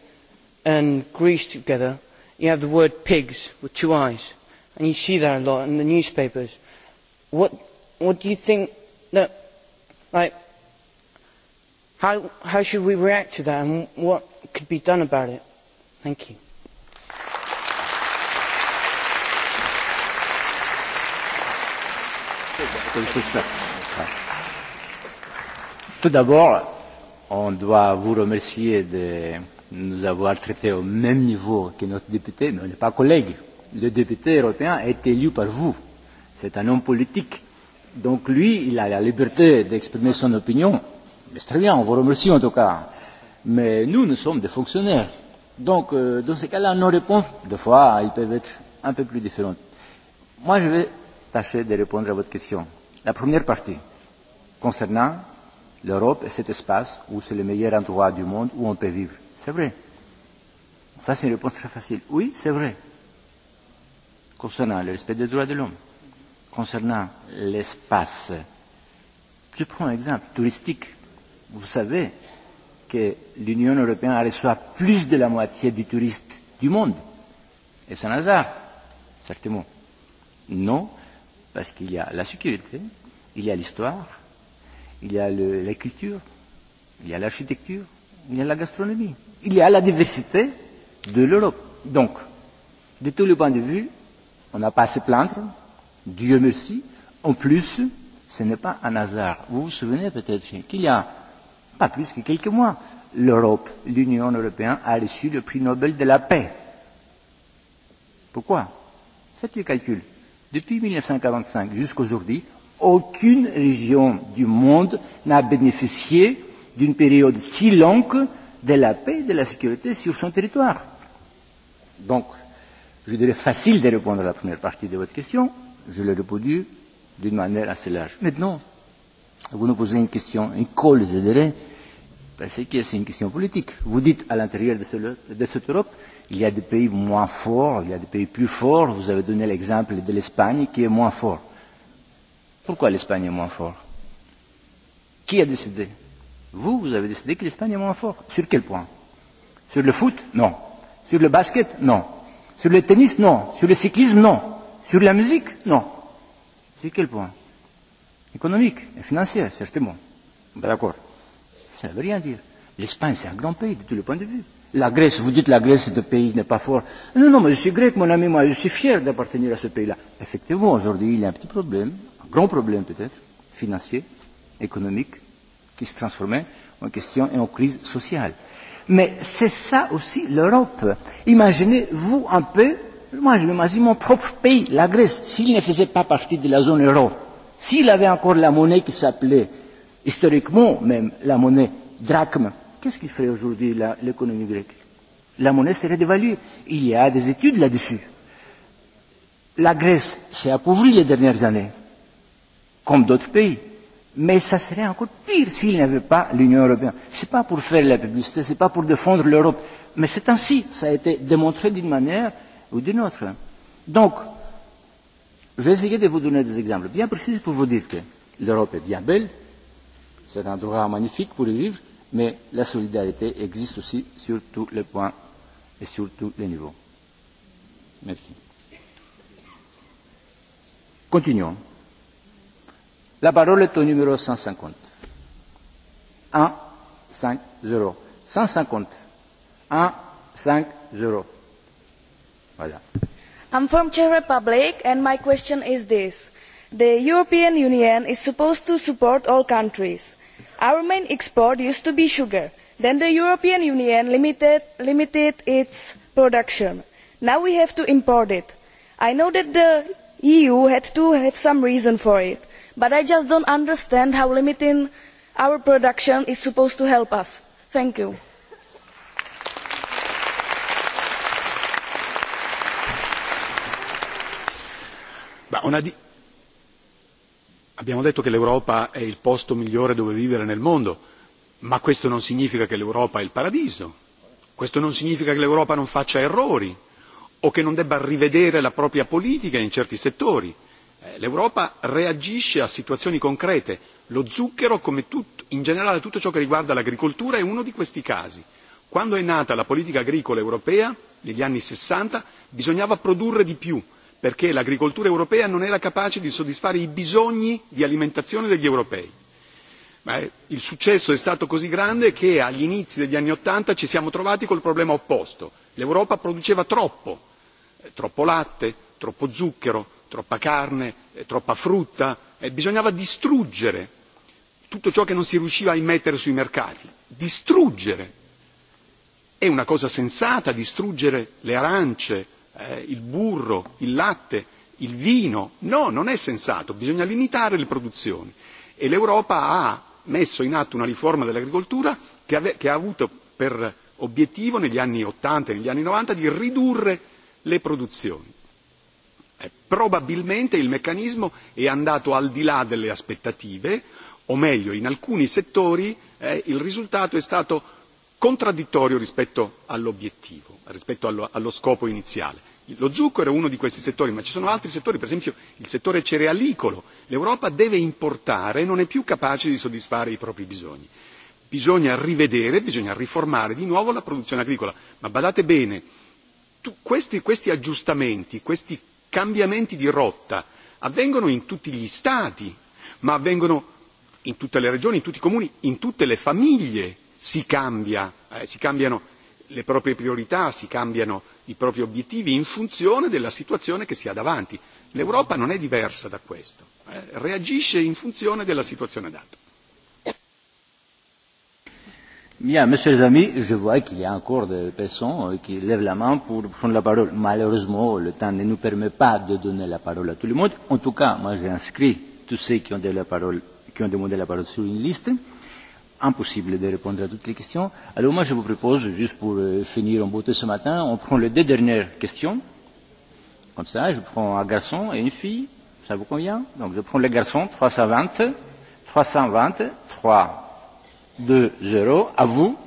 and Greece together, you have the word pigs with two eyes. And you see that a lot in the newspapers. What do you think like, how should we react to that and what could be done about it? Thank Tout d'abord, on doit vous remercier de nous avoir traités au même niveau que notre député, mais on n'est pas collègue. Le député européen est élu par vous. C'est un homme politique. Donc lui, il a la liberté d'exprimer son opinion. C'est très bien, on vous remercie en tout cas. Mais nous, nous sommes des fonctionnaires Donc, dans ces cas-là, nos réponses, des fois, elles peuvent être un peu plus différentes. Moi, je vais tâcher de répondre à votre question. La première partie, concernant l'Europe et cet espace où c'est le meilleur endroit du monde où on peut vivre. C'est vrai. Ça, c'est une réponse très facile. Oui, c'est vrai. Concernant le respect des droits de l'homme, concernant l'espace. Je prends un exemple touristique. Vous savez, que l'Union européenne reçoit plus de la moitié des touristes du monde. Et c'est un hasard, certainement. Non, parce qu'il y a la sécurité, il y a l'histoire, il y a le, la culture, il y a l'architecture, il y a la gastronomie, il y a la diversité de l'Europe. Donc, de tous les points de vue, on n'a pas à se plaindre, Dieu merci. En plus, ce n'est pas un hasard. Vous vous souvenez peut-être qu'il y a pas plus que quelques mois, l'Europe, l'Union européenne, a reçu le prix Nobel de la paix. Pourquoi Faites le calcul. Depuis 1945 aujourd'hui, aucune région du monde n'a bénéficié d'une période si longue de la paix et de la sécurité sur son territoire. Donc, je dirais facile de répondre à la première partie de votre question. Je l'ai répondu d'une manière assez large. Maintenant, Vous nous posez une question, une colle, je dirais, parce que c'est une question politique. Vous dites à l'intérieur de cette Europe, il y a des pays moins forts, il y a des pays plus forts. Vous avez donné l'exemple de l'Espagne qui est moins fort. Pourquoi l'Espagne est moins fort Qui a décidé Vous, vous avez décidé que l'Espagne est moins fort. Sur quel point Sur le foot Non. Sur le basket Non. Sur le tennis Non. Sur le cyclisme Non. Sur la musique Non. Sur quel point économique et financière, certainement. D'accord. Ça ne veut rien dire. L'Espagne, c'est un grand pays de tous les points de vue. La Grèce, vous dites la Grèce, ce pays n'est pas fort. Non, non, mais je suis grec, mon ami, moi, je suis fier d'appartenir à ce pays-là. Effectivement, aujourd'hui, il y a un petit problème, un grand problème peut-être, financier, économique, qui se transformait en question et en crise sociale. Mais c'est ça aussi l'Europe. Imaginez-vous un peu, moi je m'imagine mon propre pays, la Grèce, s'il ne faisait pas partie de la zone euro. S'il avait encore la monnaie qui s'appelait, historiquement même, la monnaie drachme, qu'est-ce qu'il ferait aujourd'hui l'économie grecque La monnaie serait dévaluée. Il y a des études là-dessus. La Grèce s'est appauvrie les dernières années, comme d'autres pays. Mais ça serait encore pire s'il n'y avait pas l'Union européenne. Ce n'est pas pour faire la publicité, ce n'est pas pour défendre l'Europe. Mais c'est ainsi, ça a été démontré d'une manière ou d'une autre. Donc, Je vais essayer de vous donner des exemples bien précis pour vous dire que l'Europe est bien belle, c'est un endroit magnifique pour y vivre, mais la solidarité existe aussi sur tous les points et sur tous les niveaux. Merci. Continuons. La parole est au numéro 150. 1, 5, 0. 150. 1, 5, 0. Voilà. I am from the Czech Republic and my question is this. The European Union is supposed to support all countries. Our main export used to be sugar. Then the European Union limited its production. Now we have to import it. I know that the EU had to have some reason for it, but I just do not understand how limiting our production is supposed to help us. Thank you. abbiamo detto che l'europa è il posto migliore dove vivere nel mondo ma questo non significa che l'europa è il paradiso questo non significa che l'europa non faccia errori o che non debba rivedere la propria politica in certi settori l'europa reagisce a situazioni concrete lo zucchero come in generale tutto ciò che riguarda l'agricoltura è uno di questi casi quando è nata la politica agricola europea negli anni sessanta bisognava produrre di più perché l'agricoltura europea non era capace di soddisfare i bisogni di alimentazione degli europei. Ma il successo è stato così grande che agli inizi degli anni Ottanta ci siamo trovati col problema opposto. L'Europa produceva troppo, troppo latte, troppo zucchero, troppa carne, troppa frutta. e Bisognava distruggere tutto ciò che non si riusciva a immettere sui mercati. Distruggere. È una cosa sensata distruggere le arance il burro, il latte, il vino. No, non è sensato, bisogna limitare le produzioni. E l'Europa ha messo in atto una riforma dell'agricoltura che ha avuto per obiettivo negli anni 80 e negli anni 90 di ridurre le produzioni. Probabilmente il meccanismo è andato al di là delle aspettative, o meglio, in alcuni settori il risultato è stato contraddittorio rispetto all'obiettivo rispetto allo scopo iniziale. lo zucchero è uno di questi settori ma ci sono altri settori per esempio il settore cerealicolo l'europa deve importare e non è più capace di soddisfare i propri bisogni. bisogna rivedere bisogna riformare di nuovo la produzione agricola ma badate bene questi aggiustamenti questi cambiamenti di rotta avvengono in tutti gli stati ma avvengono in tutte le regioni in tutti i comuni in tutte le famiglie si cambiano le proprie priorità si cambiano i propri obiettivi in funzione della situazione che si ha davanti. l'europa non è diversa da questo reagisce in funzione della situazione data. Bien, mes amis, je vois qu'il y a encore des personnes qui lèvent la main pour prendre la parole. Malheureusement, le temps ne nous permet pas de donner la parole à tout le monde. En tout cas, moi j'ai inscrit tous ceux qui ont, la parole, qui ont demandé la parole sur une liste impossible de répondre à toutes les questions. Alors moi, je vous propose, juste pour finir en beauté ce matin, on prend les deux dernières questions. Comme ça, je prends un garçon et une fille. Ça vous convient Donc je prends les garçons, 320, 320, 3, 2, 0. À vous.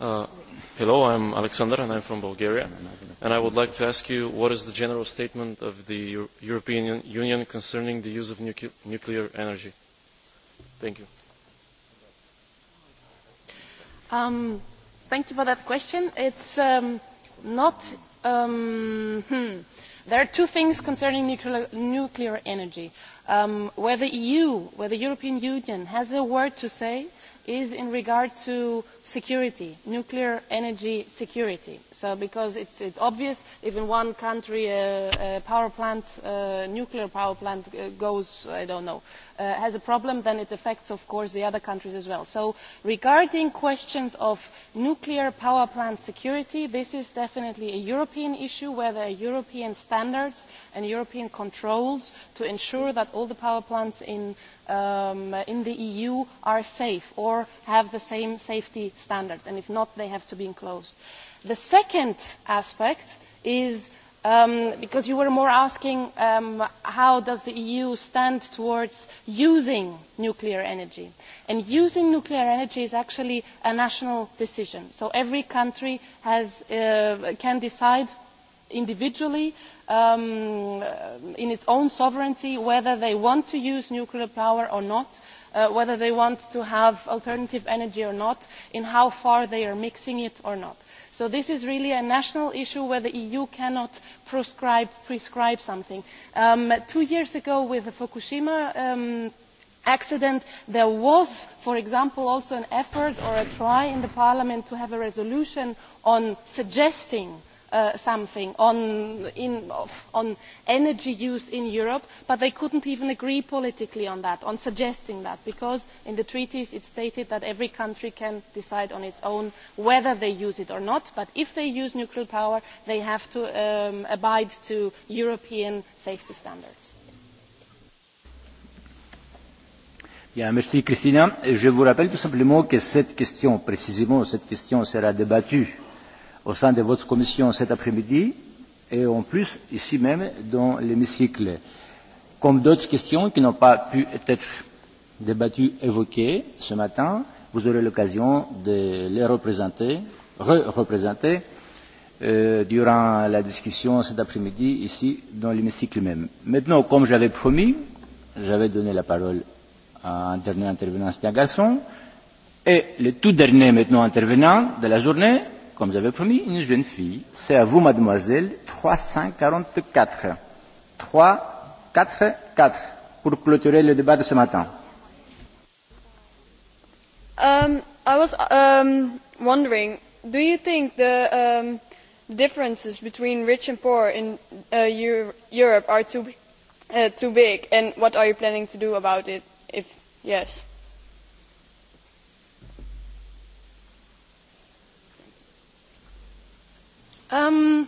Euh, Hello, I'm Alexander and I'm from Bulgaria. And I would like to ask you what is the general statement of the European Union concerning the use of nuclear energy? Thank you. Um, thank you for that question. It's um, not... Um, hmm. There are two things concerning nuclear energy. Um, where the EU, where the European Union has a word to say is in regard to security, nuclear energy security. So because it's obvious, if in one country a power plant, nuclear power plant goes, I don't know, has a problem, then it affects, of course, the other countries as well. So regarding questions of nuclear power plant security, this is definitely a European issue where there are European standards and European controls to ensure that all the power plants in the EU are safe or have the same safety standards and if not they have to be enclosed. the second aspect is because you were more asking how does the eu stand towards using nuclear energy and using nuclear energy is actually a national decision so every country can decide individually in its own sovereignty whether they want to use nuclear power or not whether they want to have alternative energy or not in how far they are mixing it or not. so this is really a national issue where the eu cannot prescribe something. two years ago with the fukushima accident there was for example also an effort or a try in parliament to have a resolution on suggesting something on energy use in Europe, but they couldn't even agree politically on that, on suggesting that, because in the treaties it stated that every country can decide on its own whether they use it or not, but if they use nuclear power, they have to abide to European safety standards. Merci Christina. Je vous rappelle tout simplement que cette question, précisément cette question, sera débattue au sein de votre commission cet après-midi et en plus ici même dans l'hémicycle. Comme d'autres questions qui n'ont pas pu être débattues, évoquées ce matin, vous aurez l'occasion de les représenter, re-représenter durant la discussion cet après-midi ici dans l'hémicycle même. Maintenant, comme j'avais promis, j'avais donné la parole à un dernier intervenant, c'était un garçon, et le tout dernier maintenant intervenant de la journée, comme j'avais promis, une jeune fille. C'est à vous, mademoiselle, 344. 3, 4, 4, pour clôturer le débat de ce matin. Um, I was um, wondering, do you think the um, differences between rich and poor in uh, Europe are too, uh, too big? And what are you planning to do about it, if yes? If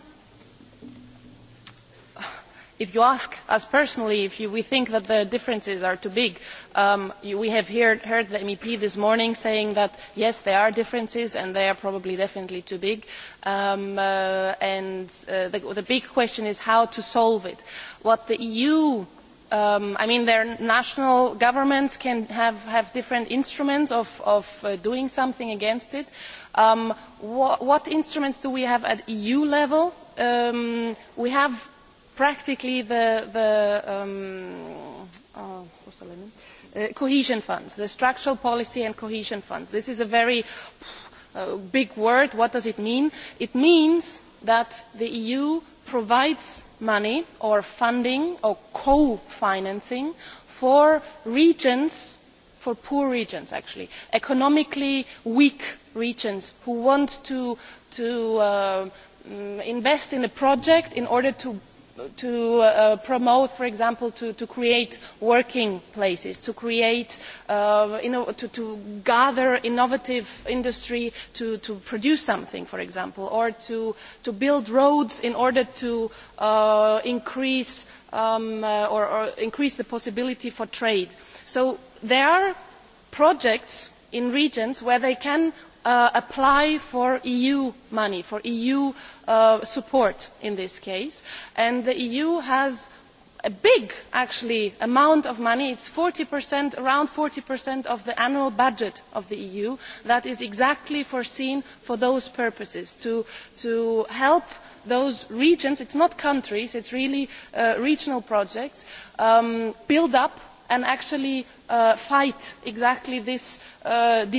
you ask us personally if we think that the differences are too big, we have heard the MEP this morning saying that yes, there are differences and they are probably definitely too big. And the big question is how to solve it. What the EU I mean, their national governments can have different instruments of doing something against it. What instruments do we have at EU level? We have practically the cohesion funds, the structural policy and cohesion funds. This is a very big word. What does it mean? It means that the EU provides money or funding or co-financing for regions, for poor regions actually, economically weak regions who want to invest in a project in order to to promote, for example, to create working places, to create, to gather innovative industry to produce something, for example, or to build roads in order to increase or increase the possibility for trade. So there are projects in regions where they can apply for eu money for eu support in this case and the eu has a big actually amount of money it's 40% around 40% of the annual budget of the eu that is exactly foreseen for those purposes to help those regions it is not countries it is really regional projects build up and actually fight exactly this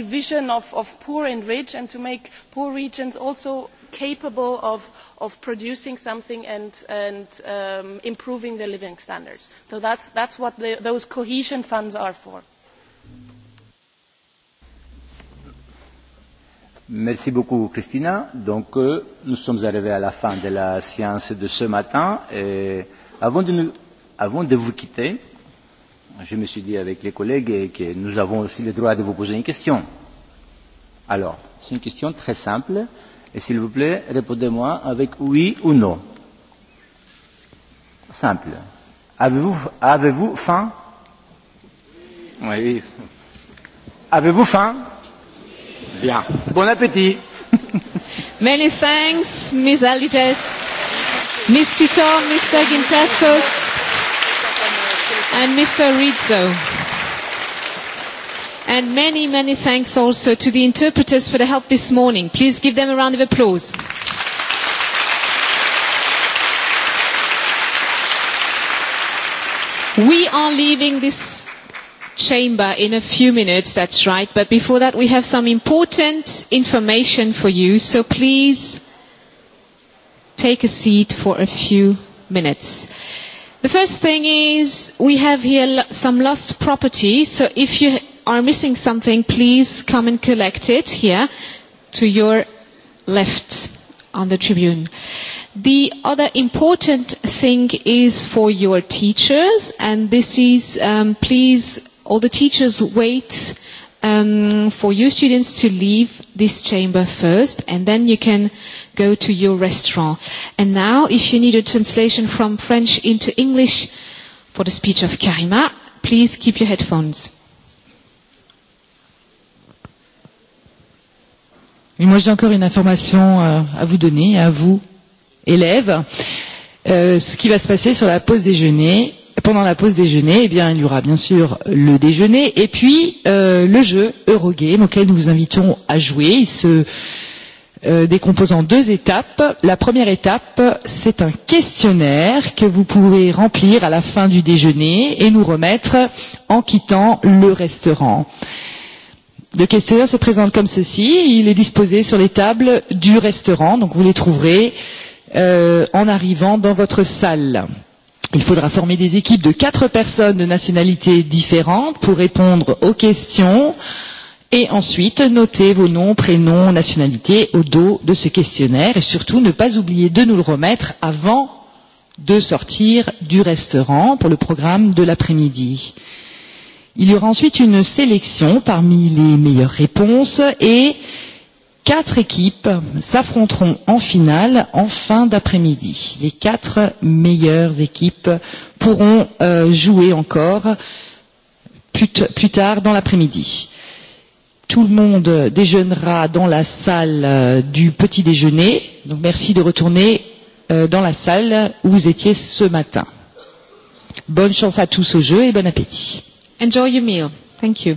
division of poor and rich and to make poor regions also capable of producing something and improving their living standards. So that's what those cohesion funds are for. Merci beaucoup, Christina. Donc, nous sommes arrivés à la fin de la séance de ce matin. Avant de vous quitter, je me suis dit avec les collègues que nous avons aussi le droit de vous poser une question. Alors, c'est une question très simple, et s'il vous plaît, répondez-moi avec oui ou non. Simple. Avez-vous avez faim Oui. Avez-vous faim Bien. Bon appétit. Many thanks, Ms. Tito, Mr. Gintasos and Mr. Rizzo. And many, many thanks also to the interpreters for the help this morning. Please give them a round of applause. We are leaving this chamber in a few minutes, that's right. But before that, we have some important information for you. So please take a seat for a few minutes. The first thing is we have here some lost property, so if you are missing something, please come and collect it here to your left on the tribune. The other important thing is for your teachers, and this is please all the teachers wait for you students to leave this chamber first and then you can go to your restaurant. And now, if you need a translation from French into English for the speech of Karima, please keep your headphones. Et moi, j'ai encore une information à vous donner, à vous, élèves. Ce qui va se passer sur la pause déjeuner pendant la pause déjeuner, eh bien, il y aura bien sûr le déjeuner et puis le jeu Eurogame auquel nous vous invitons à jouer. Il se décompose en deux étapes. La première étape, c'est un questionnaire que vous pouvez remplir à la fin du déjeuner et nous remettre en quittant le restaurant. Le questionnaire se présente comme ceci. Il est disposé sur les tables du restaurant, donc vous les trouverez en arrivant dans votre salle. Il faudra former des équipes de quatre personnes de nationalités différentes pour répondre aux questions et ensuite noter vos noms, prénoms, nationalités au dos de ce questionnaire et surtout ne pas oublier de nous le remettre avant de sortir du restaurant pour le programme de l'après-midi. Il y aura ensuite une sélection parmi les meilleures réponses et Quatre équipes s'affronteront en finale en fin d'après-midi. Les quatre meilleures équipes pourront jouer encore plus tard dans l'après-midi. Tout le monde déjeunera dans la salle du petit déjeuner. Donc merci de retourner dans la salle où vous étiez ce matin. Bonne chance à tous au jeu et bon appétit. Enjoy your meal. Thank you.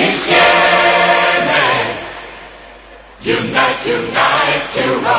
insieme. Unite, unite, unite